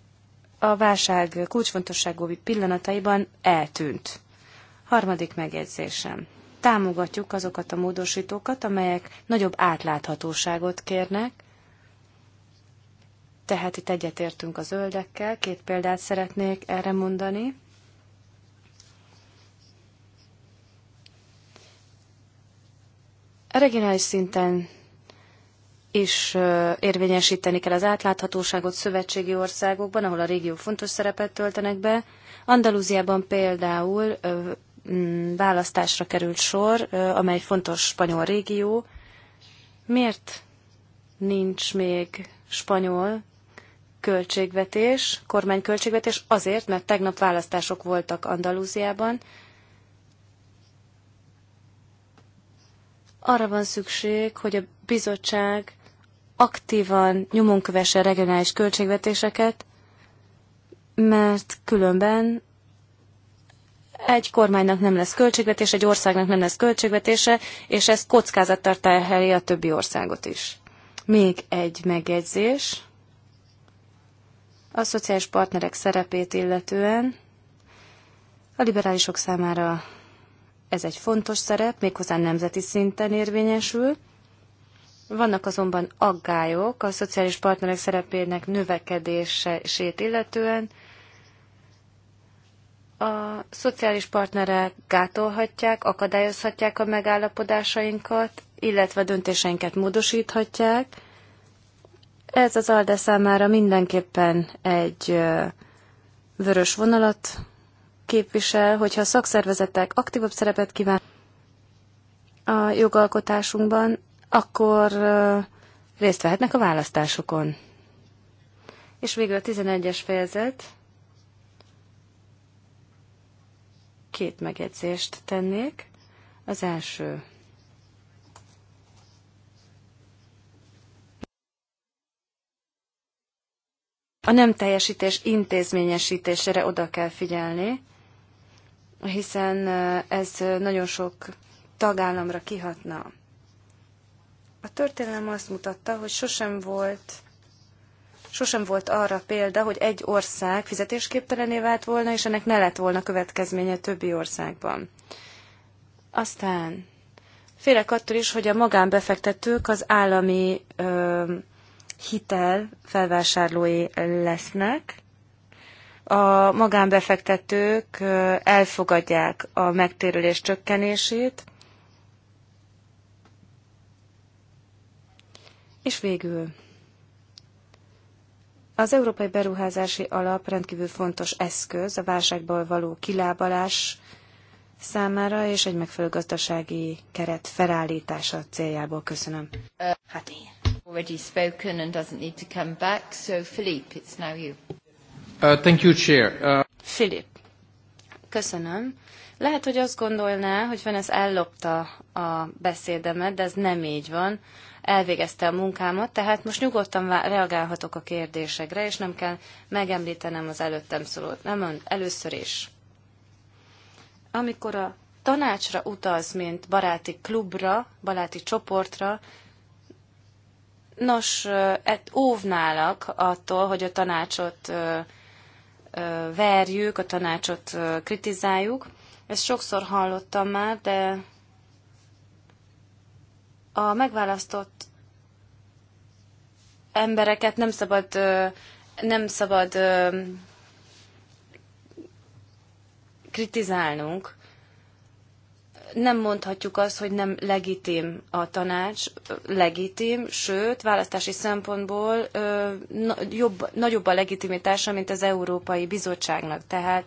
a válság kulcsfontosságú pillanataiban eltűnt. Harmadik megjegyzésem. Támogatjuk azokat a módosítókat, amelyek nagyobb átláthatóságot kérnek, tehát itt egyetértünk a zöldekkel, két példát szeretnék erre mondani. A regionális szinten is érvényesíteni kell az átláthatóságot szövetségi országokban, ahol a régió fontos szerepet töltenek be. Andalúziában például mm, választásra került sor, amely fontos spanyol régió. Miért nincs még spanyol költségvetés, kormányköltségvetés azért, mert tegnap választások voltak Andalúziában. Arra van szükség, hogy a bizottság aktívan nyomon kövesse regionális költségvetéseket, mert különben egy kormánynak nem lesz költségvetése, egy országnak nem lesz költségvetése, és ez kockázattal terheli a többi országot is. Még egy megjegyzés. A szociális partnerek szerepét illetően a liberálisok számára ez egy fontos szerep, méghozzá nemzeti szinten érvényesül. Vannak azonban aggályok a szociális partnerek szerepének növekedését illetően. A szociális partnerek gátolhatják, akadályozhatják a megállapodásainkat, illetve döntéseinket módosíthatják, ez az ALDE számára mindenképpen egy vörös vonalat képvisel, hogyha a szakszervezetek aktívabb szerepet kíván a jogalkotásunkban, akkor részt vehetnek a választásokon. És végül a 11-es fejezet. Két megjegyzést tennék. Az első. a nem teljesítés intézményesítésére oda kell figyelni, hiszen ez nagyon sok tagállamra kihatna. A történelem azt mutatta, hogy sosem volt sosem volt arra példa, hogy egy ország fizetésképtelené vált volna, és ennek ne lett volna következménye többi országban. Aztán félek attól is, hogy a magánbefektetők az állami ö, hitel felvásárlói lesznek. A magánbefektetők elfogadják a megtérülés csökkenését, és végül az Európai Beruházási Alap rendkívül fontos eszköz a válságból való kilábalás számára és egy megfelelő gazdasági keret felállítása céljából. Köszönöm. Hát én already spoken and doesn't need to come back. So, Philippe, it's now you. Uh, thank you, Chair. Uh... Philippe. köszönöm. Lehet, hogy azt gondolná, hogy Venez ellopta a beszédemet, de ez nem így van. Elvégezte a munkámat, tehát most nyugodtan reagálhatok a kérdésekre, és nem kell megemlítenem az előttem szólót. Nem ön, először is. Amikor a tanácsra utaz, mint baráti klubra, baráti csoportra, Nos, et óvnálak attól, hogy a tanácsot verjük, a tanácsot kritizáljuk. Ezt sokszor hallottam már, de a megválasztott embereket nem szabad, nem szabad kritizálnunk nem mondhatjuk azt, hogy nem legitim a tanács, legitim, sőt, választási szempontból ö, jobb, nagyobb a legitimitása, mint az Európai Bizottságnak. Tehát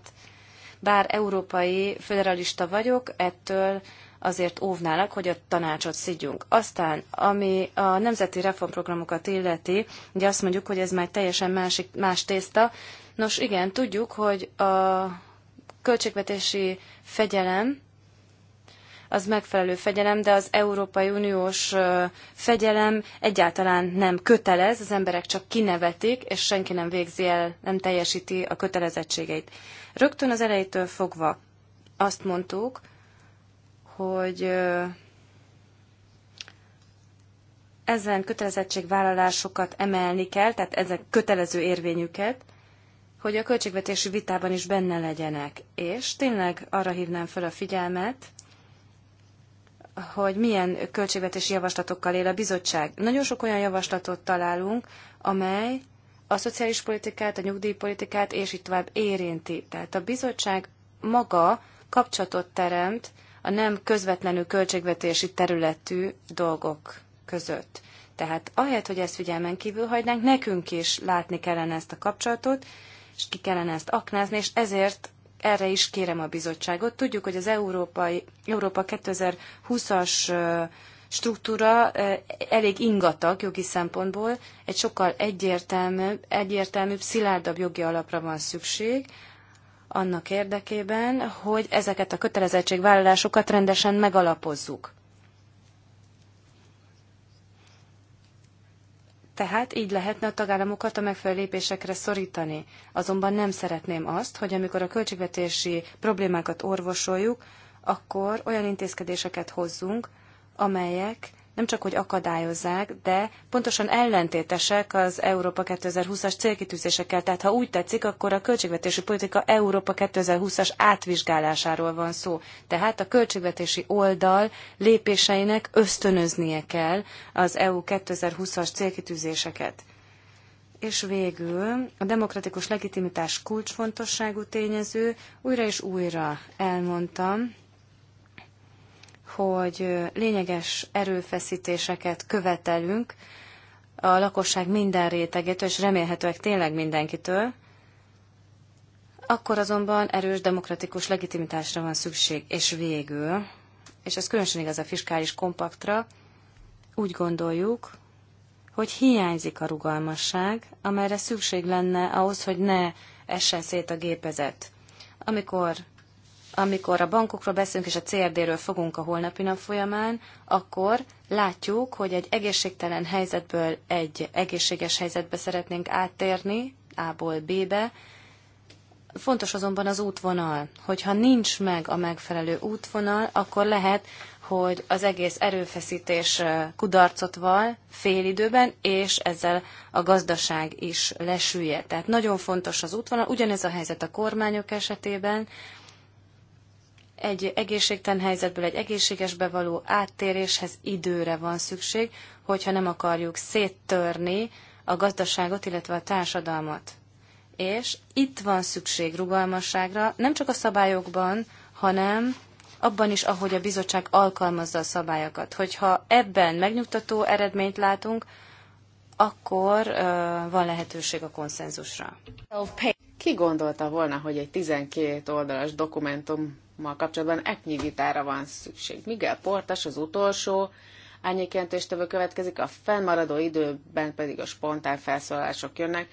bár európai federalista vagyok, ettől azért óvnának, hogy a tanácsot szidjunk. Aztán, ami a nemzeti reformprogramokat illeti, ugye azt mondjuk, hogy ez már teljesen másik, más tészta. Nos igen, tudjuk, hogy a költségvetési fegyelem az megfelelő fegyelem, de az Európai Uniós fegyelem egyáltalán nem kötelez, az emberek csak kinevetik, és senki nem végzi el, nem teljesíti a kötelezettségeit. Rögtön az elejétől fogva azt mondtuk, hogy ezen kötelezettségvállalásokat emelni kell, tehát ezek kötelező érvényüket, hogy a költségvetési vitában is benne legyenek. És tényleg arra hívnám fel a figyelmet, hogy milyen költségvetési javaslatokkal él a bizottság. Nagyon sok olyan javaslatot találunk, amely a szociális politikát, a nyugdíjpolitikát és így tovább érinti. Tehát a bizottság maga kapcsolatot teremt a nem közvetlenül költségvetési területű dolgok között. Tehát ahelyett, hogy ezt figyelmen kívül hagynánk, nekünk is látni kellene ezt a kapcsolatot, és ki kellene ezt aknázni, és ezért erre is kérem a bizottságot. Tudjuk, hogy az Európai, Európa 2020-as struktúra elég ingatag jogi szempontból, egy sokkal egyértelműbb, egyértelműbb, szilárdabb jogi alapra van szükség, annak érdekében, hogy ezeket a kötelezettségvállalásokat rendesen megalapozzuk. Tehát így lehetne a tagállamokat a megfelelő lépésekre szorítani. Azonban nem szeretném azt, hogy amikor a költségvetési problémákat orvosoljuk, akkor olyan intézkedéseket hozzunk, amelyek nem csak hogy akadályozzák, de pontosan ellentétesek az Európa 2020-as célkitűzésekkel. Tehát ha úgy tetszik, akkor a költségvetési politika Európa 2020-as átvizsgálásáról van szó. Tehát a költségvetési oldal lépéseinek ösztönöznie kell az EU 2020-as célkitűzéseket. És végül a demokratikus legitimitás kulcsfontosságú tényező, újra és újra elmondtam, hogy lényeges erőfeszítéseket követelünk a lakosság minden rétegétől, és remélhetőleg tényleg mindenkitől, akkor azonban erős demokratikus legitimitásra van szükség, és végül, és ez különösen igaz a fiskális kompaktra, úgy gondoljuk, hogy hiányzik a rugalmasság, amelyre szükség lenne ahhoz, hogy ne essen szét a gépezet. Amikor amikor a bankokról beszélünk és a CRD-ről fogunk a holnapi nap folyamán, akkor látjuk, hogy egy egészségtelen helyzetből egy egészséges helyzetbe szeretnénk áttérni, A-ból B-be. Fontos azonban az útvonal. Hogyha nincs meg a megfelelő útvonal, akkor lehet, hogy az egész erőfeszítés kudarcot val időben, és ezzel a gazdaság is lesülje. Tehát nagyon fontos az útvonal. Ugyanez a helyzet a kormányok esetében, egy egészségtelen helyzetből egy egészségesbe való áttéréshez időre van szükség, hogyha nem akarjuk széttörni a gazdaságot, illetve a társadalmat. És itt van szükség rugalmasságra, nem csak a szabályokban, hanem abban is, ahogy a bizottság alkalmazza a szabályokat. Hogyha ebben megnyugtató eredményt látunk, akkor uh, van lehetőség a konszenzusra. Ki gondolta volna, hogy egy 12 oldalas dokumentummal kapcsolatban egy vitára van szükség? Miguel Portas az utolsó, árnyékjelentéstevő következik, a fennmaradó időben pedig a spontán felszólalások jönnek,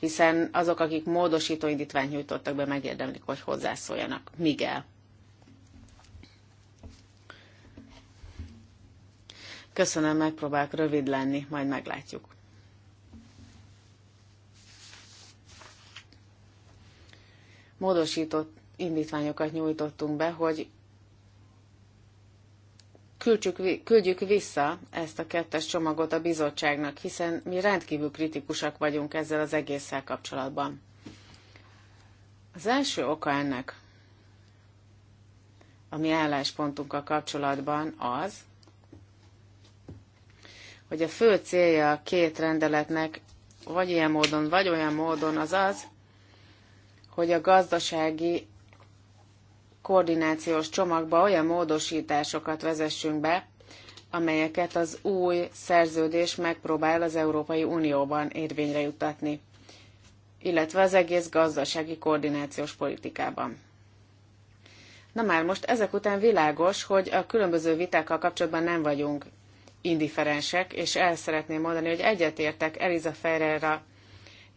hiszen azok, akik módosító indítványt nyújtottak be, megérdemlik, hogy hozzászóljanak. Miguel. Köszönöm, megpróbálok rövid lenni, majd meglátjuk. módosított indítványokat nyújtottunk be, hogy küldjük, küldjük vissza ezt a kettes csomagot a bizottságnak, hiszen mi rendkívül kritikusak vagyunk ezzel az egésszel kapcsolatban. Az első oka ennek, a mi álláspontunkkal kapcsolatban az, hogy a fő célja a két rendeletnek vagy ilyen módon, vagy olyan módon az az, hogy a gazdasági koordinációs csomagba olyan módosításokat vezessünk be, amelyeket az új szerződés megpróbál az Európai Unióban érvényre juttatni, illetve az egész gazdasági koordinációs politikában. Na már most ezek után világos, hogy a különböző vitákkal kapcsolatban nem vagyunk indiferensek, és el szeretném mondani, hogy egyetértek Eliza Ferreira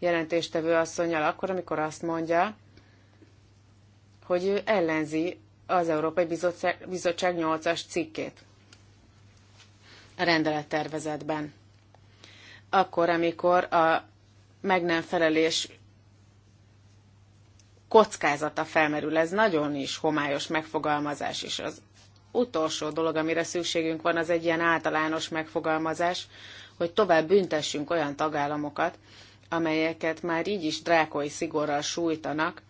jelentéstevő asszonyal akkor, amikor azt mondja, hogy ő ellenzi az Európai Bizottság, Bizottság 8-as cikkét a rendelettervezetben. Akkor, amikor a meg nem felelés kockázata felmerül, ez nagyon is homályos megfogalmazás, és az utolsó dolog, amire szükségünk van, az egy ilyen általános megfogalmazás, hogy tovább büntessünk olyan tagállamokat, amelyeket már így is drákoi szigorral sújtanak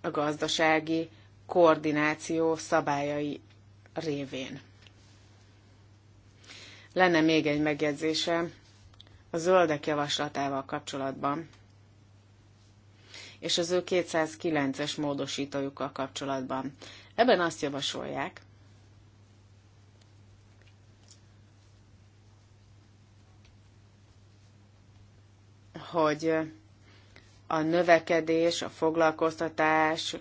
a gazdasági koordináció szabályai révén. Lenne még egy megjegyzése a zöldek javaslatával kapcsolatban, és az ő 209-es módosítójukkal kapcsolatban. Ebben azt javasolják, hogy a növekedés, a foglalkoztatás,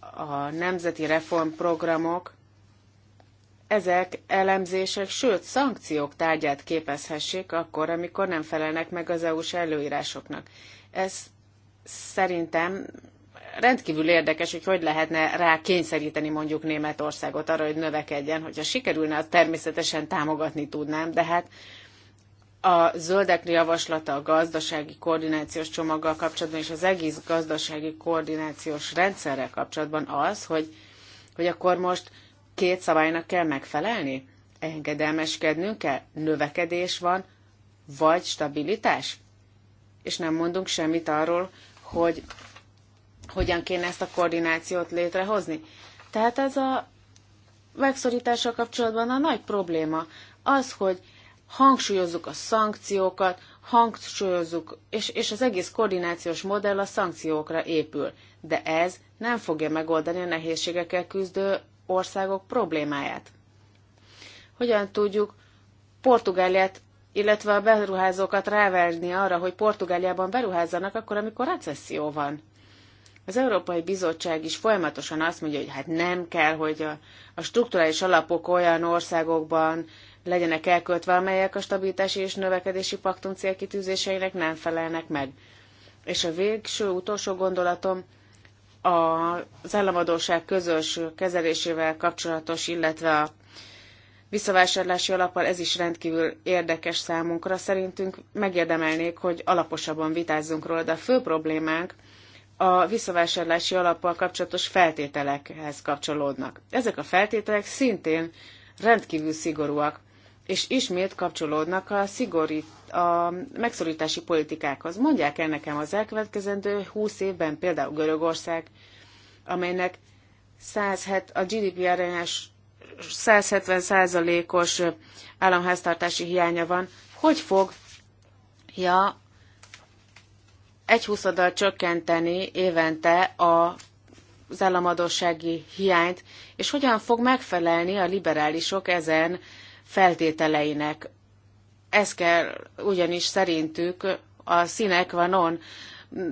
a nemzeti reformprogramok, ezek elemzések, sőt szankciók tárgyát képezhessék akkor, amikor nem felelnek meg az EU-s előírásoknak. Ez szerintem rendkívül érdekes, hogy hogy lehetne rá kényszeríteni mondjuk Németországot arra, hogy növekedjen, hogyha sikerülne, az természetesen támogatni tudnám, de hát a zöldek javaslata a gazdasági koordinációs csomaggal kapcsolatban és az egész gazdasági koordinációs rendszerrel kapcsolatban az, hogy, hogy akkor most két szabálynak kell megfelelni? Engedelmeskednünk kell? Növekedés van, vagy stabilitás? És nem mondunk semmit arról, hogy hogyan kéne ezt a koordinációt létrehozni. Tehát ez a megszorítással kapcsolatban a nagy probléma az, hogy hangsúlyozzuk a szankciókat, hangsúlyozzuk, és, és az egész koordinációs modell a szankciókra épül. De ez nem fogja megoldani a nehézségekkel küzdő országok problémáját. Hogyan tudjuk Portugáliát, illetve a beruházókat ráverni arra, hogy Portugáliában beruházzanak akkor, amikor recesszió van? Az Európai Bizottság is folyamatosan azt mondja, hogy hát nem kell, hogy a, a strukturális alapok olyan országokban legyenek elköltve, amelyek a stabilitási és növekedési paktum célkitűzéseinek nem felelnek meg. És a végső, utolsó gondolatom, az államadóság közös kezelésével kapcsolatos, illetve a visszavásárlási alappal ez is rendkívül érdekes számunkra. Szerintünk megérdemelnék, hogy alaposabban vitázzunk róla, de a fő problémánk a visszavásárlási alappal kapcsolatos feltételekhez kapcsolódnak. Ezek a feltételek szintén rendkívül szigorúak és ismét kapcsolódnak a szigorít, a megszorítási politikákhoz. Mondják el nekem az elkövetkezendő 20 évben, például Görögország, amelynek 107, a GDP arányás 170 százalékos államháztartási hiánya van, hogy fog ja, egy huszaddal csökkenteni évente a az államadósági hiányt, és hogyan fog megfelelni a liberálisok ezen feltételeinek. Ez kell ugyanis szerintük a színek van on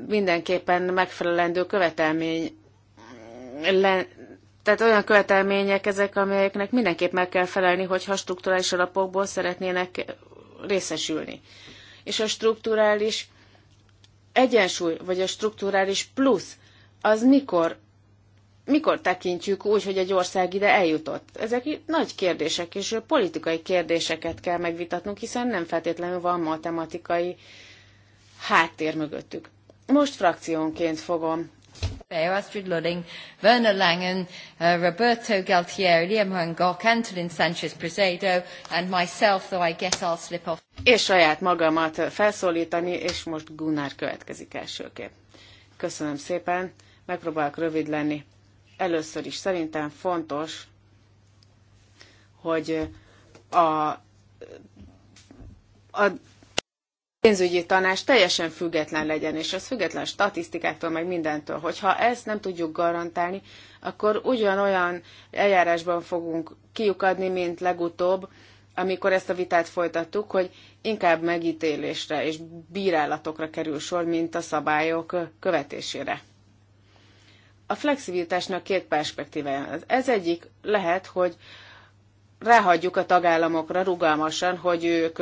mindenképpen megfelelendő követelmény le, tehát olyan követelmények ezek, amelyeknek mindenképp meg kell felelni, hogyha strukturális alapokból szeretnének részesülni. És a strukturális egyensúly, vagy a strukturális plusz, az mikor mikor tekintjük úgy, hogy egy ország ide eljutott? Ezek nagy kérdések, és politikai kérdéseket kell megvitatnunk, hiszen nem feltétlenül van matematikai háttér mögöttük. Most frakciónként fogom. Astrid Ludding, Werner Langen, uh, Roberto Galtieri, Liam Hangok, Antonin Sanchez Prezedo, and myself, though I guess I'll slip off. És saját magamat felszólítani, és most Gunnar következik elsőként. Köszönöm szépen, megpróbálok rövid lenni. Először is szerintem fontos, hogy a, a pénzügyi tanács teljesen független legyen, és az független statisztikáktól, meg mindentől. Hogyha ezt nem tudjuk garantálni, akkor ugyanolyan eljárásban fogunk kiukadni, mint legutóbb, amikor ezt a vitát folytattuk, hogy inkább megítélésre és bírálatokra kerül sor, mint a szabályok követésére a flexibilitásnak két perspektívája van. Ez egyik lehet, hogy ráhagyjuk a tagállamokra rugalmasan, hogy ők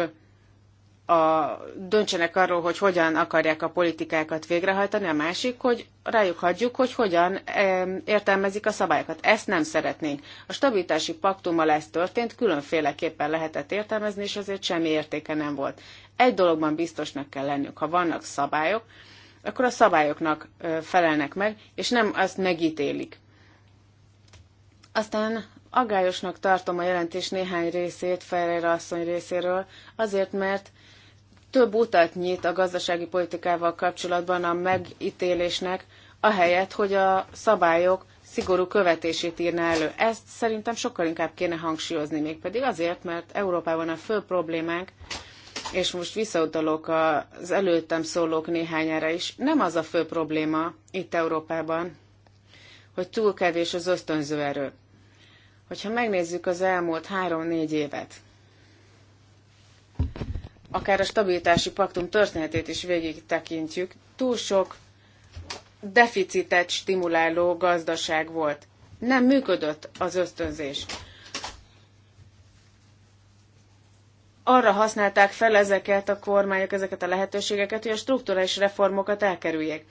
a, döntsenek arról, hogy hogyan akarják a politikákat végrehajtani, a másik, hogy rájuk hagyjuk, hogy hogyan e, értelmezik a szabályokat. Ezt nem szeretnénk. A stabilitási paktummal ez történt, különféleképpen lehetett értelmezni, és azért semmi értéke nem volt. Egy dologban biztosnak kell lennünk, ha vannak szabályok, akkor a szabályoknak felelnek meg, és nem azt megítélik. Aztán aggályosnak tartom a jelentés néhány részét Ferreira asszony részéről, azért mert több utat nyit a gazdasági politikával kapcsolatban a megítélésnek, ahelyett, hogy a szabályok szigorú követését írna elő. Ezt szerintem sokkal inkább kéne hangsúlyozni, mégpedig azért, mert Európában a fő problémánk és most visszautalok az előttem szólók néhányára is, nem az a fő probléma itt Európában, hogy túl kevés az ösztönző erő. Hogyha megnézzük az elmúlt három-négy évet, akár a stabilitási paktum történetét is végig tekintjük, túl sok deficitet stimuláló gazdaság volt. Nem működött az ösztönzés. arra használták fel ezeket a kormányok, ezeket a lehetőségeket, hogy a strukturális reformokat elkerüljék.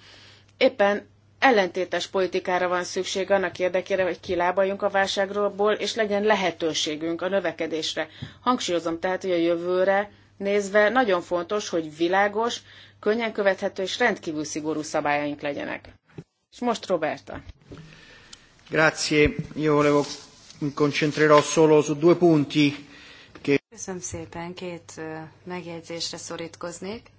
Éppen ellentétes politikára van szükség annak érdekére, hogy kilábaljunk a válságról, és legyen lehetőségünk a növekedésre. Hangsúlyozom tehát, hogy a jövőre nézve nagyon fontos, hogy világos, könnyen követhető és rendkívül szigorú szabályaink legyenek. És most Roberta. Grazie, io volevo concentrerò solo su due punti Köszönöm szépen, két megjegyzésre szorítkoznék.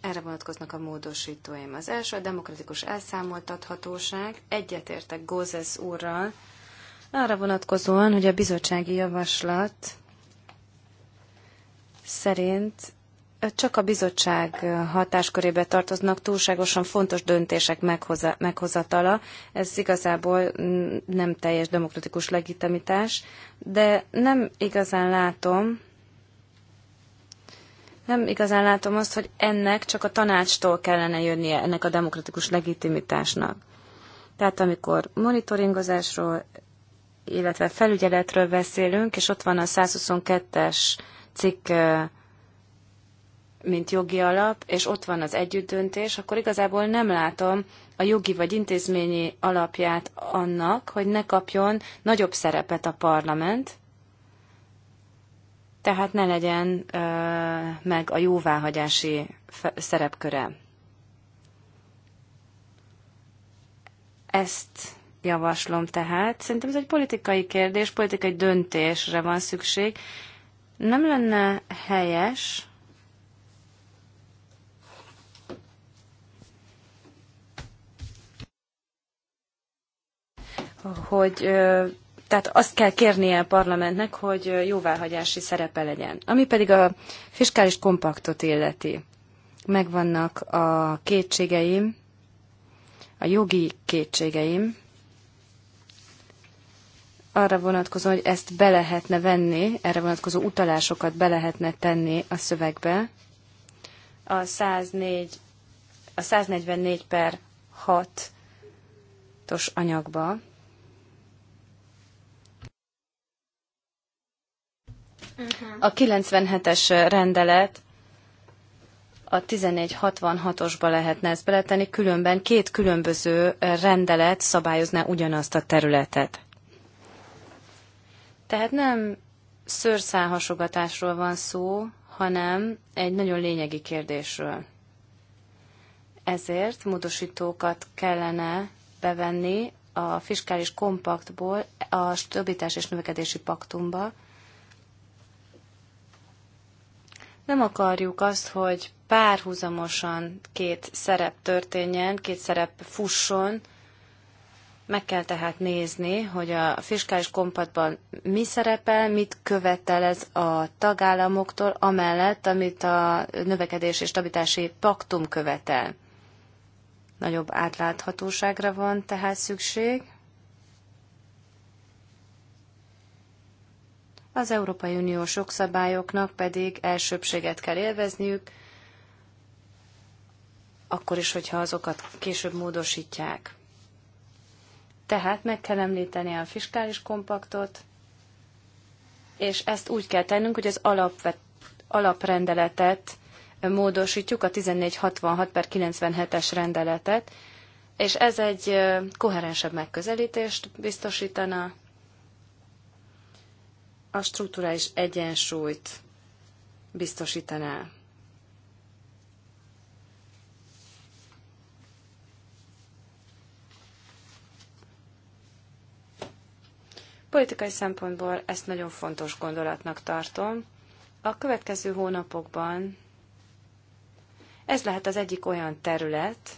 Erre vonatkoznak a módosítóim. Az első a demokratikus elszámoltathatóság. Egyetértek Gózes úrral arra vonatkozóan, hogy a bizottsági javaslat szerint csak a bizottság hatáskörébe tartoznak túlságosan fontos döntések meghoza, meghozatala. Ez igazából nem teljes demokratikus legitimitás, de nem igazán látom, nem igazán látom azt, hogy ennek csak a tanácstól kellene jönnie, ennek a demokratikus legitimitásnak. Tehát amikor monitoringozásról, illetve felügyeletről beszélünk, és ott van a 122-es cikk mint jogi alap, és ott van az együttdöntés, akkor igazából nem látom a jogi vagy intézményi alapját annak, hogy ne kapjon nagyobb szerepet a parlament, tehát ne legyen ö, meg a jóváhagyási szerepköre. Ezt javaslom tehát. Szerintem ez egy politikai kérdés, politikai döntésre van szükség. Nem lenne helyes, hogy tehát azt kell kérnie a parlamentnek, hogy jóváhagyási szerepe legyen. Ami pedig a fiskális kompaktot illeti. Megvannak a kétségeim, a jogi kétségeim, arra vonatkozó, hogy ezt be lehetne venni, erre vonatkozó utalásokat be lehetne tenni a szövegbe. A, 104, a 144 per 6-os anyagba. A 97-es rendelet a 1466-osba lehetne ezt beletenni, különben két különböző rendelet szabályozná ugyanazt a területet. Tehát nem szőrszálhasogatásról van szó, hanem egy nagyon lényegi kérdésről. Ezért módosítókat kellene bevenni a fiskális kompaktból a stabilitás és növekedési paktumba, Nem akarjuk azt, hogy párhuzamosan két szerep történjen, két szerep fusson, meg kell tehát nézni, hogy a fiskális kompatban mi szerepel, mit követel ez a tagállamoktól, amellett, amit a növekedés és stabilitási paktum követel. Nagyobb átláthatóságra van tehát szükség. az Európai Uniós szabályoknak pedig elsőbséget kell élvezniük, akkor is, hogyha azokat később módosítják. Tehát meg kell említeni a fiskális kompaktot, és ezt úgy kell tennünk, hogy az alapvet, alaprendeletet módosítjuk, a 1466 per 97-es rendeletet, és ez egy koherensebb megközelítést biztosítana, a strukturális egyensúlyt biztosítaná. Politikai szempontból ezt nagyon fontos gondolatnak tartom. A következő hónapokban ez lehet az egyik olyan terület,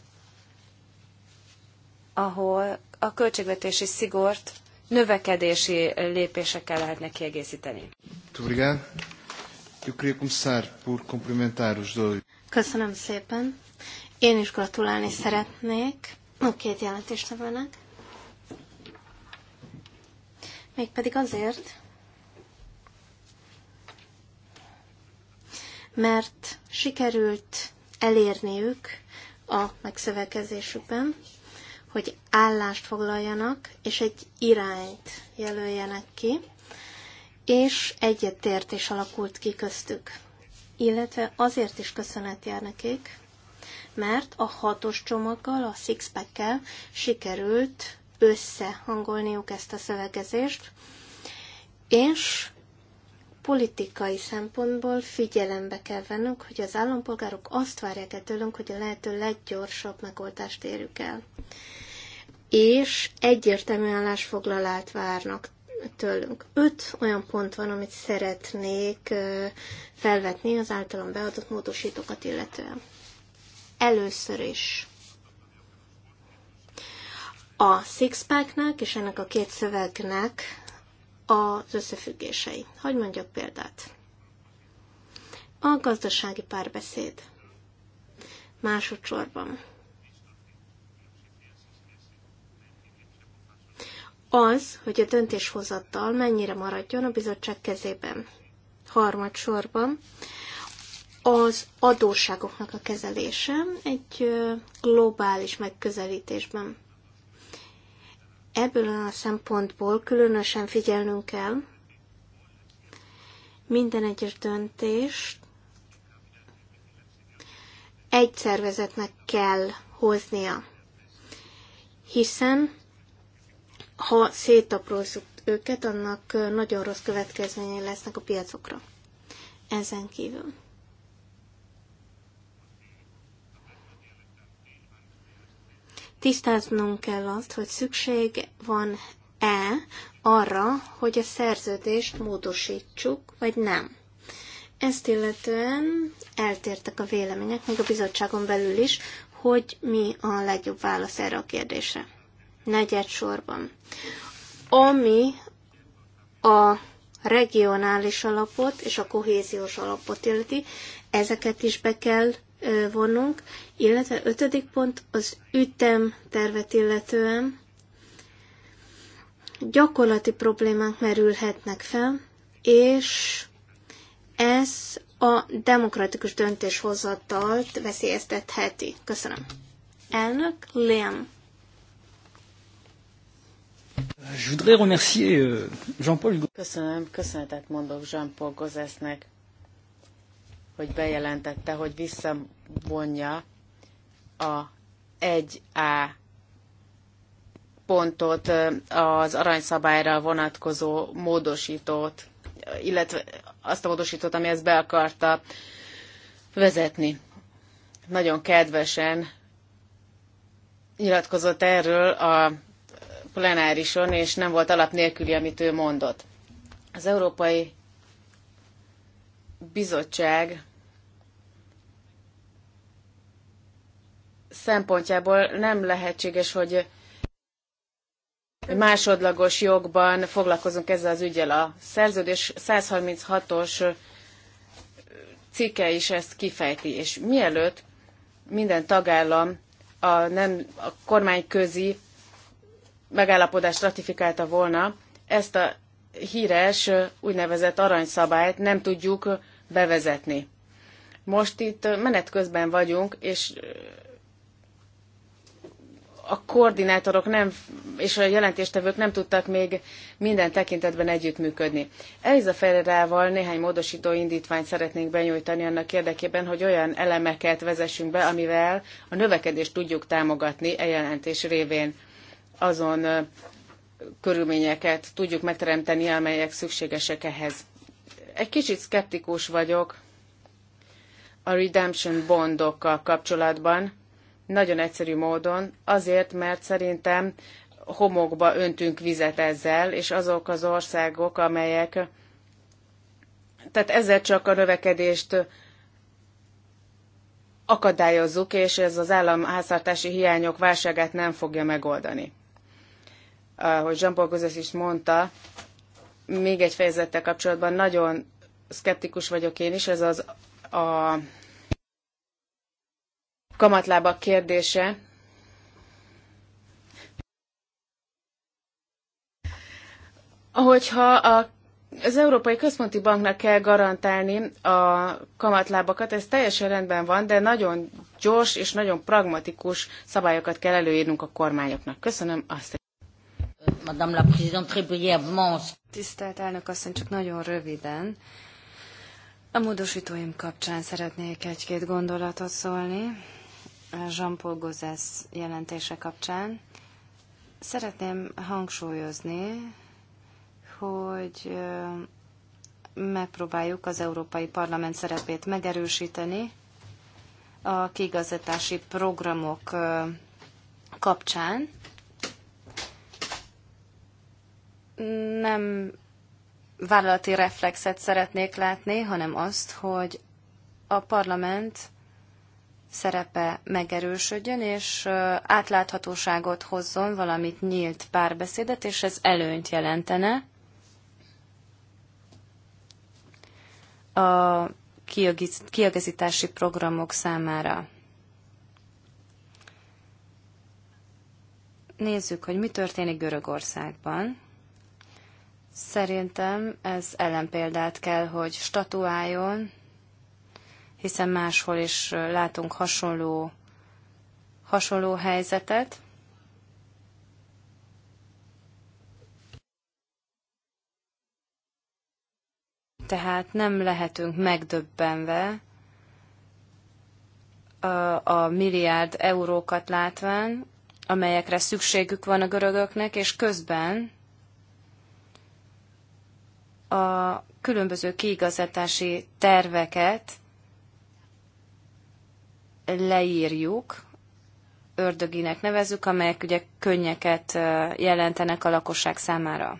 ahol a költségvetési szigort növekedési lépésekkel lehetne kiegészíteni. Köszönöm szépen. Én is gratulálni szeretnék a két jelentéstevőnek. Mégpedig azért, mert sikerült elérniük a megszövegezésükben, hogy állást foglaljanak, és egy irányt jelöljenek ki, és egyetértés alakult ki köztük. Illetve azért is köszönet jár nekik, mert a hatos csomaggal, a sixpack-kel sikerült összehangolniuk ezt a szövegezést, és politikai szempontból figyelembe kell vennünk, hogy az állampolgárok azt várják el tőlünk, hogy a lehető leggyorsabb megoldást érjük el és egyértelmű állásfoglalát várnak tőlünk. Öt olyan pont van, amit szeretnék felvetni az általam beadott módosítókat illetően. Először is a Sixpacknek és ennek a két szövegnek az összefüggései. Hogy mondjak példát? A gazdasági párbeszéd. Másodszorban az, hogy a döntéshozattal mennyire maradjon a bizottság kezében. Harmadsorban az adósságoknak a kezelése egy globális megközelítésben. Ebből a szempontból különösen figyelnünk kell minden egyes döntést egy szervezetnek kell hoznia, hiszen ha szétaprózzuk őket, annak nagyon rossz következményei lesznek a piacokra. Ezen kívül. Tisztáznunk kell azt, hogy szükség van-e arra, hogy a szerződést módosítsuk, vagy nem. Ezt illetően eltértek a vélemények, még a bizottságon belül is, hogy mi a legjobb válasz erre a kérdésre negyed sorban. Ami a regionális alapot és a kohéziós alapot illeti, ezeket is be kell vonnunk, illetve ötödik pont az tervet illetően gyakorlati problémák merülhetnek fel, és ez a demokratikus döntéshozatalt veszélyeztetheti. Köszönöm. Elnök Liam. Je voudrais remercier euh, Jean-Paul Köszönöm, köszönetet mondok Jean-Paul Gozesnek, hogy bejelentette, hogy visszavonja a 1A pontot, az aranyszabályra vonatkozó módosítót, illetve azt a módosítót, ami ezt be akarta vezetni. Nagyon kedvesen nyilatkozott erről a plenárison, és nem volt alap nélküli, amit ő mondott. Az Európai Bizottság szempontjából nem lehetséges, hogy másodlagos jogban foglalkozunk ezzel az ügyel. A szerződés 136-os cikke is ezt kifejti, és mielőtt minden tagállam a, nem, a kormányközi megállapodást ratifikálta volna, ezt a híres úgynevezett aranyszabályt nem tudjuk bevezetni. Most itt menet közben vagyunk, és a koordinátorok nem, és a jelentéstevők nem tudtak még minden tekintetben együttműködni. Eliza Ferrerával néhány módosító indítványt szeretnénk benyújtani annak érdekében, hogy olyan elemeket vezessünk be, amivel a növekedést tudjuk támogatni e jelentés révén azon körülményeket tudjuk megteremteni, amelyek szükségesek ehhez. Egy kicsit szkeptikus vagyok a redemption bondokkal kapcsolatban, nagyon egyszerű módon, azért, mert szerintem homokba öntünk vizet ezzel, és azok az országok, amelyek. Tehát ezzel csak a növekedést akadályozzuk, és ez az államháztartási hiányok válságát nem fogja megoldani ahogy Jean-Paul Gozes is mondta, még egy fejezettel kapcsolatban nagyon szkeptikus vagyok én is, ez az a kamatlábak kérdése. Hogyha a, az Európai Központi Banknak kell garantálni a kamatlábakat, ez teljesen rendben van, de nagyon gyors és nagyon pragmatikus szabályokat kell előírnunk a kormányoknak. Köszönöm azt. Madame la Présidente, très brièvement. Tisztelt elnök asszony, csak nagyon röviden. A módosítóim kapcsán szeretnék egy-két gondolatot szólni. Jean-Paul Gozesz jelentése kapcsán. Szeretném hangsúlyozni, hogy megpróbáljuk az Európai Parlament szerepét megerősíteni a kiigazítási programok kapcsán. nem vállalati reflexet szeretnék látni, hanem azt, hogy a parlament szerepe megerősödjön, és átláthatóságot hozzon, valamit nyílt párbeszédet, és ez előnyt jelentene. a kiegészítési programok számára. Nézzük, hogy mi történik Görögországban. Szerintem ez ellenpéldát kell, hogy statuáljon, hiszen máshol is látunk hasonló, hasonló helyzetet. Tehát nem lehetünk megdöbbenve a, a milliárd eurókat látván, amelyekre szükségük van a görögöknek, és közben a különböző kiigazítási terveket leírjuk, ördöginek nevezzük, amelyek ugye könnyeket jelentenek a lakosság számára.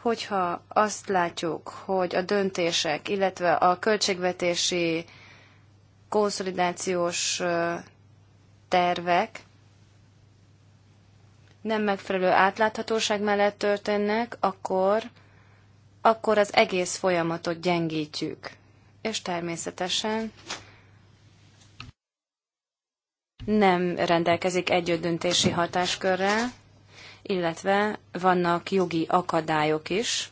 Hogyha azt látjuk, hogy a döntések, illetve a költségvetési konszolidációs tervek nem megfelelő átláthatóság mellett történnek, akkor, akkor az egész folyamatot gyengítjük. És természetesen nem rendelkezik döntési hatáskörrel, illetve vannak jogi akadályok is,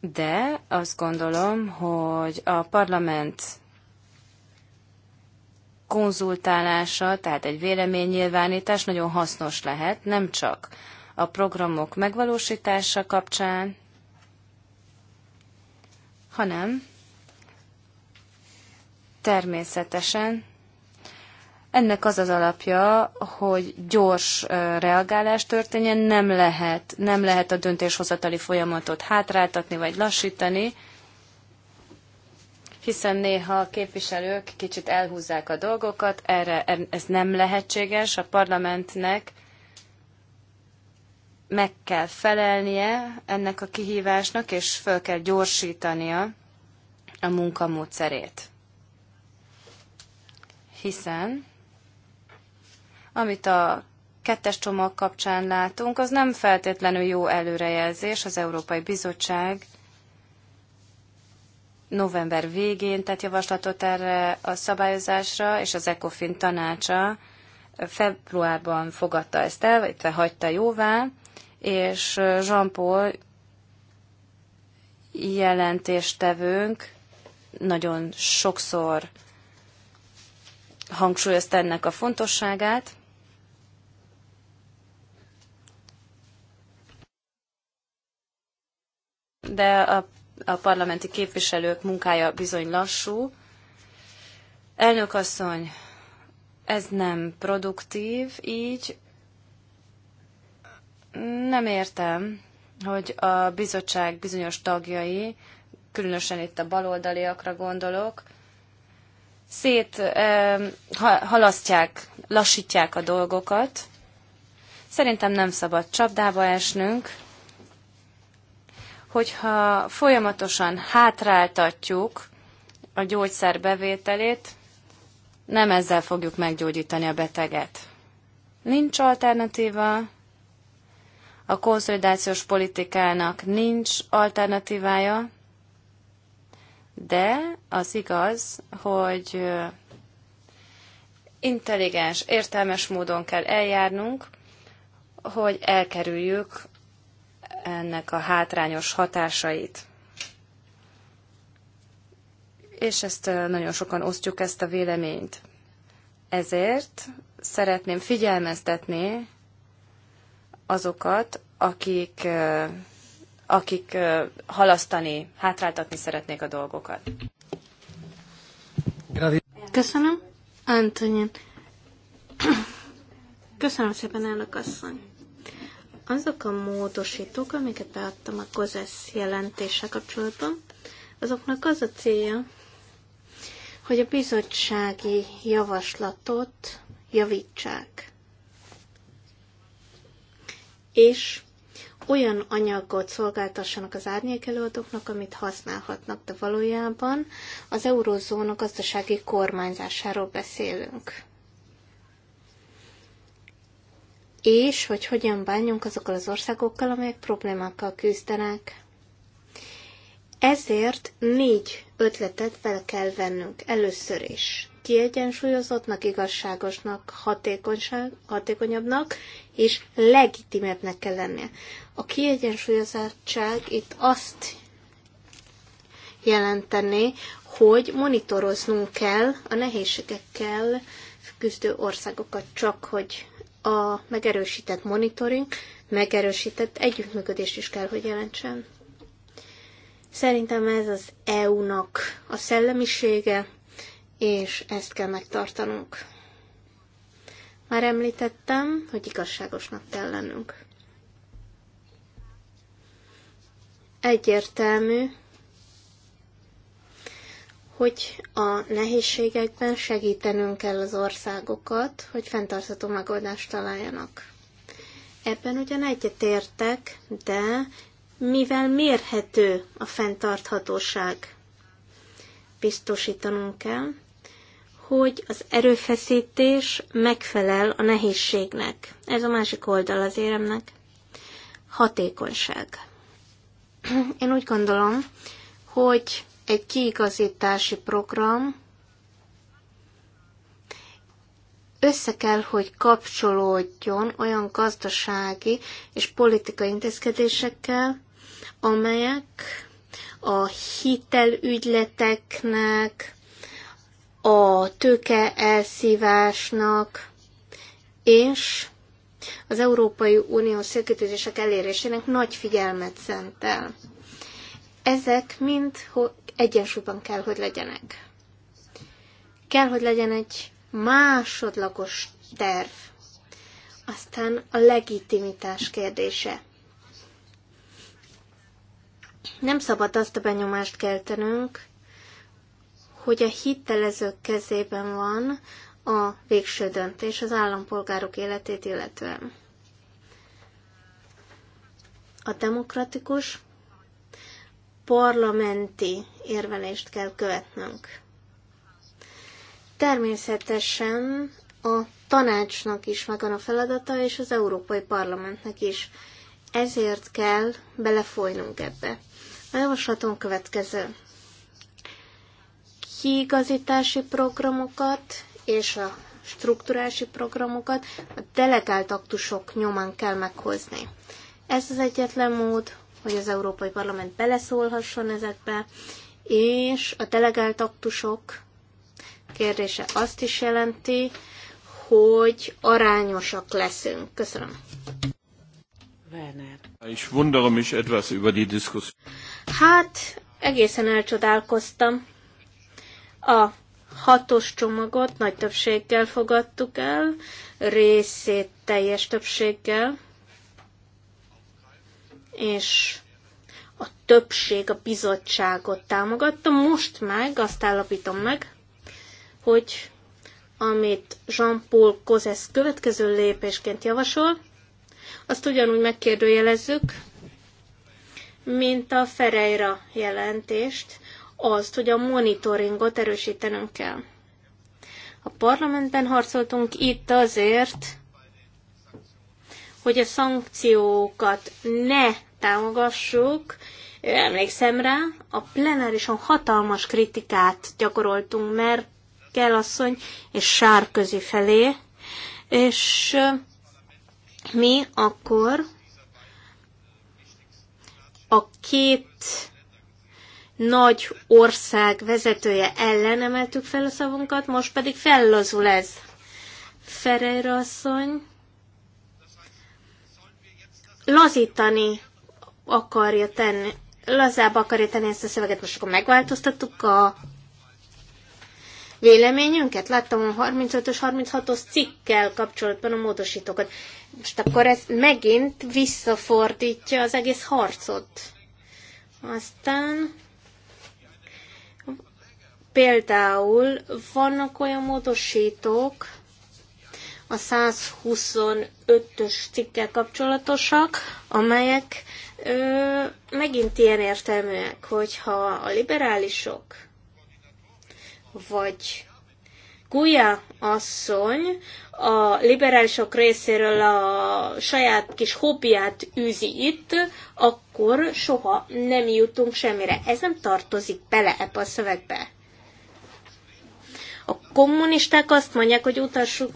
de azt gondolom, hogy a parlament konzultálása, tehát egy véleménynyilvánítás nagyon hasznos lehet, nem csak a programok megvalósítása kapcsán, hanem természetesen ennek az az alapja, hogy gyors reagálás történjen, nem lehet, nem lehet a döntéshozatali folyamatot hátráltatni vagy lassítani, hiszen néha a képviselők kicsit elhúzzák a dolgokat, erre ez nem lehetséges, a parlamentnek meg kell felelnie ennek a kihívásnak, és föl kell gyorsítania a munkamódszerét. Hiszen, amit a kettes csomag kapcsán látunk, az nem feltétlenül jó előrejelzés az Európai Bizottság november végén tett javaslatot erre a szabályozásra, és az ECOFIN tanácsa februárban fogadta ezt el, illetve hagyta jóvá, és Jean-Paul jelentéstevőnk nagyon sokszor hangsúlyozta ennek a fontosságát. De a a parlamenti képviselők munkája bizony lassú. Elnök asszony, ez nem produktív, így nem értem, hogy a bizottság bizonyos tagjai, különösen itt a baloldaliakra gondolok, szét eh, halasztják, lassítják a dolgokat. Szerintem nem szabad csapdába esnünk, hogyha folyamatosan hátráltatjuk a gyógyszer bevételét, nem ezzel fogjuk meggyógyítani a beteget. Nincs alternatíva, a konszolidációs politikának nincs alternatívája, de az igaz, hogy intelligens, értelmes módon kell eljárnunk, hogy elkerüljük ennek a hátrányos hatásait. És ezt nagyon sokan osztjuk ezt a véleményt. Ezért szeretném figyelmeztetni azokat, akik, akik halasztani, hátráltatni szeretnék a dolgokat. Köszönöm, Antonin. Köszönöm szépen, elnök asszony azok a módosítók, amiket beadtam a GOZESZ jelentése kapcsolatban, azoknak az a célja, hogy a bizottsági javaslatot javítsák. És olyan anyagot szolgáltassanak az árnyékelőadóknak, amit használhatnak, de valójában az eurozóna gazdasági kormányzásáról beszélünk. és hogy hogyan bánjunk azokkal az országokkal, amelyek problémákkal küzdenek. Ezért négy ötletet fel kell vennünk először is. Kiegyensúlyozottnak, igazságosnak, hatékonyság, hatékonyabbnak és legitimebbnek kell lennie. A kiegyensúlyozottság itt azt jelenteni, hogy monitoroznunk kell a nehézségekkel küzdő országokat, csak hogy a megerősített monitoring, megerősített együttműködést is kell, hogy jelentsen. Szerintem ez az EU-nak a szellemisége, és ezt kell megtartanunk. Már említettem, hogy igazságosnak kell lennünk. Egyértelmű, hogy a nehézségekben segítenünk kell az országokat, hogy fenntartható megoldást találjanak. Ebben ugyan egyetértek, de mivel mérhető a fenntarthatóság, biztosítanunk kell, hogy az erőfeszítés megfelel a nehézségnek. Ez a másik oldal az éremnek. Hatékonyság. Én úgy gondolom, hogy egy kiigazítási program össze kell, hogy kapcsolódjon olyan gazdasági és politikai intézkedésekkel, amelyek a hitelügyleteknek, a tőke elszívásnak és az Európai Unió célkitűzések elérésének nagy figyelmet szentel. Ezek mind egyensúlyban kell, hogy legyenek. Kell, hogy legyen egy másodlagos terv. Aztán a legitimitás kérdése. Nem szabad azt a benyomást keltenünk, hogy a hitelezők kezében van a végső döntés az állampolgárok életét illetően. A demokratikus parlamenti érvelést kell követnünk. Természetesen a tanácsnak is megvan a feladata, és az Európai Parlamentnek is. Ezért kell belefolynunk ebbe. A javaslatom következő. Kiigazítási programokat és a struktúrási programokat a delegált aktusok nyomán kell meghozni. Ez az egyetlen mód, hogy az Európai Parlament beleszólhasson ezekbe, és a delegált aktusok kérdése azt is jelenti, hogy arányosak leszünk. Köszönöm. Werner. Ich wundere mich etwas über die Diskussion. Hát, egészen elcsodálkoztam. A hatos csomagot nagy többséggel fogadtuk el, részét teljes többséggel és a többség a bizottságot támogatta. Most meg azt állapítom meg, hogy amit Jean-Paul Kozesz következő lépésként javasol, azt ugyanúgy megkérdőjelezzük, mint a Ferreira jelentést, azt, hogy a monitoringot erősítenünk kell. A parlamentben harcoltunk itt azért, hogy a szankciókat ne támogassuk. Emlékszem rá, a plenárison hatalmas kritikát gyakoroltunk Merkel asszony és Sárközi felé, és mi akkor a két nagy ország vezetője ellen emeltük fel a szavunkat, most pedig fellazul ez. Ferreira asszony, lazítani akarja tenni, lazább akarja tenni ezt a szöveget, most akkor megváltoztattuk a véleményünket. Láttam a 35-ös, 36-os cikkkel kapcsolatban a módosítókat. Most akkor ez megint visszafordítja az egész harcot. Aztán például vannak olyan módosítók, a 125-ös cikkel kapcsolatosak, amelyek ö, megint ilyen értelműek, hogyha a liberálisok vagy Gulya asszony a liberálisok részéről a saját kis hobbiát űzi itt, akkor soha nem jutunk semmire. Ez nem tartozik bele ebbe a szövegbe. A kommunisták azt mondják, hogy utassuk,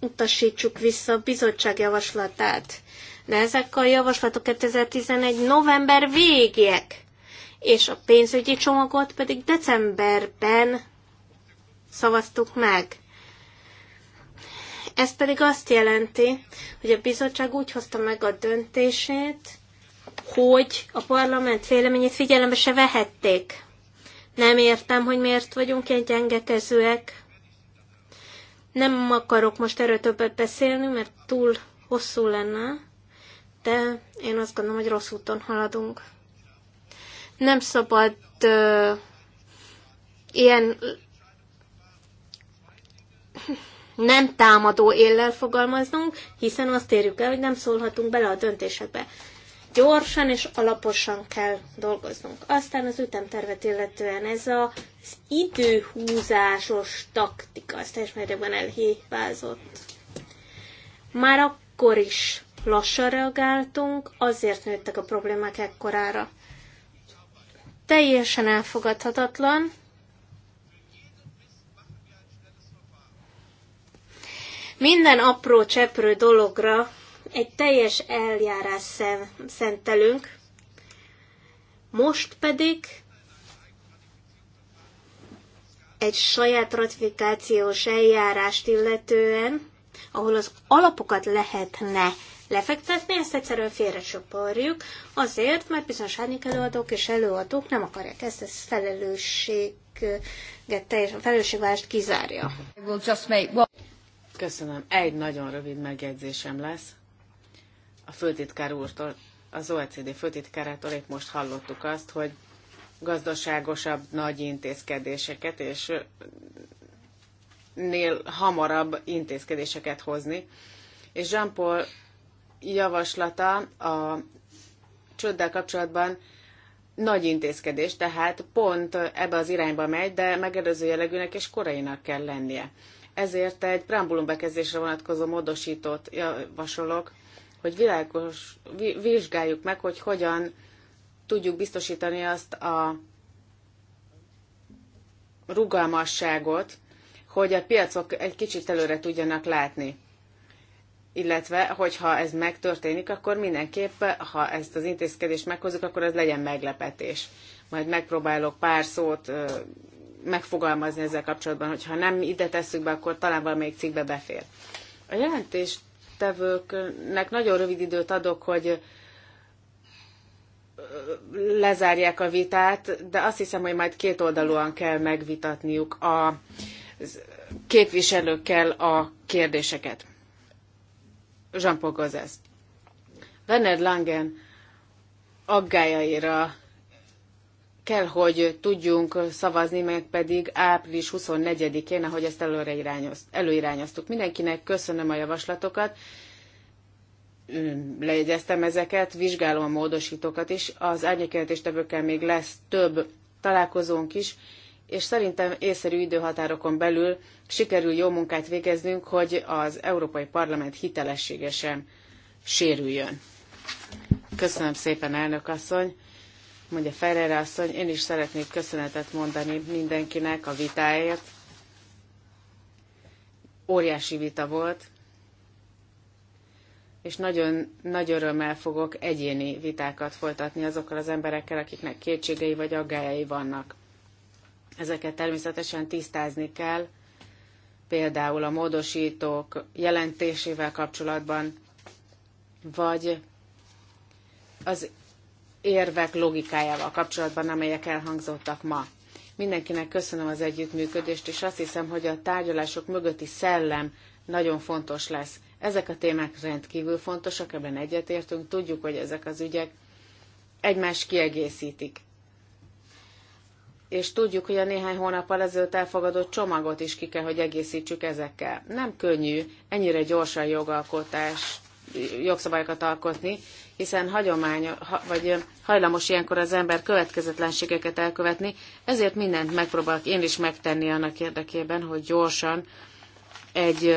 utasítsuk vissza a bizottság javaslatát. De ezek a javaslatok 2011. november végiek, és a pénzügyi csomagot pedig decemberben szavaztuk meg. Ez pedig azt jelenti, hogy a bizottság úgy hozta meg a döntését, hogy a parlament véleményét figyelembe se vehették. Nem értem, hogy miért vagyunk ilyen gyengetezőek. Nem akarok most erről többet beszélni, mert túl hosszú lenne, de én azt gondolom, hogy rossz úton haladunk. Nem szabad ö, ilyen nem támadó éllel fogalmaznunk, hiszen azt érjük el, hogy nem szólhatunk bele a döntésekbe gyorsan és alaposan kell dolgoznunk. Aztán az ütemtervet illetően ez az időhúzásos taktika, az teljes mértékben elhívázott. Már akkor is lassan reagáltunk, azért nőttek a problémák ekkorára. Teljesen elfogadhatatlan, minden apró cseprő dologra egy teljes eljárás szentelünk, most pedig egy saját ratifikációs eljárást illetően, ahol az alapokat lehetne lefektetni, ezt egyszerűen félre söpörjük, azért, mert bizonyos előadók és előadók nem akarják ezt, ez felelősséget, teljes felelősségvást kizárja. Köszönöm. Egy nagyon rövid megjegyzésem lesz a főtitkár úrtól, az OECD főtitkárától épp most hallottuk azt, hogy gazdaságosabb nagy intézkedéseket és nél hamarabb intézkedéseket hozni. És Jean-Paul javaslata a csőddel kapcsolatban nagy intézkedés, tehát pont ebbe az irányba megy, de megelőző jellegűnek és korainak kell lennie. Ezért egy preambulum bekezdésre vonatkozó módosítót javasolok, hogy világos, vizsgáljuk meg, hogy hogyan tudjuk biztosítani azt a rugalmasságot, hogy a piacok egy kicsit előre tudjanak látni. Illetve, hogyha ez megtörténik, akkor mindenképp, ha ezt az intézkedést meghozzuk, akkor ez legyen meglepetés. Majd megpróbálok pár szót megfogalmazni ezzel kapcsolatban, hogyha nem ide tesszük be, akkor talán valamelyik cikkbe befér. A jelentés résztvevőknek nagyon rövid időt adok, hogy lezárják a vitát, de azt hiszem, hogy majd oldalúan kell megvitatniuk a képviselőkkel a kérdéseket. Jean-Paul Gozes. Leonard Langen aggájaira kell, hogy tudjunk szavazni, meg pedig április 24-én, ahogy ezt előre előirányoztuk. Mindenkinek köszönöm a javaslatokat, lejegyeztem ezeket, vizsgálom a módosítókat is, az árnyékjelentéstevőkkel még lesz több találkozónk is, és szerintem észszerű időhatárokon belül sikerül jó munkát végeznünk, hogy az Európai Parlament hitelességesen sérüljön. Köszönöm szépen, elnök asszony! mondja Ferreira asszony, én is szeretnék köszönetet mondani mindenkinek a vitáért. Óriási vita volt, és nagyon nagy örömmel fogok egyéni vitákat folytatni azokkal az emberekkel, akiknek kétségei vagy aggályai vannak. Ezeket természetesen tisztázni kell, például a módosítók jelentésével kapcsolatban, vagy az érvek logikájával kapcsolatban, amelyek elhangzottak ma. Mindenkinek köszönöm az együttműködést, és azt hiszem, hogy a tárgyalások mögötti szellem nagyon fontos lesz. Ezek a témák rendkívül fontosak, ebben egyetértünk, tudjuk, hogy ezek az ügyek egymást kiegészítik. És tudjuk, hogy a néhány hónappal ezelőtt elfogadott csomagot is ki kell, hogy egészítsük ezekkel. Nem könnyű ennyire gyorsan jogalkotás, jogszabályokat alkotni, hiszen hagyomány, vagy hajlamos ilyenkor az ember következetlenségeket elkövetni, ezért mindent megpróbálok én is megtenni annak érdekében, hogy gyorsan egy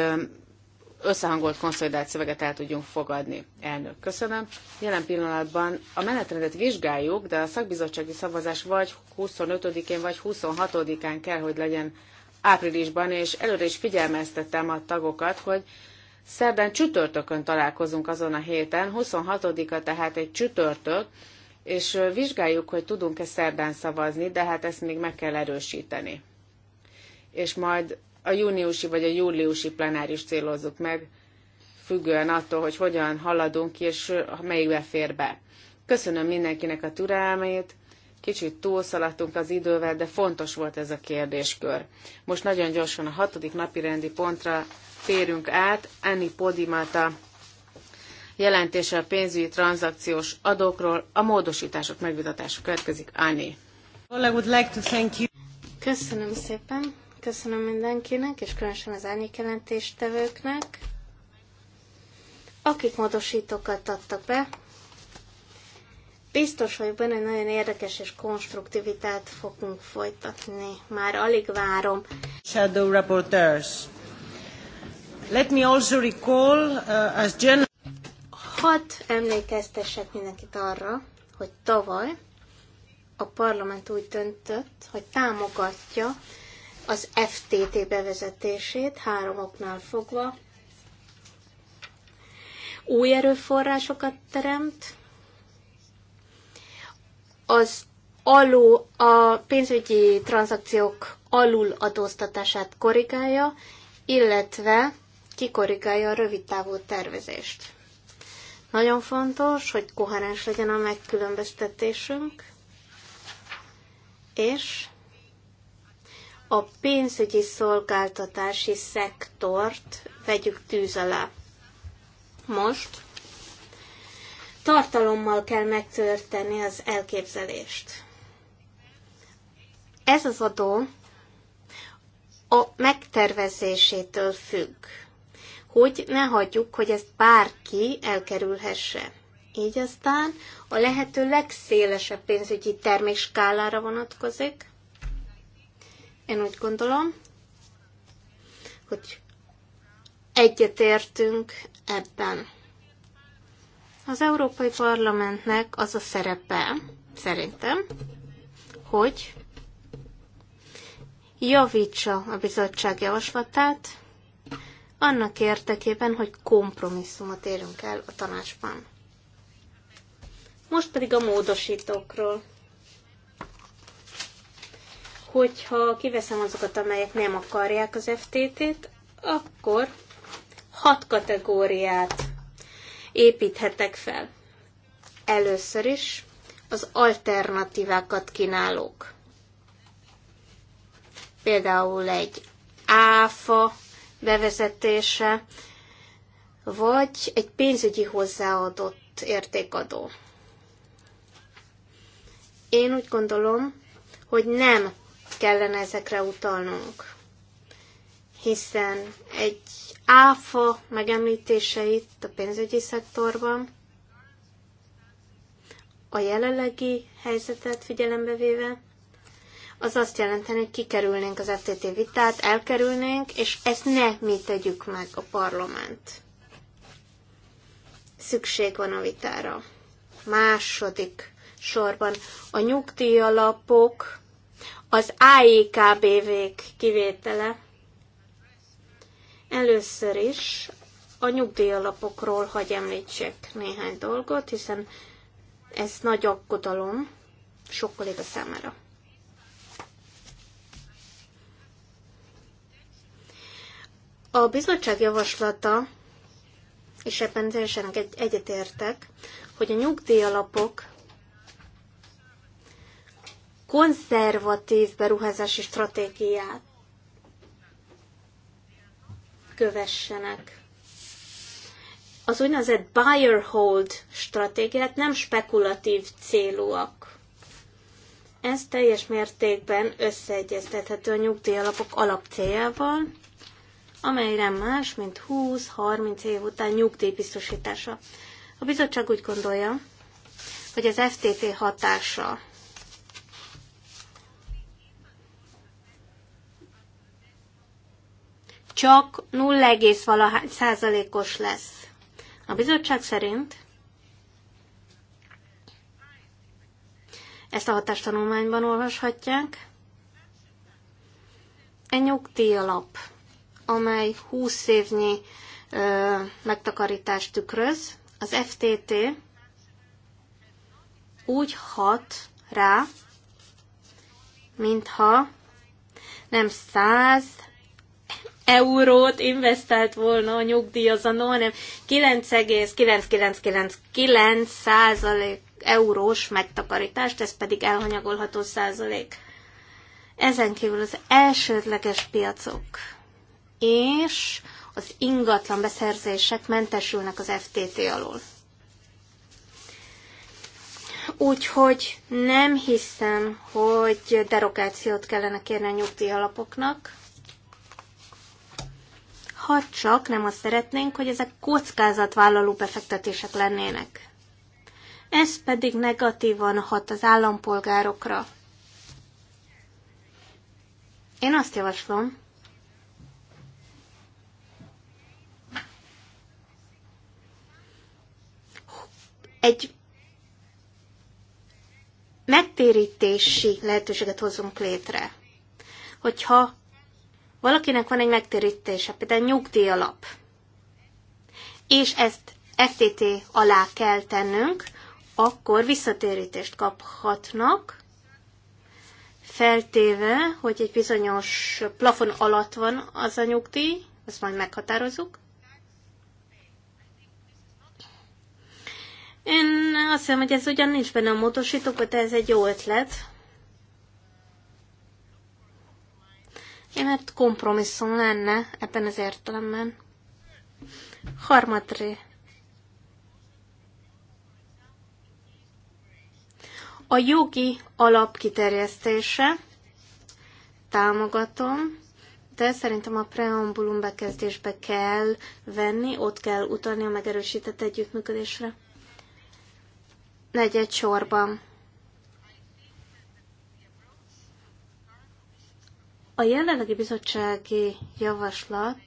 összehangolt konszolidált szöveget el tudjunk fogadni. Elnök, köszönöm. Jelen pillanatban a menetrendet vizsgáljuk, de a szakbizottsági szavazás vagy 25-én, vagy 26-án kell, hogy legyen áprilisban, és előre is figyelmeztettem a tagokat, hogy Szerdán csütörtökön találkozunk azon a héten, 26-a tehát egy csütörtök, és vizsgáljuk, hogy tudunk-e szerdán szavazni, de hát ezt még meg kell erősíteni. És majd a júniusi vagy a júliusi plenáris célozzuk meg, függően attól, hogy hogyan haladunk és melyikbe fér be. Köszönöm mindenkinek a türelmét, Kicsit túlszaladtunk az idővel, de fontos volt ez a kérdéskör. Most nagyon gyorsan a hatodik napi rendi pontra térünk át. Enni Podimata jelentése a pénzügyi tranzakciós adókról. A módosítások megvitatása következik. Anni. Köszönöm szépen. Köszönöm mindenkinek, és különösen az árnyék jelentéstevőknek akik módosítókat adtak be, Biztos vagyok benne, hogy nagyon érdekes és konstruktivitát fogunk folytatni. Már alig várom. Shadow reporters. Let me also recall uh, as general... Hat emlékeztessek mindenkit arra, hogy tavaly a parlament úgy döntött, hogy támogatja az FTT bevezetését három oknál fogva. Új erőforrásokat teremt, az alul, a pénzügyi tranzakciók alul adóztatását korrigálja, illetve kikorrigálja a rövidtávú tervezést. Nagyon fontos, hogy koherens legyen a megkülönböztetésünk, és a pénzügyi szolgáltatási szektort vegyük tűz alá. Most tartalommal kell megtörténni az elképzelést. Ez az adó a megtervezésétől függ, hogy ne hagyjuk, hogy ezt bárki elkerülhesse. Így aztán a lehető legszélesebb pénzügyi termékskálára vonatkozik. Én úgy gondolom, hogy egyetértünk ebben. Az Európai Parlamentnek az a szerepe, szerintem, hogy javítsa a bizottság javaslatát, annak érdekében, hogy kompromisszumot érünk el a tanácsban. Most pedig a módosítókról. Hogyha kiveszem azokat, amelyek nem akarják az FTT-t, akkor hat kategóriát építhetek fel? Először is az alternatívákat kínálók. Például egy áfa bevezetése, vagy egy pénzügyi hozzáadott értékadó. Én úgy gondolom, hogy nem kellene ezekre utalnunk, hiszen egy áfa megemlítéseit a pénzügyi szektorban, a jelenlegi helyzetet figyelembe véve, az azt jelenteni, hogy kikerülnénk az FTT vitát, elkerülnénk, és ezt ne mi tegyük meg a parlament. Szükség van a vitára. Második sorban a nyugdíjalapok, az AIKBV-k kivétele, Először is a nyugdíjalapokról hagy említsek néhány dolgot, hiszen ez nagy aggodalom sok kolléga számára. A bizottság javaslata, és ebben teljesen egyetértek, hogy a nyugdíjalapok konzervatív beruházási stratégiát kövessenek. Az úgynevezett buyer-hold stratégiát nem spekulatív célúak. Ez teljes mértékben összeegyeztethető a nyugdíjalapok alapcéljával, amely nem más, mint 20-30 év után nyugdíjbiztosítása. A bizottság úgy gondolja, hogy az FTP hatása csak 0,1 valahány százalékos lesz. A bizottság szerint ezt a hatástanulmányban olvashatják. Egy nyugdíjalap, amely 20 évnyi ö, megtakarítást tükröz, az FTT úgy hat rá, mintha nem 100, eurót investált volna a nyugdíjazanó, hanem 9,9999 százalék eurós megtakarítást, ez pedig elhanyagolható százalék. Ezen kívül az elsődleges piacok és az ingatlan beszerzések mentesülnek az FTT alól. Úgyhogy nem hiszem, hogy derogációt kellene kérni a nyugdíjalapoknak, ha csak nem azt szeretnénk, hogy ezek kockázatvállaló befektetések lennének. Ez pedig negatívan hat az állampolgárokra. Én azt javaslom, egy megtérítési lehetőséget hozunk létre. Hogyha valakinek van egy megtérítése, például nyugdíj alap, és ezt FTT alá kell tennünk, akkor visszatérítést kaphatnak, feltéve, hogy egy bizonyos plafon alatt van az a nyugdíj, ezt majd meghatározzuk. Én azt hiszem, hogy ez ugyan nincs benne a módosítók, de ez egy jó ötlet, mert kompromisszum lenne ebben az értelemben. Harmadré. A jogi alapkiterjesztése támogatom, de szerintem a preambulum bekezdésbe kell venni, ott kell utalni a megerősített együttműködésre. Negyed sorban A jelenlegi bizottsági javaslat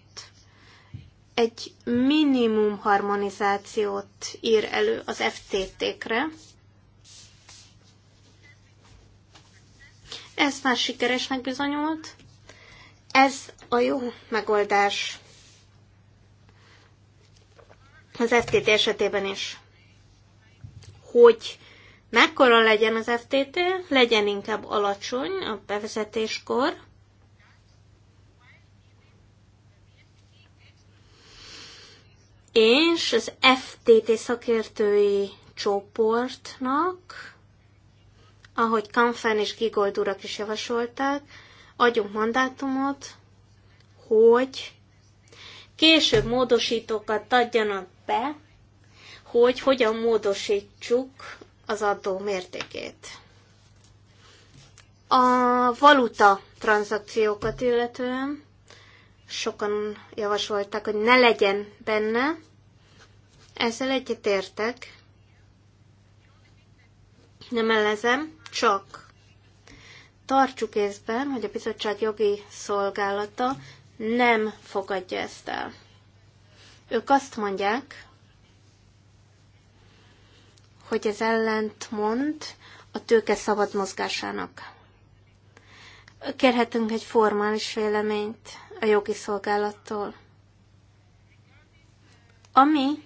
egy minimum harmonizációt ír elő az FTT-kre. Ez már sikeresnek bizonyult. Ez a jó megoldás az FTT esetében is. Hogy mekkora legyen az FTT, legyen inkább alacsony a bevezetéskor, és az FTT szakértői csoportnak, ahogy Kanfen és Gigold urak is javasolták, adjunk mandátumot, hogy később módosítókat adjanak be, hogy hogyan módosítsuk az adó mértékét. A valuta tranzakciókat illetően sokan javasolták, hogy ne legyen benne, ezzel értek. Nem ellezem, csak tartsuk észben, hogy a bizottság jogi szolgálata nem fogadja ezt el. Ők azt mondják, hogy ez ellent mond a tőke szabad mozgásának. Kérhetünk egy formális véleményt a jogi szolgálattól. Ami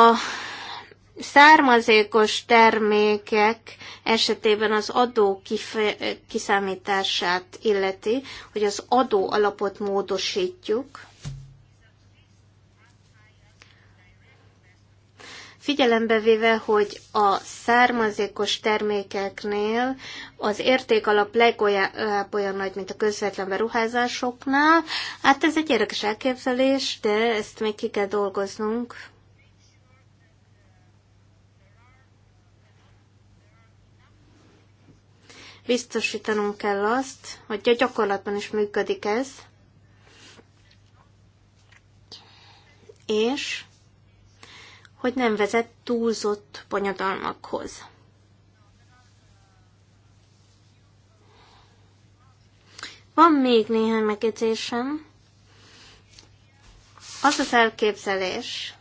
A származékos termékek esetében az adó kiszámítását illeti, hogy az adó alapot módosítjuk. Figyelembe véve, hogy a származékos termékeknél az értékalap legolyább olyan nagy, mint a közvetlen beruházásoknál, hát ez egy érdekes elképzelés, de ezt még ki kell dolgoznunk. Biztosítanunk kell azt, hogy a gyakorlatban is működik ez, és hogy nem vezet túlzott bonyodalmakhoz. Van még néhány megjegyzésem. Az az elképzelés,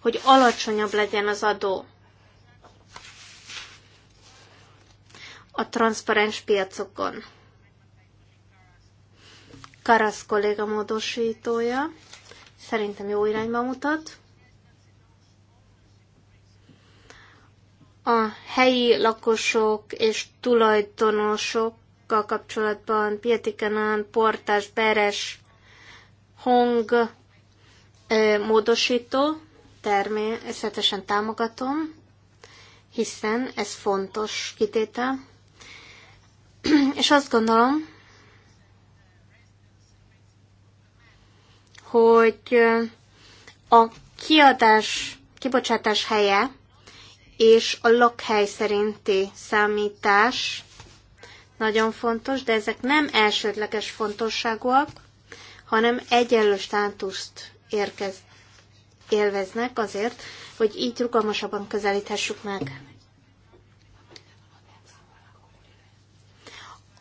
hogy alacsonyabb legyen az adó. a transzparens piacokon. Karasz kolléga módosítója szerintem jó irányba mutat. A helyi lakosok és tulajdonosokkal kapcsolatban Pietikanán, Portás, Beres, Hong módosító, természetesen támogatom, hiszen ez fontos kitétel. És azt gondolom, hogy a kiadás, kibocsátás helye és a lakhely szerinti számítás nagyon fontos, de ezek nem elsődleges fontosságúak, hanem egyenlő státuszt érkez, élveznek azért, hogy így rugalmasabban közelíthessük meg.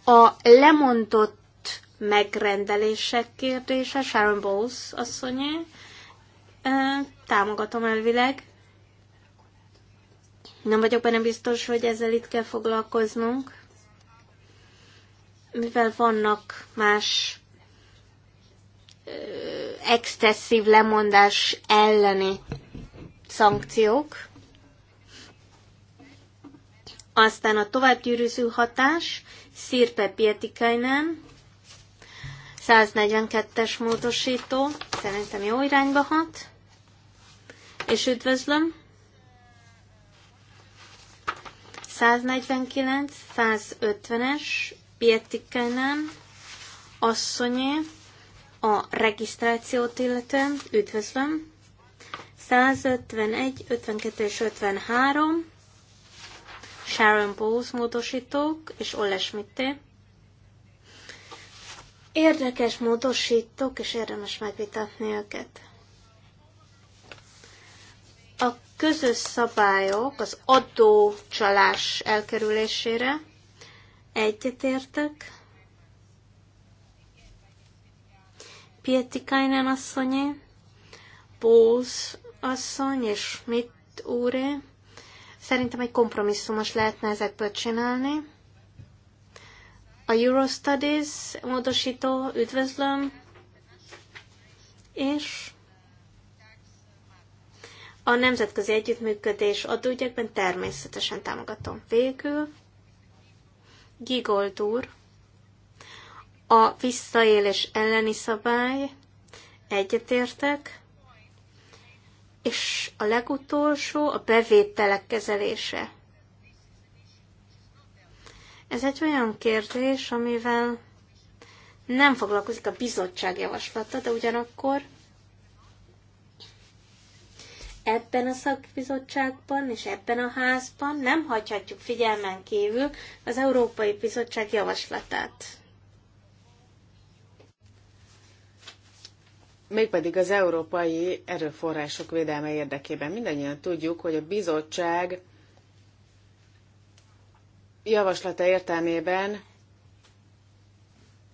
A lemondott megrendelések kérdése, Sharon Bowles asszonyé, támogatom elvileg. Nem vagyok benne biztos, hogy ezzel itt kell foglalkoznunk, mivel vannak más excesszív lemondás elleni szankciók, aztán a továbbgyűrűző hatás, Szirpe Pietikainen, 142-es módosító, szerintem jó irányba hat, és üdvözlöm. 149, 150-es, Pietikainen, asszonyé, a regisztrációt illetően, üdvözlöm. 151, 52 és 53, Sharon Bowles módosítók és Ole Schmitté. Érdekes módosítók, és érdemes megvitatni őket. A közös szabályok az adócsalás elkerülésére egyetértek. Pietikainen asszonyé, Bóz asszony és mit úré. Szerintem egy kompromisszumos lehetne ezekből csinálni. A Eurostudies módosító, üdvözlöm, és a nemzetközi együttműködés adóügyekben természetesen támogatom. Végül Gigold úr, a visszaélés elleni szabály, egyetértek, és a legutolsó a bevételek kezelése. Ez egy olyan kérdés, amivel nem foglalkozik a bizottság javaslata, de ugyanakkor ebben a szakbizottságban és ebben a házban nem hagyhatjuk figyelmen kívül az Európai Bizottság javaslatát. mégpedig az európai erőforrások védelme érdekében. Mindannyian tudjuk, hogy a bizottság javaslata értelmében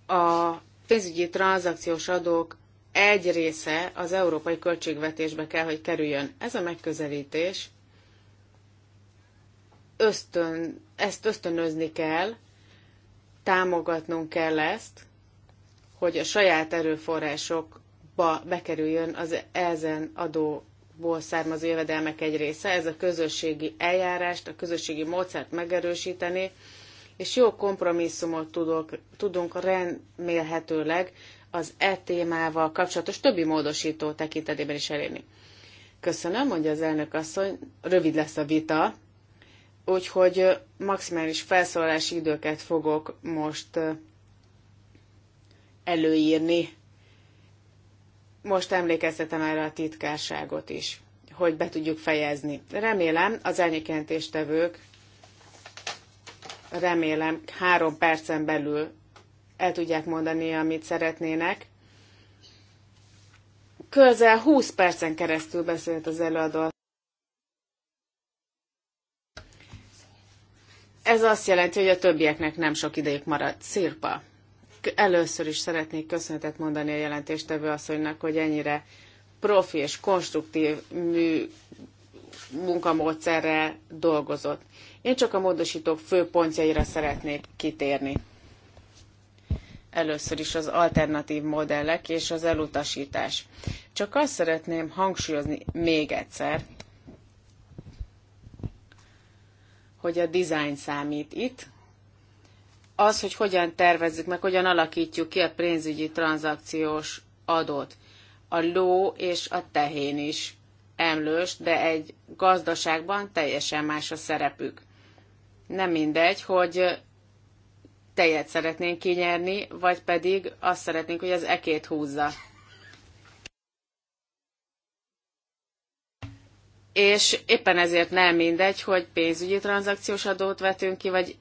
a pénzügyi tranzakciós adók egy része az európai költségvetésbe kell, hogy kerüljön. Ez a megközelítés ösztön, ezt ösztönözni kell, támogatnunk kell ezt, hogy a saját erőforrások ba bekerüljön az ezen adóból származó jövedelmek egy része. Ez a közösségi eljárást, a közösségi módszert megerősíteni, és jó kompromisszumot tudok, tudunk remélhetőleg az e témával kapcsolatos többi módosító tekintetében is elérni. Köszönöm, mondja az elnök asszony, rövid lesz a vita, úgyhogy maximális felszólalási időket fogok most előírni most emlékeztetem erre a titkárságot is, hogy be tudjuk fejezni. Remélem az elnyékentéstevők, remélem három percen belül el tudják mondani, amit szeretnének. Közel 20 percen keresztül beszélt az előadó. Ez azt jelenti, hogy a többieknek nem sok idejük maradt. Szirpa. Először is szeretnék köszönetet mondani a jelentéstevő asszonynak, hogy ennyire profi és konstruktív mű munkamódszerrel dolgozott. Én csak a módosítók fő pontjaira szeretnék kitérni. Először is az alternatív modellek és az elutasítás. Csak azt szeretném hangsúlyozni még egyszer, hogy a design számít itt, az, hogy hogyan tervezzük meg, hogyan alakítjuk ki a pénzügyi tranzakciós adót. A ló és a tehén is emlős, de egy gazdaságban teljesen más a szerepük. Nem mindegy, hogy tejet szeretnénk kinyerni, vagy pedig azt szeretnénk, hogy az ekét húzza. És éppen ezért nem mindegy, hogy pénzügyi tranzakciós adót vetünk ki, vagy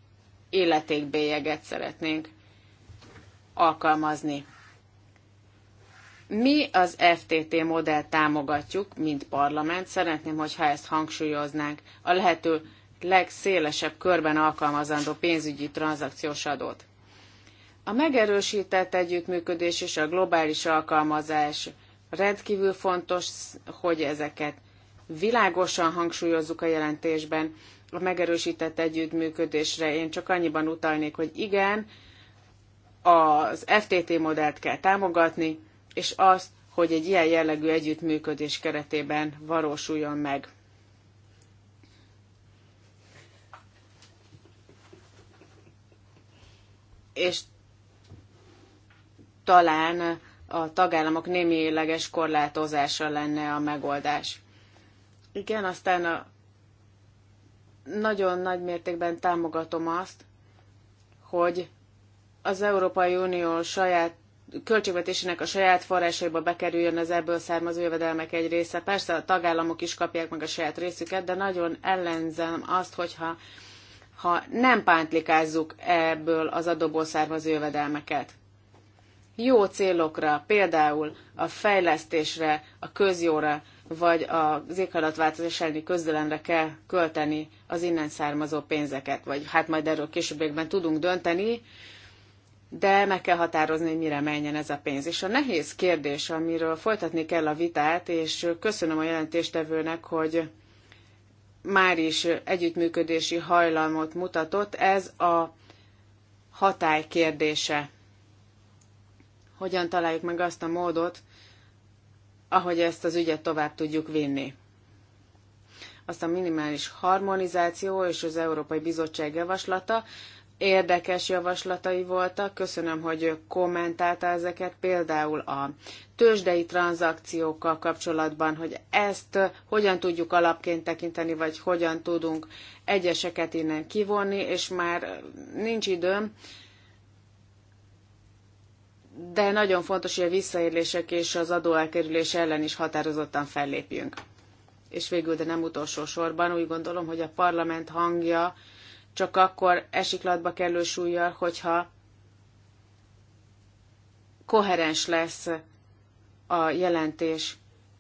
életékbélyeget szeretnénk alkalmazni. Mi az FTT modell támogatjuk, mint parlament, szeretném, hogyha ezt hangsúlyoznánk, a lehető legszélesebb körben alkalmazandó pénzügyi tranzakciós adót. A megerősített együttműködés és a globális alkalmazás rendkívül fontos, hogy ezeket világosan hangsúlyozzuk a jelentésben, a megerősített együttműködésre én csak annyiban utalnék, hogy igen, az FTT modellt kell támogatni, és azt, hogy egy ilyen jellegű együttműködés keretében valósuljon meg. És talán a tagállamok némileges korlátozása lenne a megoldás. Igen, aztán a nagyon nagy mértékben támogatom azt, hogy az Európai Unió saját költségvetésének a saját forrásaiba bekerüljön az ebből származó jövedelmek egy része. Persze a tagállamok is kapják meg a saját részüket, de nagyon ellenzem azt, hogyha ha nem pántlikázzuk ebből az adóból származó jövedelmeket. Jó célokra, például a fejlesztésre, a közjóra, vagy az éghajlatváltozás elleni közdelemre kell költeni az innen származó pénzeket, vagy hát majd erről későbbiekben tudunk dönteni, de meg kell határozni, hogy mire menjen ez a pénz. És a nehéz kérdés, amiről folytatni kell a vitát, és köszönöm a jelentéstevőnek, hogy már is együttműködési hajlamot mutatott, ez a hatály kérdése. Hogyan találjuk meg azt a módot, ahogy ezt az ügyet tovább tudjuk vinni. Azt a minimális harmonizáció és az Európai Bizottság javaslata érdekes javaslatai voltak. Köszönöm, hogy kommentálta ezeket, például a tőzsdei tranzakciókkal kapcsolatban, hogy ezt hogyan tudjuk alapként tekinteni, vagy hogyan tudunk egyeseket innen kivonni, és már nincs időm, de nagyon fontos, hogy a visszaélések és az adóelkerülés ellen is határozottan fellépjünk. És végül, de nem utolsó sorban, úgy gondolom, hogy a parlament hangja csak akkor latba kellő súlyjal, hogyha koherens lesz a jelentés.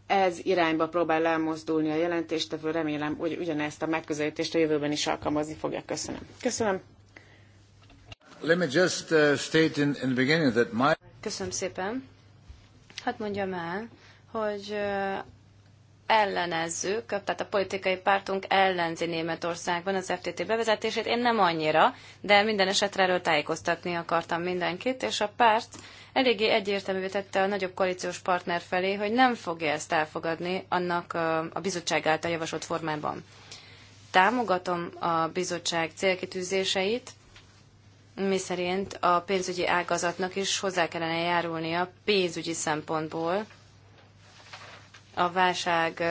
Ez irányba próbál elmozdulni a jelentéstevő, remélem, hogy ugyanezt a megközelítést a jövőben is alkalmazni fogja. Köszönöm. Köszönöm. Let me just uh, state in, in the beginning that my Köszönöm szépen. Hát mondjam el, hogy ellenezzük, tehát a politikai pártunk ellenzi Németországban az FTT bevezetését. Én nem annyira, de minden esetre erről tájékoztatni akartam mindenkit, és a párt eléggé egyértelművé tette a nagyobb koalíciós partner felé, hogy nem fogja ezt elfogadni annak a bizottság által javasolt formában. Támogatom a bizottság célkitűzéseit, miszerint a pénzügyi ágazatnak is hozzá kellene járulnia pénzügyi szempontból a válság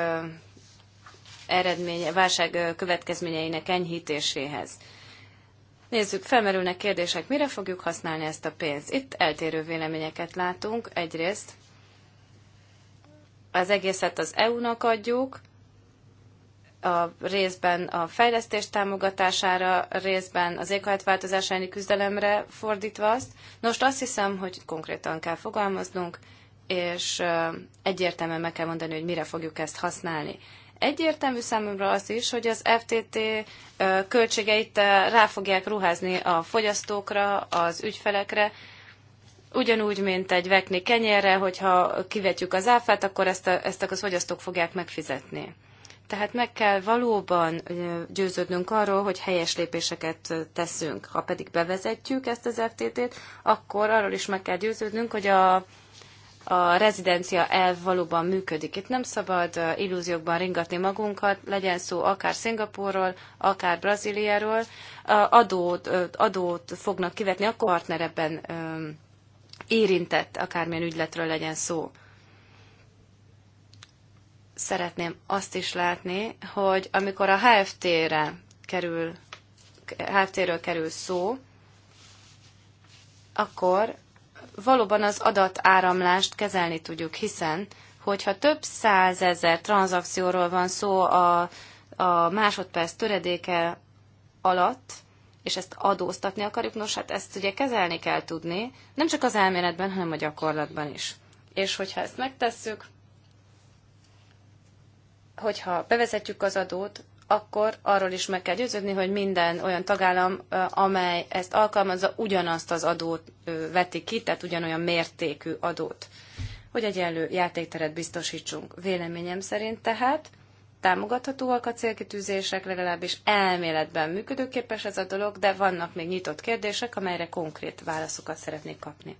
eredménye, válság következményeinek enyhítéséhez. Nézzük, felmerülnek kérdések, mire fogjuk használni ezt a pénzt. Itt eltérő véleményeket látunk. Egyrészt az egészet az EU-nak adjuk, a részben a fejlesztés támogatására, részben az éghajlatváltozás elleni küzdelemre fordítva azt. Most azt hiszem, hogy konkrétan kell fogalmaznunk, és egyértelműen meg kell mondani, hogy mire fogjuk ezt használni. Egyértelmű számomra az is, hogy az FTT költségeit rá fogják ruházni a fogyasztókra, az ügyfelekre, ugyanúgy, mint egy vekni kenyérre, hogyha kivetjük az áfát, akkor ezt a, ezt a fogyasztók fogják megfizetni. Tehát meg kell valóban győződnünk arról, hogy helyes lépéseket teszünk. Ha pedig bevezetjük ezt az FTT-t, akkor arról is meg kell győződnünk, hogy a, a rezidencia elv valóban működik. Itt nem szabad illúziókban ringatni magunkat, legyen szó akár Szingapúrról, akár Brazíliáról. Adót, adót fognak kivetni, akkor partnereben érintett, akármilyen ügyletről legyen szó szeretném azt is látni, hogy amikor a HFT-re kerül, HFT-ről kerül szó, akkor valóban az adatáramlást kezelni tudjuk, hiszen hogyha több százezer tranzakcióról van szó a, a másodperc töredéke alatt, és ezt adóztatni akarjuk, nos hát ezt ugye kezelni kell tudni, nem csak az elméletben, hanem a gyakorlatban is. És hogyha ezt megtesszük, hogyha bevezetjük az adót, akkor arról is meg kell győződni, hogy minden olyan tagállam, amely ezt alkalmazza, ugyanazt az adót veti ki, tehát ugyanolyan mértékű adót. Hogy egyenlő játékteret biztosítsunk. Véleményem szerint tehát támogathatóak a célkitűzések, legalábbis elméletben működőképes ez a dolog, de vannak még nyitott kérdések, amelyre konkrét válaszokat szeretnék kapni.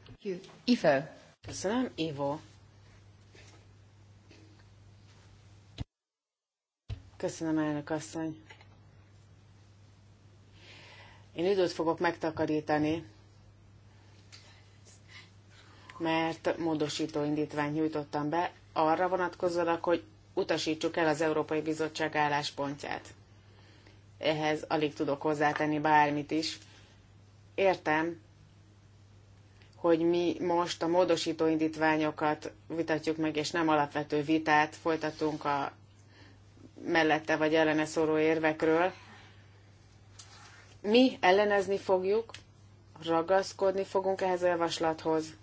Ivo. Köszönöm, Ivo. Köszönöm, elnök asszony. Én időt fogok megtakarítani, mert módosító indítványt nyújtottam be arra vonatkozólag, hogy utasítsuk el az Európai Bizottság álláspontját. Ehhez alig tudok hozzátenni bármit is. Értem, hogy mi most a módosító indítványokat vitatjuk meg, és nem alapvető vitát folytatunk a mellette vagy ellene szóló érvekről. Mi ellenezni fogjuk, ragaszkodni fogunk ehhez a javaslathoz,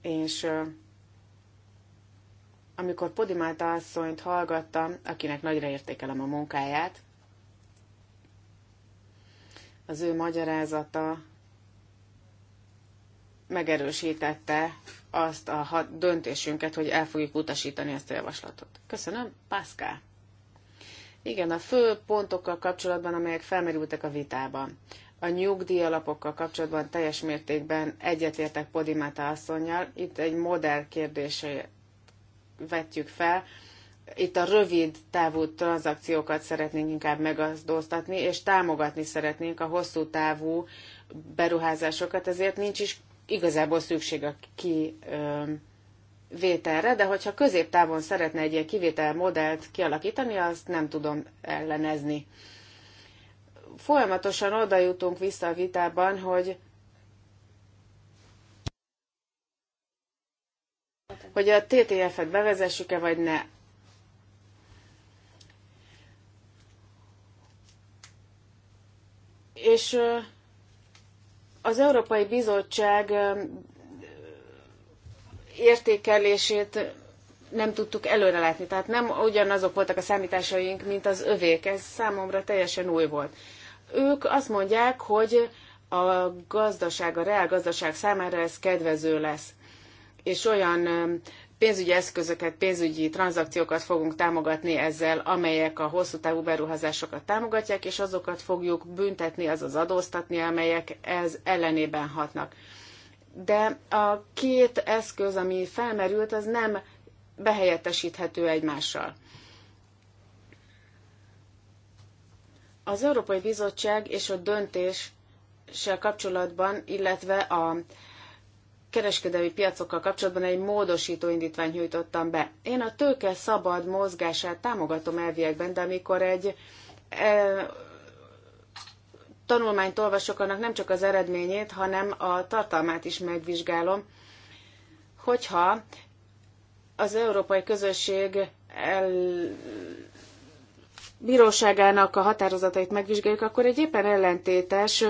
és amikor Podimáta asszonyt hallgattam, akinek nagyra értékelem a munkáját, az ő magyarázata megerősítette azt a döntésünket, hogy el fogjuk utasítani ezt a javaslatot. Köszönöm, Pászkál! Igen, a fő pontokkal kapcsolatban, amelyek felmerültek a vitában. A nyugdíjalapokkal kapcsolatban teljes mértékben egyetértek Podimata asszonynal. Itt egy modell kérdése vetjük fel. Itt a rövid távú tranzakciókat szeretnénk inkább megazdóztatni, és támogatni szeretnénk a hosszú távú beruházásokat, ezért nincs is igazából szükség a kivételre, de hogyha középtávon szeretne egy ilyen kivétel modellt kialakítani, azt nem tudom ellenezni. Folyamatosan oda jutunk vissza a vitában, hogy hogy a TTF-et bevezessük-e, vagy ne. És az Európai Bizottság értékelését nem tudtuk előrelátni, tehát nem ugyanazok voltak a számításaink, mint az övék. Ez számomra teljesen új volt. Ők azt mondják, hogy a gazdaság, a reál gazdaság számára ez kedvező lesz és olyan pénzügyi eszközöket, pénzügyi tranzakciókat fogunk támogatni ezzel, amelyek a hosszú távú beruházásokat támogatják, és azokat fogjuk büntetni, azaz adóztatni, amelyek ez ellenében hatnak. De a két eszköz, ami felmerült, az nem behelyettesíthető egymással. Az Európai Bizottság és a döntéssel kapcsolatban, illetve a kereskedelmi piacokkal kapcsolatban egy módosító indítványt nyújtottam be. Én a tőke szabad mozgását támogatom elviekben, de amikor egy e, tanulmányt olvasok, annak nem csak az eredményét, hanem a tartalmát is megvizsgálom, hogyha az európai közösség el, bíróságának a határozatait megvizsgáljuk, akkor egy éppen ellentétes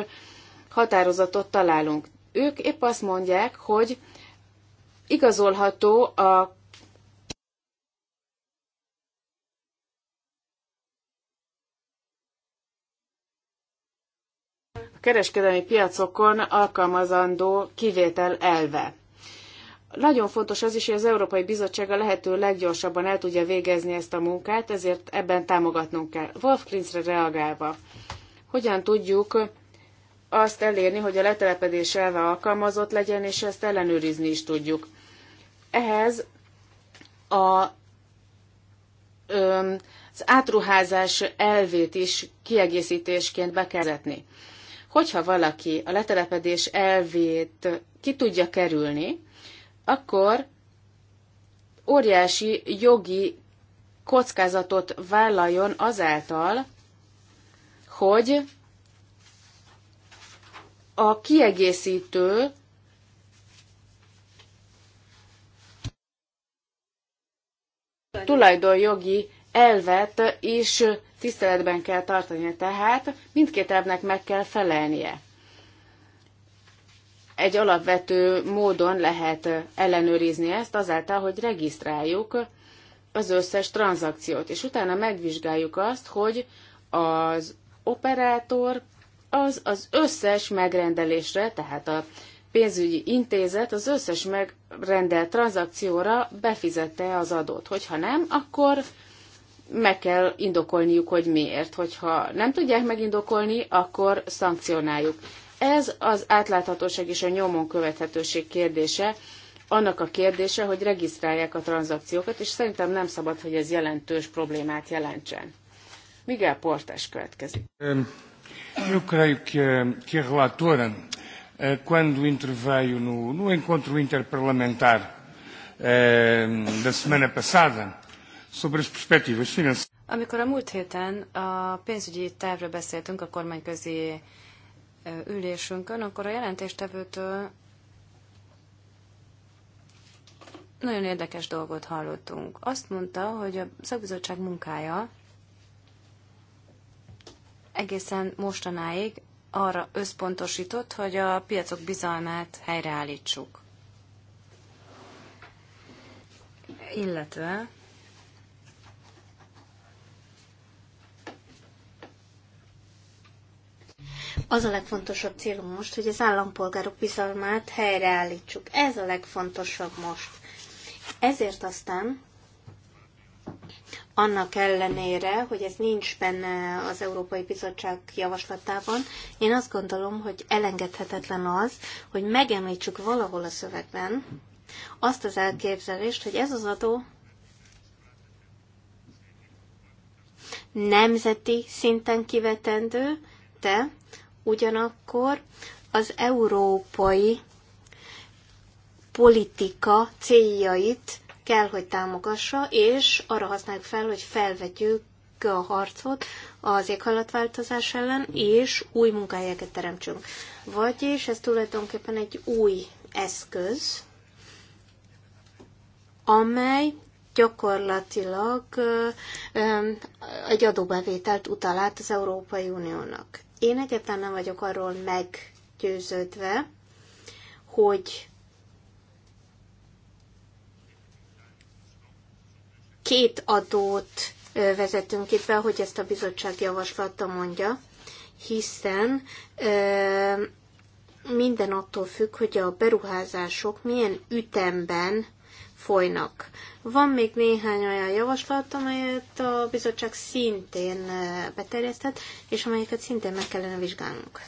határozatot találunk. Ők épp azt mondják, hogy igazolható a kereskedelmi piacokon alkalmazandó kivétel elve. Nagyon fontos az is, hogy az Európai Bizottság a lehető leggyorsabban el tudja végezni ezt a munkát, ezért ebben támogatnunk kell. Wolf Klinzre reagálva, hogyan tudjuk azt elérni, hogy a letelepedés elve alkalmazott legyen, és ezt ellenőrizni is tudjuk. Ehhez a, az átruházás elvét is kiegészítésként be kell vezetni. Hogyha valaki a letelepedés elvét ki tudja kerülni, akkor óriási jogi kockázatot vállaljon azáltal, hogy a kiegészítő tulajdonjogi elvet is tiszteletben kell tartania, tehát mindkét elvnek meg kell felelnie. Egy alapvető módon lehet ellenőrizni ezt azáltal, hogy regisztráljuk az összes tranzakciót, és utána megvizsgáljuk azt, hogy az operátor az az összes megrendelésre, tehát a pénzügyi intézet az összes megrendelt tranzakcióra befizette az adót. Hogyha nem, akkor meg kell indokolniuk, hogy miért. Hogyha nem tudják megindokolni, akkor szankcionáljuk. Ez az átláthatóság és a nyomon követhetőség kérdése, annak a kérdése, hogy regisztrálják a tranzakciókat, és szerintem nem szabad, hogy ez jelentős problémát jelentsen. Miguel Portás következik. Um. Eu creio que a, eh, que a relatora, eh, quando interveio no, no encontro interparlamentar eh, da semana passada sobre as perspectivas financeiras. Amikor a múlt héten a pénzügyi tervről beszéltünk a kormányközi ülésünkön, akkor a jelentéstevőtől nagyon érdekes dolgot hallottunk. Azt mondta, hogy a szakbizottság munkája egészen mostanáig arra összpontosított, hogy a piacok bizalmát helyreállítsuk. Illetve Az a legfontosabb célunk most, hogy az állampolgárok bizalmát helyreállítsuk. Ez a legfontosabb most. Ezért aztán annak ellenére, hogy ez nincs benne az Európai Bizottság javaslatában, én azt gondolom, hogy elengedhetetlen az, hogy megemlítsük valahol a szövegben azt az elképzelést, hogy ez az adó nemzeti szinten kivetendő, de ugyanakkor az európai politika céljait kell, hogy támogassa, és arra használjuk fel, hogy felvetjük a harcot az éghajlatváltozás ellen, és új munkahelyeket teremtsünk. Vagyis ez tulajdonképpen egy új eszköz, amely gyakorlatilag egy adóbevételt utal át az Európai Uniónak. Én egyáltalán nem vagyok arról meggyőződve, hogy két adót vezetünk itt be, hogy ezt a bizottság javaslata mondja, hiszen minden attól függ, hogy a beruházások milyen ütemben folynak. Van még néhány olyan javaslat, amelyet a bizottság szintén beterjesztett, és amelyeket szintén meg kellene vizsgálnunk.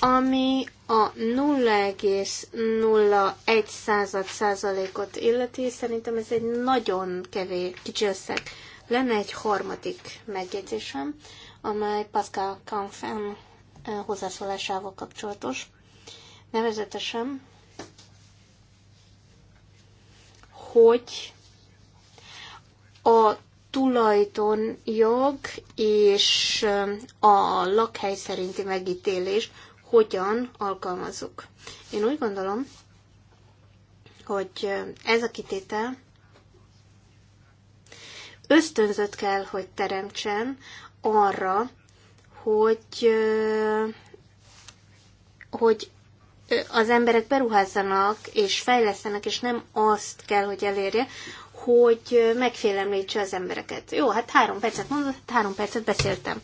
Ami a 0,01 század százalékot illeti, szerintem ez egy nagyon kevés, kicsi összeg. Lenne egy harmadik megjegyzésem, amely Pascal Canfen eh, hozzászólásával kapcsolatos. Nevezetesen, hogy a tulajdonjog és eh, a lakhely szerinti megítélés hogyan alkalmazzuk. Én úgy gondolom, hogy ez a kitétel ösztönzött kell, hogy teremtsen arra, hogy, hogy az emberek beruházzanak és fejlesztenek, és nem azt kell, hogy elérje, hogy megfélemlítse az embereket. Jó, hát három percet mondott, három percet beszéltem.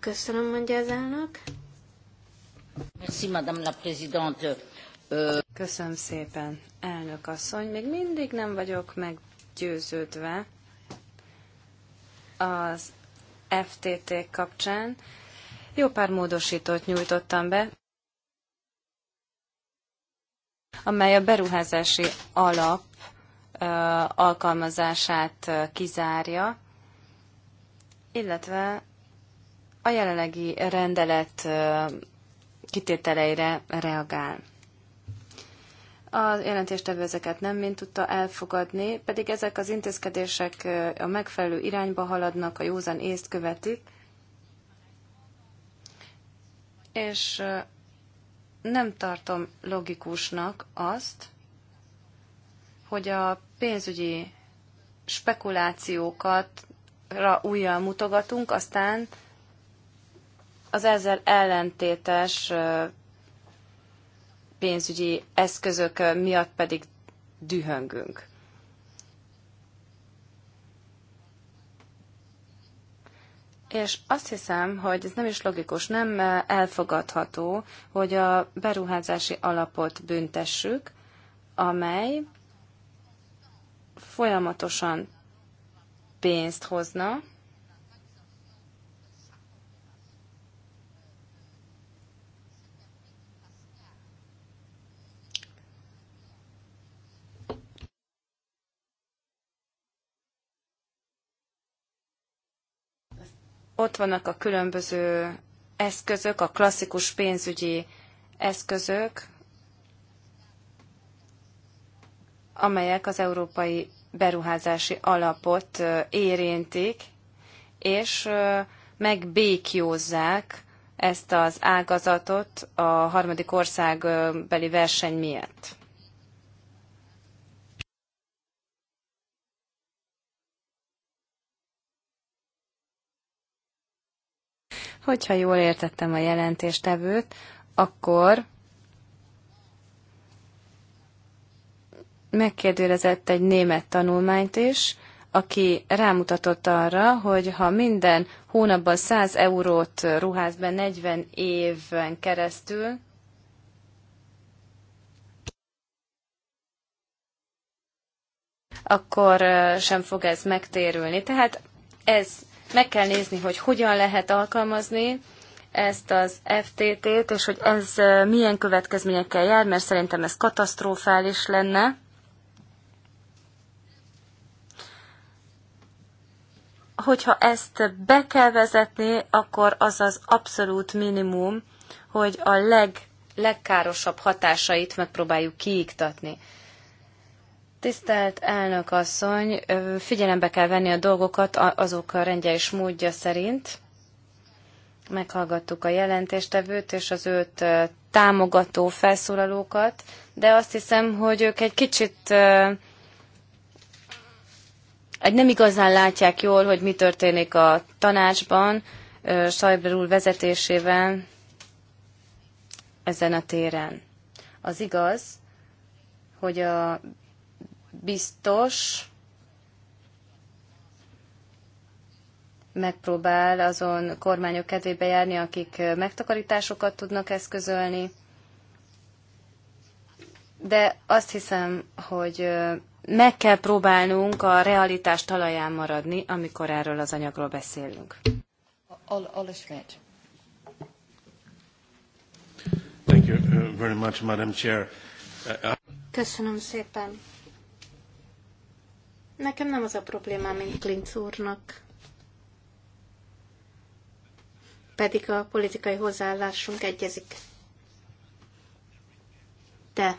Köszönöm, mondja az elnök. Euh, Köszönöm szépen, elnök asszony. Még mindig nem vagyok meggyőződve az FTT kapcsán. Jó pár módosítót nyújtottam be, amely a beruházási alap alkalmazását kizárja, illetve a jelenlegi rendelet kitételeire reagál. A jelentéstevő ezeket nem mind tudta elfogadni, pedig ezek az intézkedések a megfelelő irányba haladnak, a józan észt követik, és nem tartom logikusnak azt, hogy a pénzügyi spekulációkat újjal mutogatunk, aztán az ezzel ellentétes pénzügyi eszközök miatt pedig dühöngünk. És azt hiszem, hogy ez nem is logikus, nem elfogadható, hogy a beruházási alapot büntessük, amely folyamatosan pénzt hozna, Ott vannak a különböző eszközök, a klasszikus pénzügyi eszközök, amelyek az európai beruházási alapot érintik, és megbékjózzák ezt az ágazatot a harmadik országbeli verseny miatt. Hogyha jól értettem a jelentéstevőt, akkor megkérdőjelezett egy német tanulmányt is, aki rámutatott arra, hogy ha minden hónapban 100 eurót ruház be 40 éven keresztül, akkor sem fog ez megtérülni. Tehát ez meg kell nézni, hogy hogyan lehet alkalmazni ezt az FTT-t, és hogy ez milyen következményekkel jár, mert szerintem ez katasztrofális lenne. Hogyha ezt be kell vezetni, akkor az az abszolút minimum, hogy a leg, legkárosabb hatásait megpróbáljuk kiiktatni. Tisztelt elnök asszony, figyelembe kell venni a dolgokat azok a rendje és módja szerint. Meghallgattuk a jelentéstevőt és az őt támogató felszólalókat, de azt hiszem, hogy ők egy kicsit egy nem igazán látják jól, hogy mi történik a tanácsban, Sajber úr vezetésével ezen a téren. Az igaz, hogy a biztos megpróbál azon kormányok kedvébe járni, akik megtakarításokat tudnak eszközölni. De azt hiszem, hogy meg kell próbálnunk a realitás talaján maradni, amikor erről az anyagról beszélünk. Olle Thank you uh, very much, Madam Chair. Uh, uh, Köszönöm szépen, Nekem nem az a problémám, mint Klinc úrnak. Pedig a politikai hozzáállásunk egyezik. De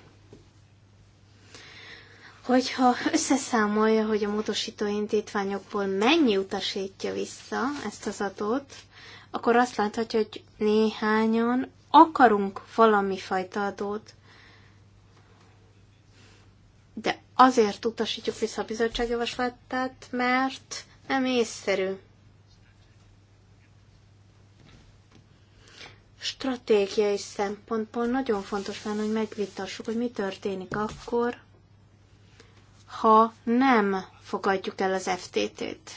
hogyha összeszámolja, hogy a módosító indítványokból mennyi utasítja vissza ezt az adót, akkor azt láthatja, hogy néhányan akarunk valami fajta adót, de Azért utasítjuk vissza a bizottságjavaslatát, mert nem észszerű. Stratégiai szempontból nagyon fontos lenne, hogy megvitassuk, hogy mi történik akkor, ha nem fogadjuk el az FTT-t.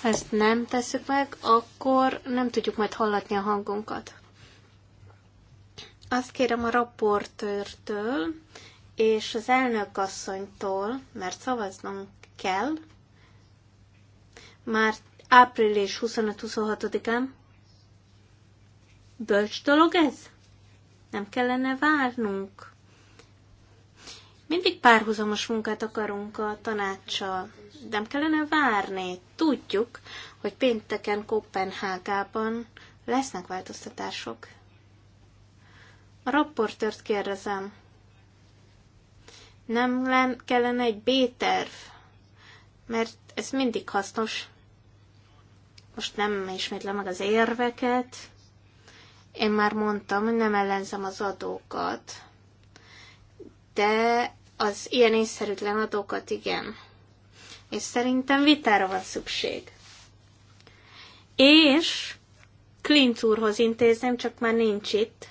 Ha ezt nem tesszük meg, akkor nem tudjuk majd hallatni a hangunkat. Azt kérem a raportőrtől és az elnökasszonytól, mert szavaznunk kell, már április 25-26-án. Bölcs dolog ez? Nem kellene várnunk? Mindig párhuzamos munkát akarunk a tanácssal. Nem kellene várni. Tudjuk, hogy pénteken Kopenhágában lesznek változtatások. A rapportört kérdezem. Nem kellene egy B-terv? Mert ez mindig hasznos. Most nem ismétlem meg az érveket. Én már mondtam, hogy nem ellenzem az adókat. De az ilyen észszerűtlen adókat igen. És szerintem vitára van szükség. És Clint úrhoz intézem, csak már nincs itt.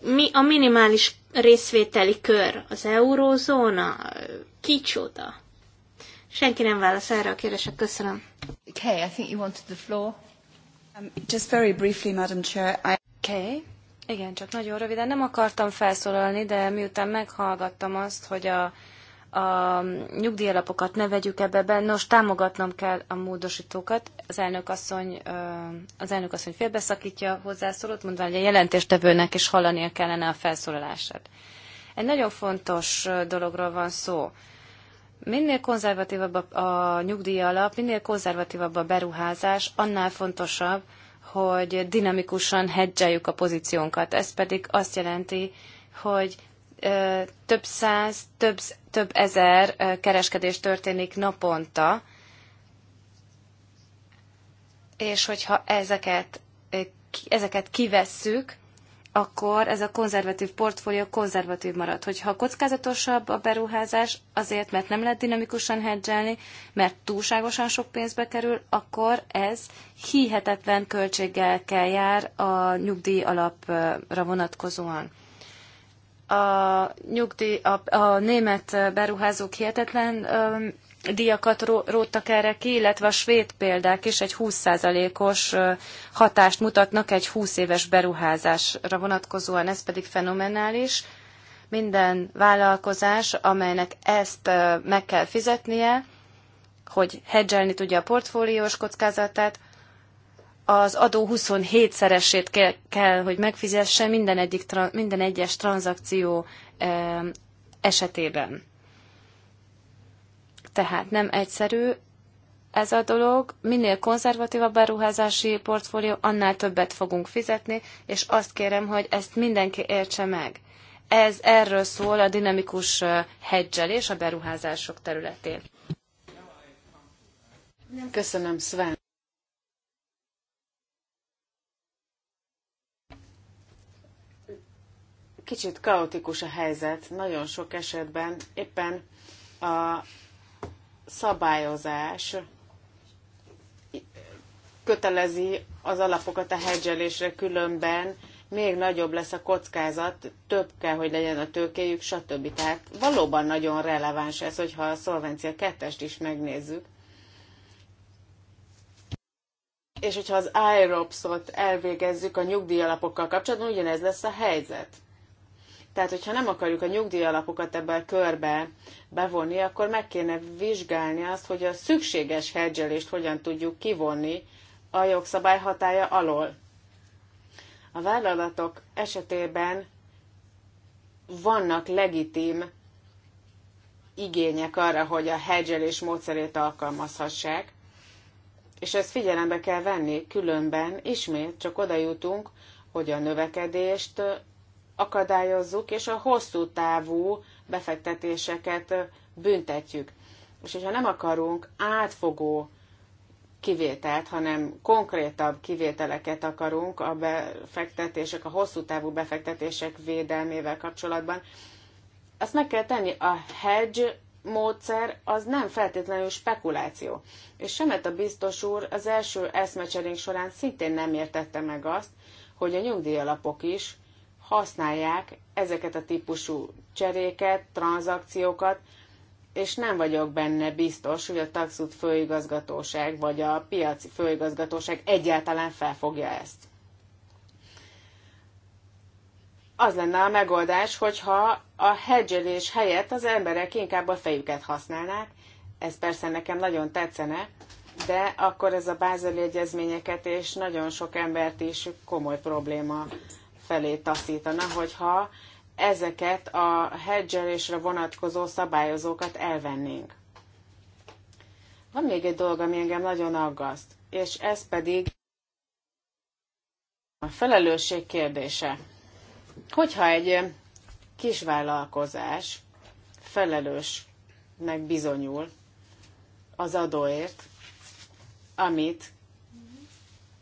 mi a minimális részvételi kör? Az eurózóna? Kicsoda? Senki nem válasz erre a kérdésre. Köszönöm. Okay, I think you wanted the floor. Um, just very briefly, Madam Chair. I... Okay. Igen, csak nagyon röviden. Nem akartam felszólalni, de miután meghallgattam azt, hogy a a nyugdíjalapokat ne vegyük ebbe be, nos, támogatnom kell a módosítókat. Az elnök asszony, az elnök asszony félbeszakítja hozzászólót, mondva, hogy a jelentéstevőnek is hallania kellene a felszólalását. Egy nagyon fontos dologról van szó. Minél konzervatívabb a alap, minél konzervatívabb a beruházás, annál fontosabb, hogy dinamikusan hedzseljük a pozíciónkat. Ez pedig azt jelenti, hogy több száz, több, több ezer kereskedés történik naponta, és hogyha ezeket, ezeket kivesszük, akkor ez a konzervatív portfólió konzervatív marad. Hogyha kockázatosabb a beruházás, azért, mert nem lehet dinamikusan hedzselni, mert túlságosan sok pénzbe kerül, akkor ez hihetetlen költséggel kell jár a nyugdíj alapra vonatkozóan a, nyugdíj, a, a német beruházók hihetetlen díjakat ró, róttak erre ki, illetve a svéd példák is egy 20%-os hatást mutatnak egy 20 éves beruházásra vonatkozóan, ez pedig fenomenális. Minden vállalkozás, amelynek ezt meg kell fizetnie, hogy hedzselni tudja a portfóliós kockázatát, az adó 27-szeresét kell, kell, hogy megfizesse minden, egyik, minden egyes tranzakció esetében. Tehát nem egyszerű ez a dolog. Minél konzervatívabb beruházási portfólió, annál többet fogunk fizetni, és azt kérem, hogy ezt mindenki értse meg. Ez erről szól a dinamikus hedgelés a beruházások területén. Köszönöm, Sven. kicsit kaotikus a helyzet, nagyon sok esetben éppen a szabályozás kötelezi az alapokat a hedzselésre, különben még nagyobb lesz a kockázat, több kell, hogy legyen a tőkéjük, stb. Tehát valóban nagyon releváns ez, hogyha a szolvencia kettest is megnézzük. És hogyha az IROPS-ot elvégezzük a nyugdíjalapokkal kapcsolatban, ugyanez lesz a helyzet. Tehát, hogyha nem akarjuk a nyugdíjalapokat ebbe a körbe bevonni, akkor meg kéne vizsgálni azt, hogy a szükséges hedgelést hogyan tudjuk kivonni a jogszabály hatája alól. A vállalatok esetében vannak legitim igények arra, hogy a hedgelés módszerét alkalmazhassák, és ezt figyelembe kell venni, különben ismét csak oda jutunk, hogy a növekedést akadályozzuk, és a hosszú távú befektetéseket büntetjük. És hogyha nem akarunk átfogó kivételt, hanem konkrétabb kivételeket akarunk a befektetések, a hosszú távú befektetések védelmével kapcsolatban, azt meg kell tenni. A hedge módszer az nem feltétlenül spekuláció. És Semet a biztos úr az első eszmecserénk során szintén nem értette meg azt, hogy a nyugdíjalapok is használják ezeket a típusú cseréket, tranzakciókat, és nem vagyok benne biztos, hogy a taxut főigazgatóság vagy a piaci főigazgatóság egyáltalán felfogja ezt. Az lenne a megoldás, hogyha a hedgelés helyett az emberek inkább a fejüket használnák, ez persze nekem nagyon tetszene, de akkor ez a bázeli egyezményeket és nagyon sok embert is komoly probléma felé taszítana, hogyha ezeket a hedgelésre vonatkozó szabályozókat elvennénk. Van még egy dolog, ami engem nagyon aggaszt, és ez pedig a felelősség kérdése. Hogyha egy kisvállalkozás felelősnek bizonyul az adóért, amit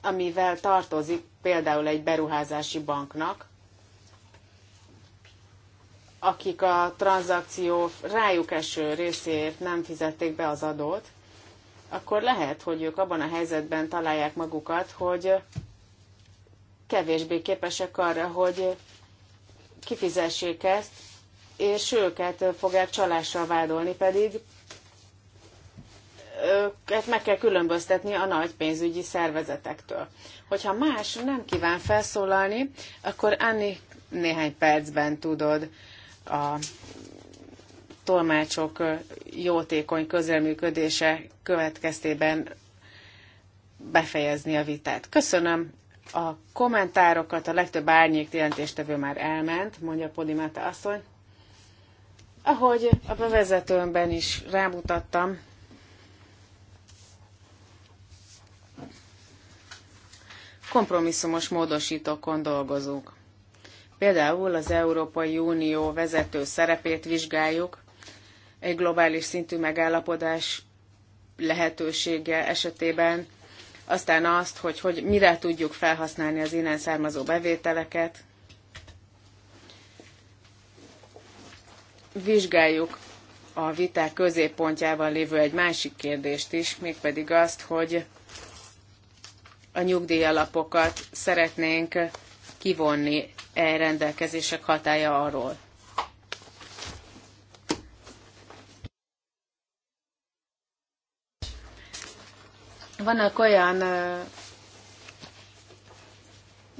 amivel tartozik például egy beruházási banknak, akik a tranzakció rájuk eső részéért nem fizették be az adót, akkor lehet, hogy ők abban a helyzetben találják magukat, hogy kevésbé képesek arra, hogy kifizessék ezt, és őket fogják csalással vádolni, pedig őket meg kell különböztetni a nagy pénzügyi szervezetektől. Hogyha más nem kíván felszólalni, akkor Anni néhány percben tudod a tolmácsok jótékony közreműködése következtében befejezni a vitát. Köszönöm a kommentárokat, a legtöbb árnyék jelentéstevő már elment, mondja Podimata asszony. Ahogy a bevezetőmben is rámutattam, kompromisszumos módosítókon dolgozunk. Például az Európai Unió vezető szerepét vizsgáljuk, egy globális szintű megállapodás lehetősége esetében, aztán azt, hogy, hogy mire tudjuk felhasználni az innen származó bevételeket. Vizsgáljuk a viták középpontjában lévő egy másik kérdést is, mégpedig azt, hogy a nyugdíjalapokat szeretnénk kivonni e rendelkezések hatája arról. Vannak olyan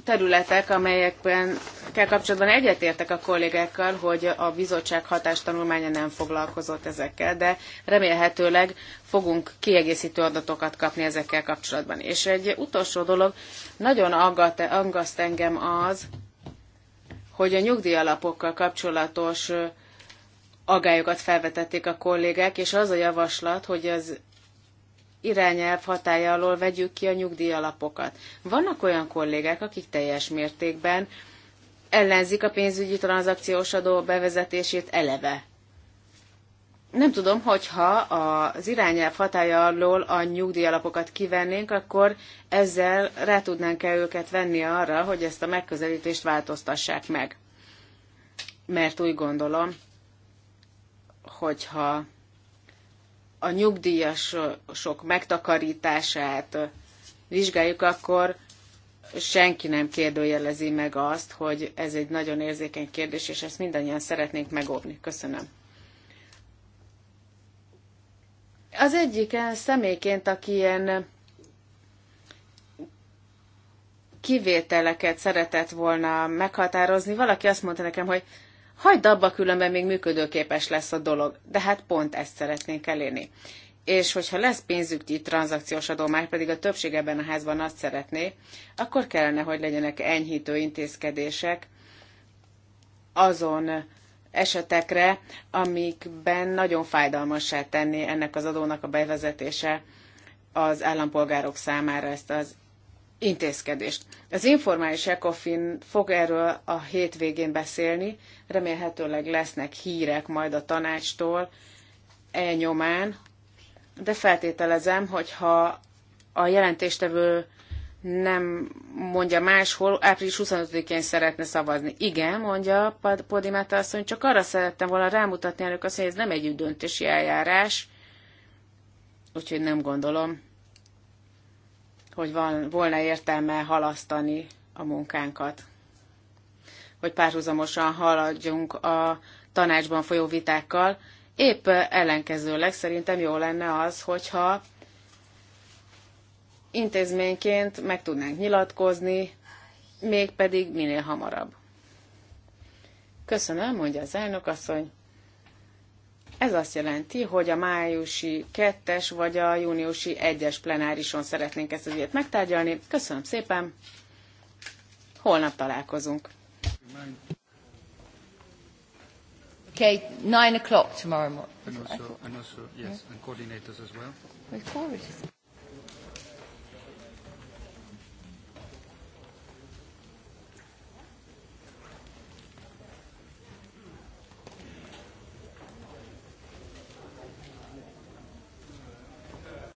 területek, amelyekben ezekkel kapcsolatban egyetértek a kollégákkal, hogy a bizottság hatástanulmánya nem foglalkozott ezekkel, de remélhetőleg fogunk kiegészítő adatokat kapni ezekkel kapcsolatban. És egy utolsó dolog, nagyon aggat, aggaszt engem az, hogy a nyugdíjalapokkal kapcsolatos agályokat felvetették a kollégák, és az a javaslat, hogy az irányelv hatája alól vegyük ki a nyugdíjalapokat. Vannak olyan kollégák, akik teljes mértékben ellenzik a pénzügyi tranzakciós adó bevezetését eleve. Nem tudom, hogyha az irányelv hatája alól a nyugdíjalapokat kivennénk, akkor ezzel rá tudnánk-e őket venni arra, hogy ezt a megközelítést változtassák meg. Mert úgy gondolom, hogyha a nyugdíjasok megtakarítását vizsgáljuk, akkor senki nem kérdőjelezi meg azt, hogy ez egy nagyon érzékeny kérdés, és ezt mindannyian szeretnénk megóvni. Köszönöm. Az egyik eh, személyként, aki ilyen kivételeket szeretett volna meghatározni, valaki azt mondta nekem, hogy hagyd abba, különben még működőképes lesz a dolog. De hát pont ezt szeretnénk elérni és hogyha lesz pénzügyi tranzakciós adó, már pedig a többség ebben a házban azt szeretné, akkor kellene, hogy legyenek enyhítő intézkedések azon esetekre, amikben nagyon fájdalmassá tenni ennek az adónak a bevezetése az állampolgárok számára ezt az intézkedést. Az informális ECOFIN fog erről a hétvégén beszélni, remélhetőleg lesznek hírek majd a tanácstól e nyomán, de feltételezem, hogy ha a jelentéstevő nem mondja máshol, április 25-én szeretne szavazni. Igen, mondja Podimát asszony, csak arra szerettem volna rámutatni elők, azt, hogy ez nem egy döntési eljárás, úgyhogy nem gondolom, hogy van, volna értelme halasztani a munkánkat. Hogy párhuzamosan haladjunk a tanácsban folyó vitákkal, Épp ellenkezőleg szerintem jó lenne az, hogyha intézményként meg tudnánk nyilatkozni, mégpedig minél hamarabb. Köszönöm, mondja az elnök asszony. Ez azt jelenti, hogy a májusi 2-es vagy a júniusi 1-es plenárison szeretnénk ezt az ügyet megtárgyalni. Köszönöm szépen, holnap találkozunk. Okay, nine o'clock tomorrow morning. And also, and also yes, yeah. and coordinators as well. Well, coordinators.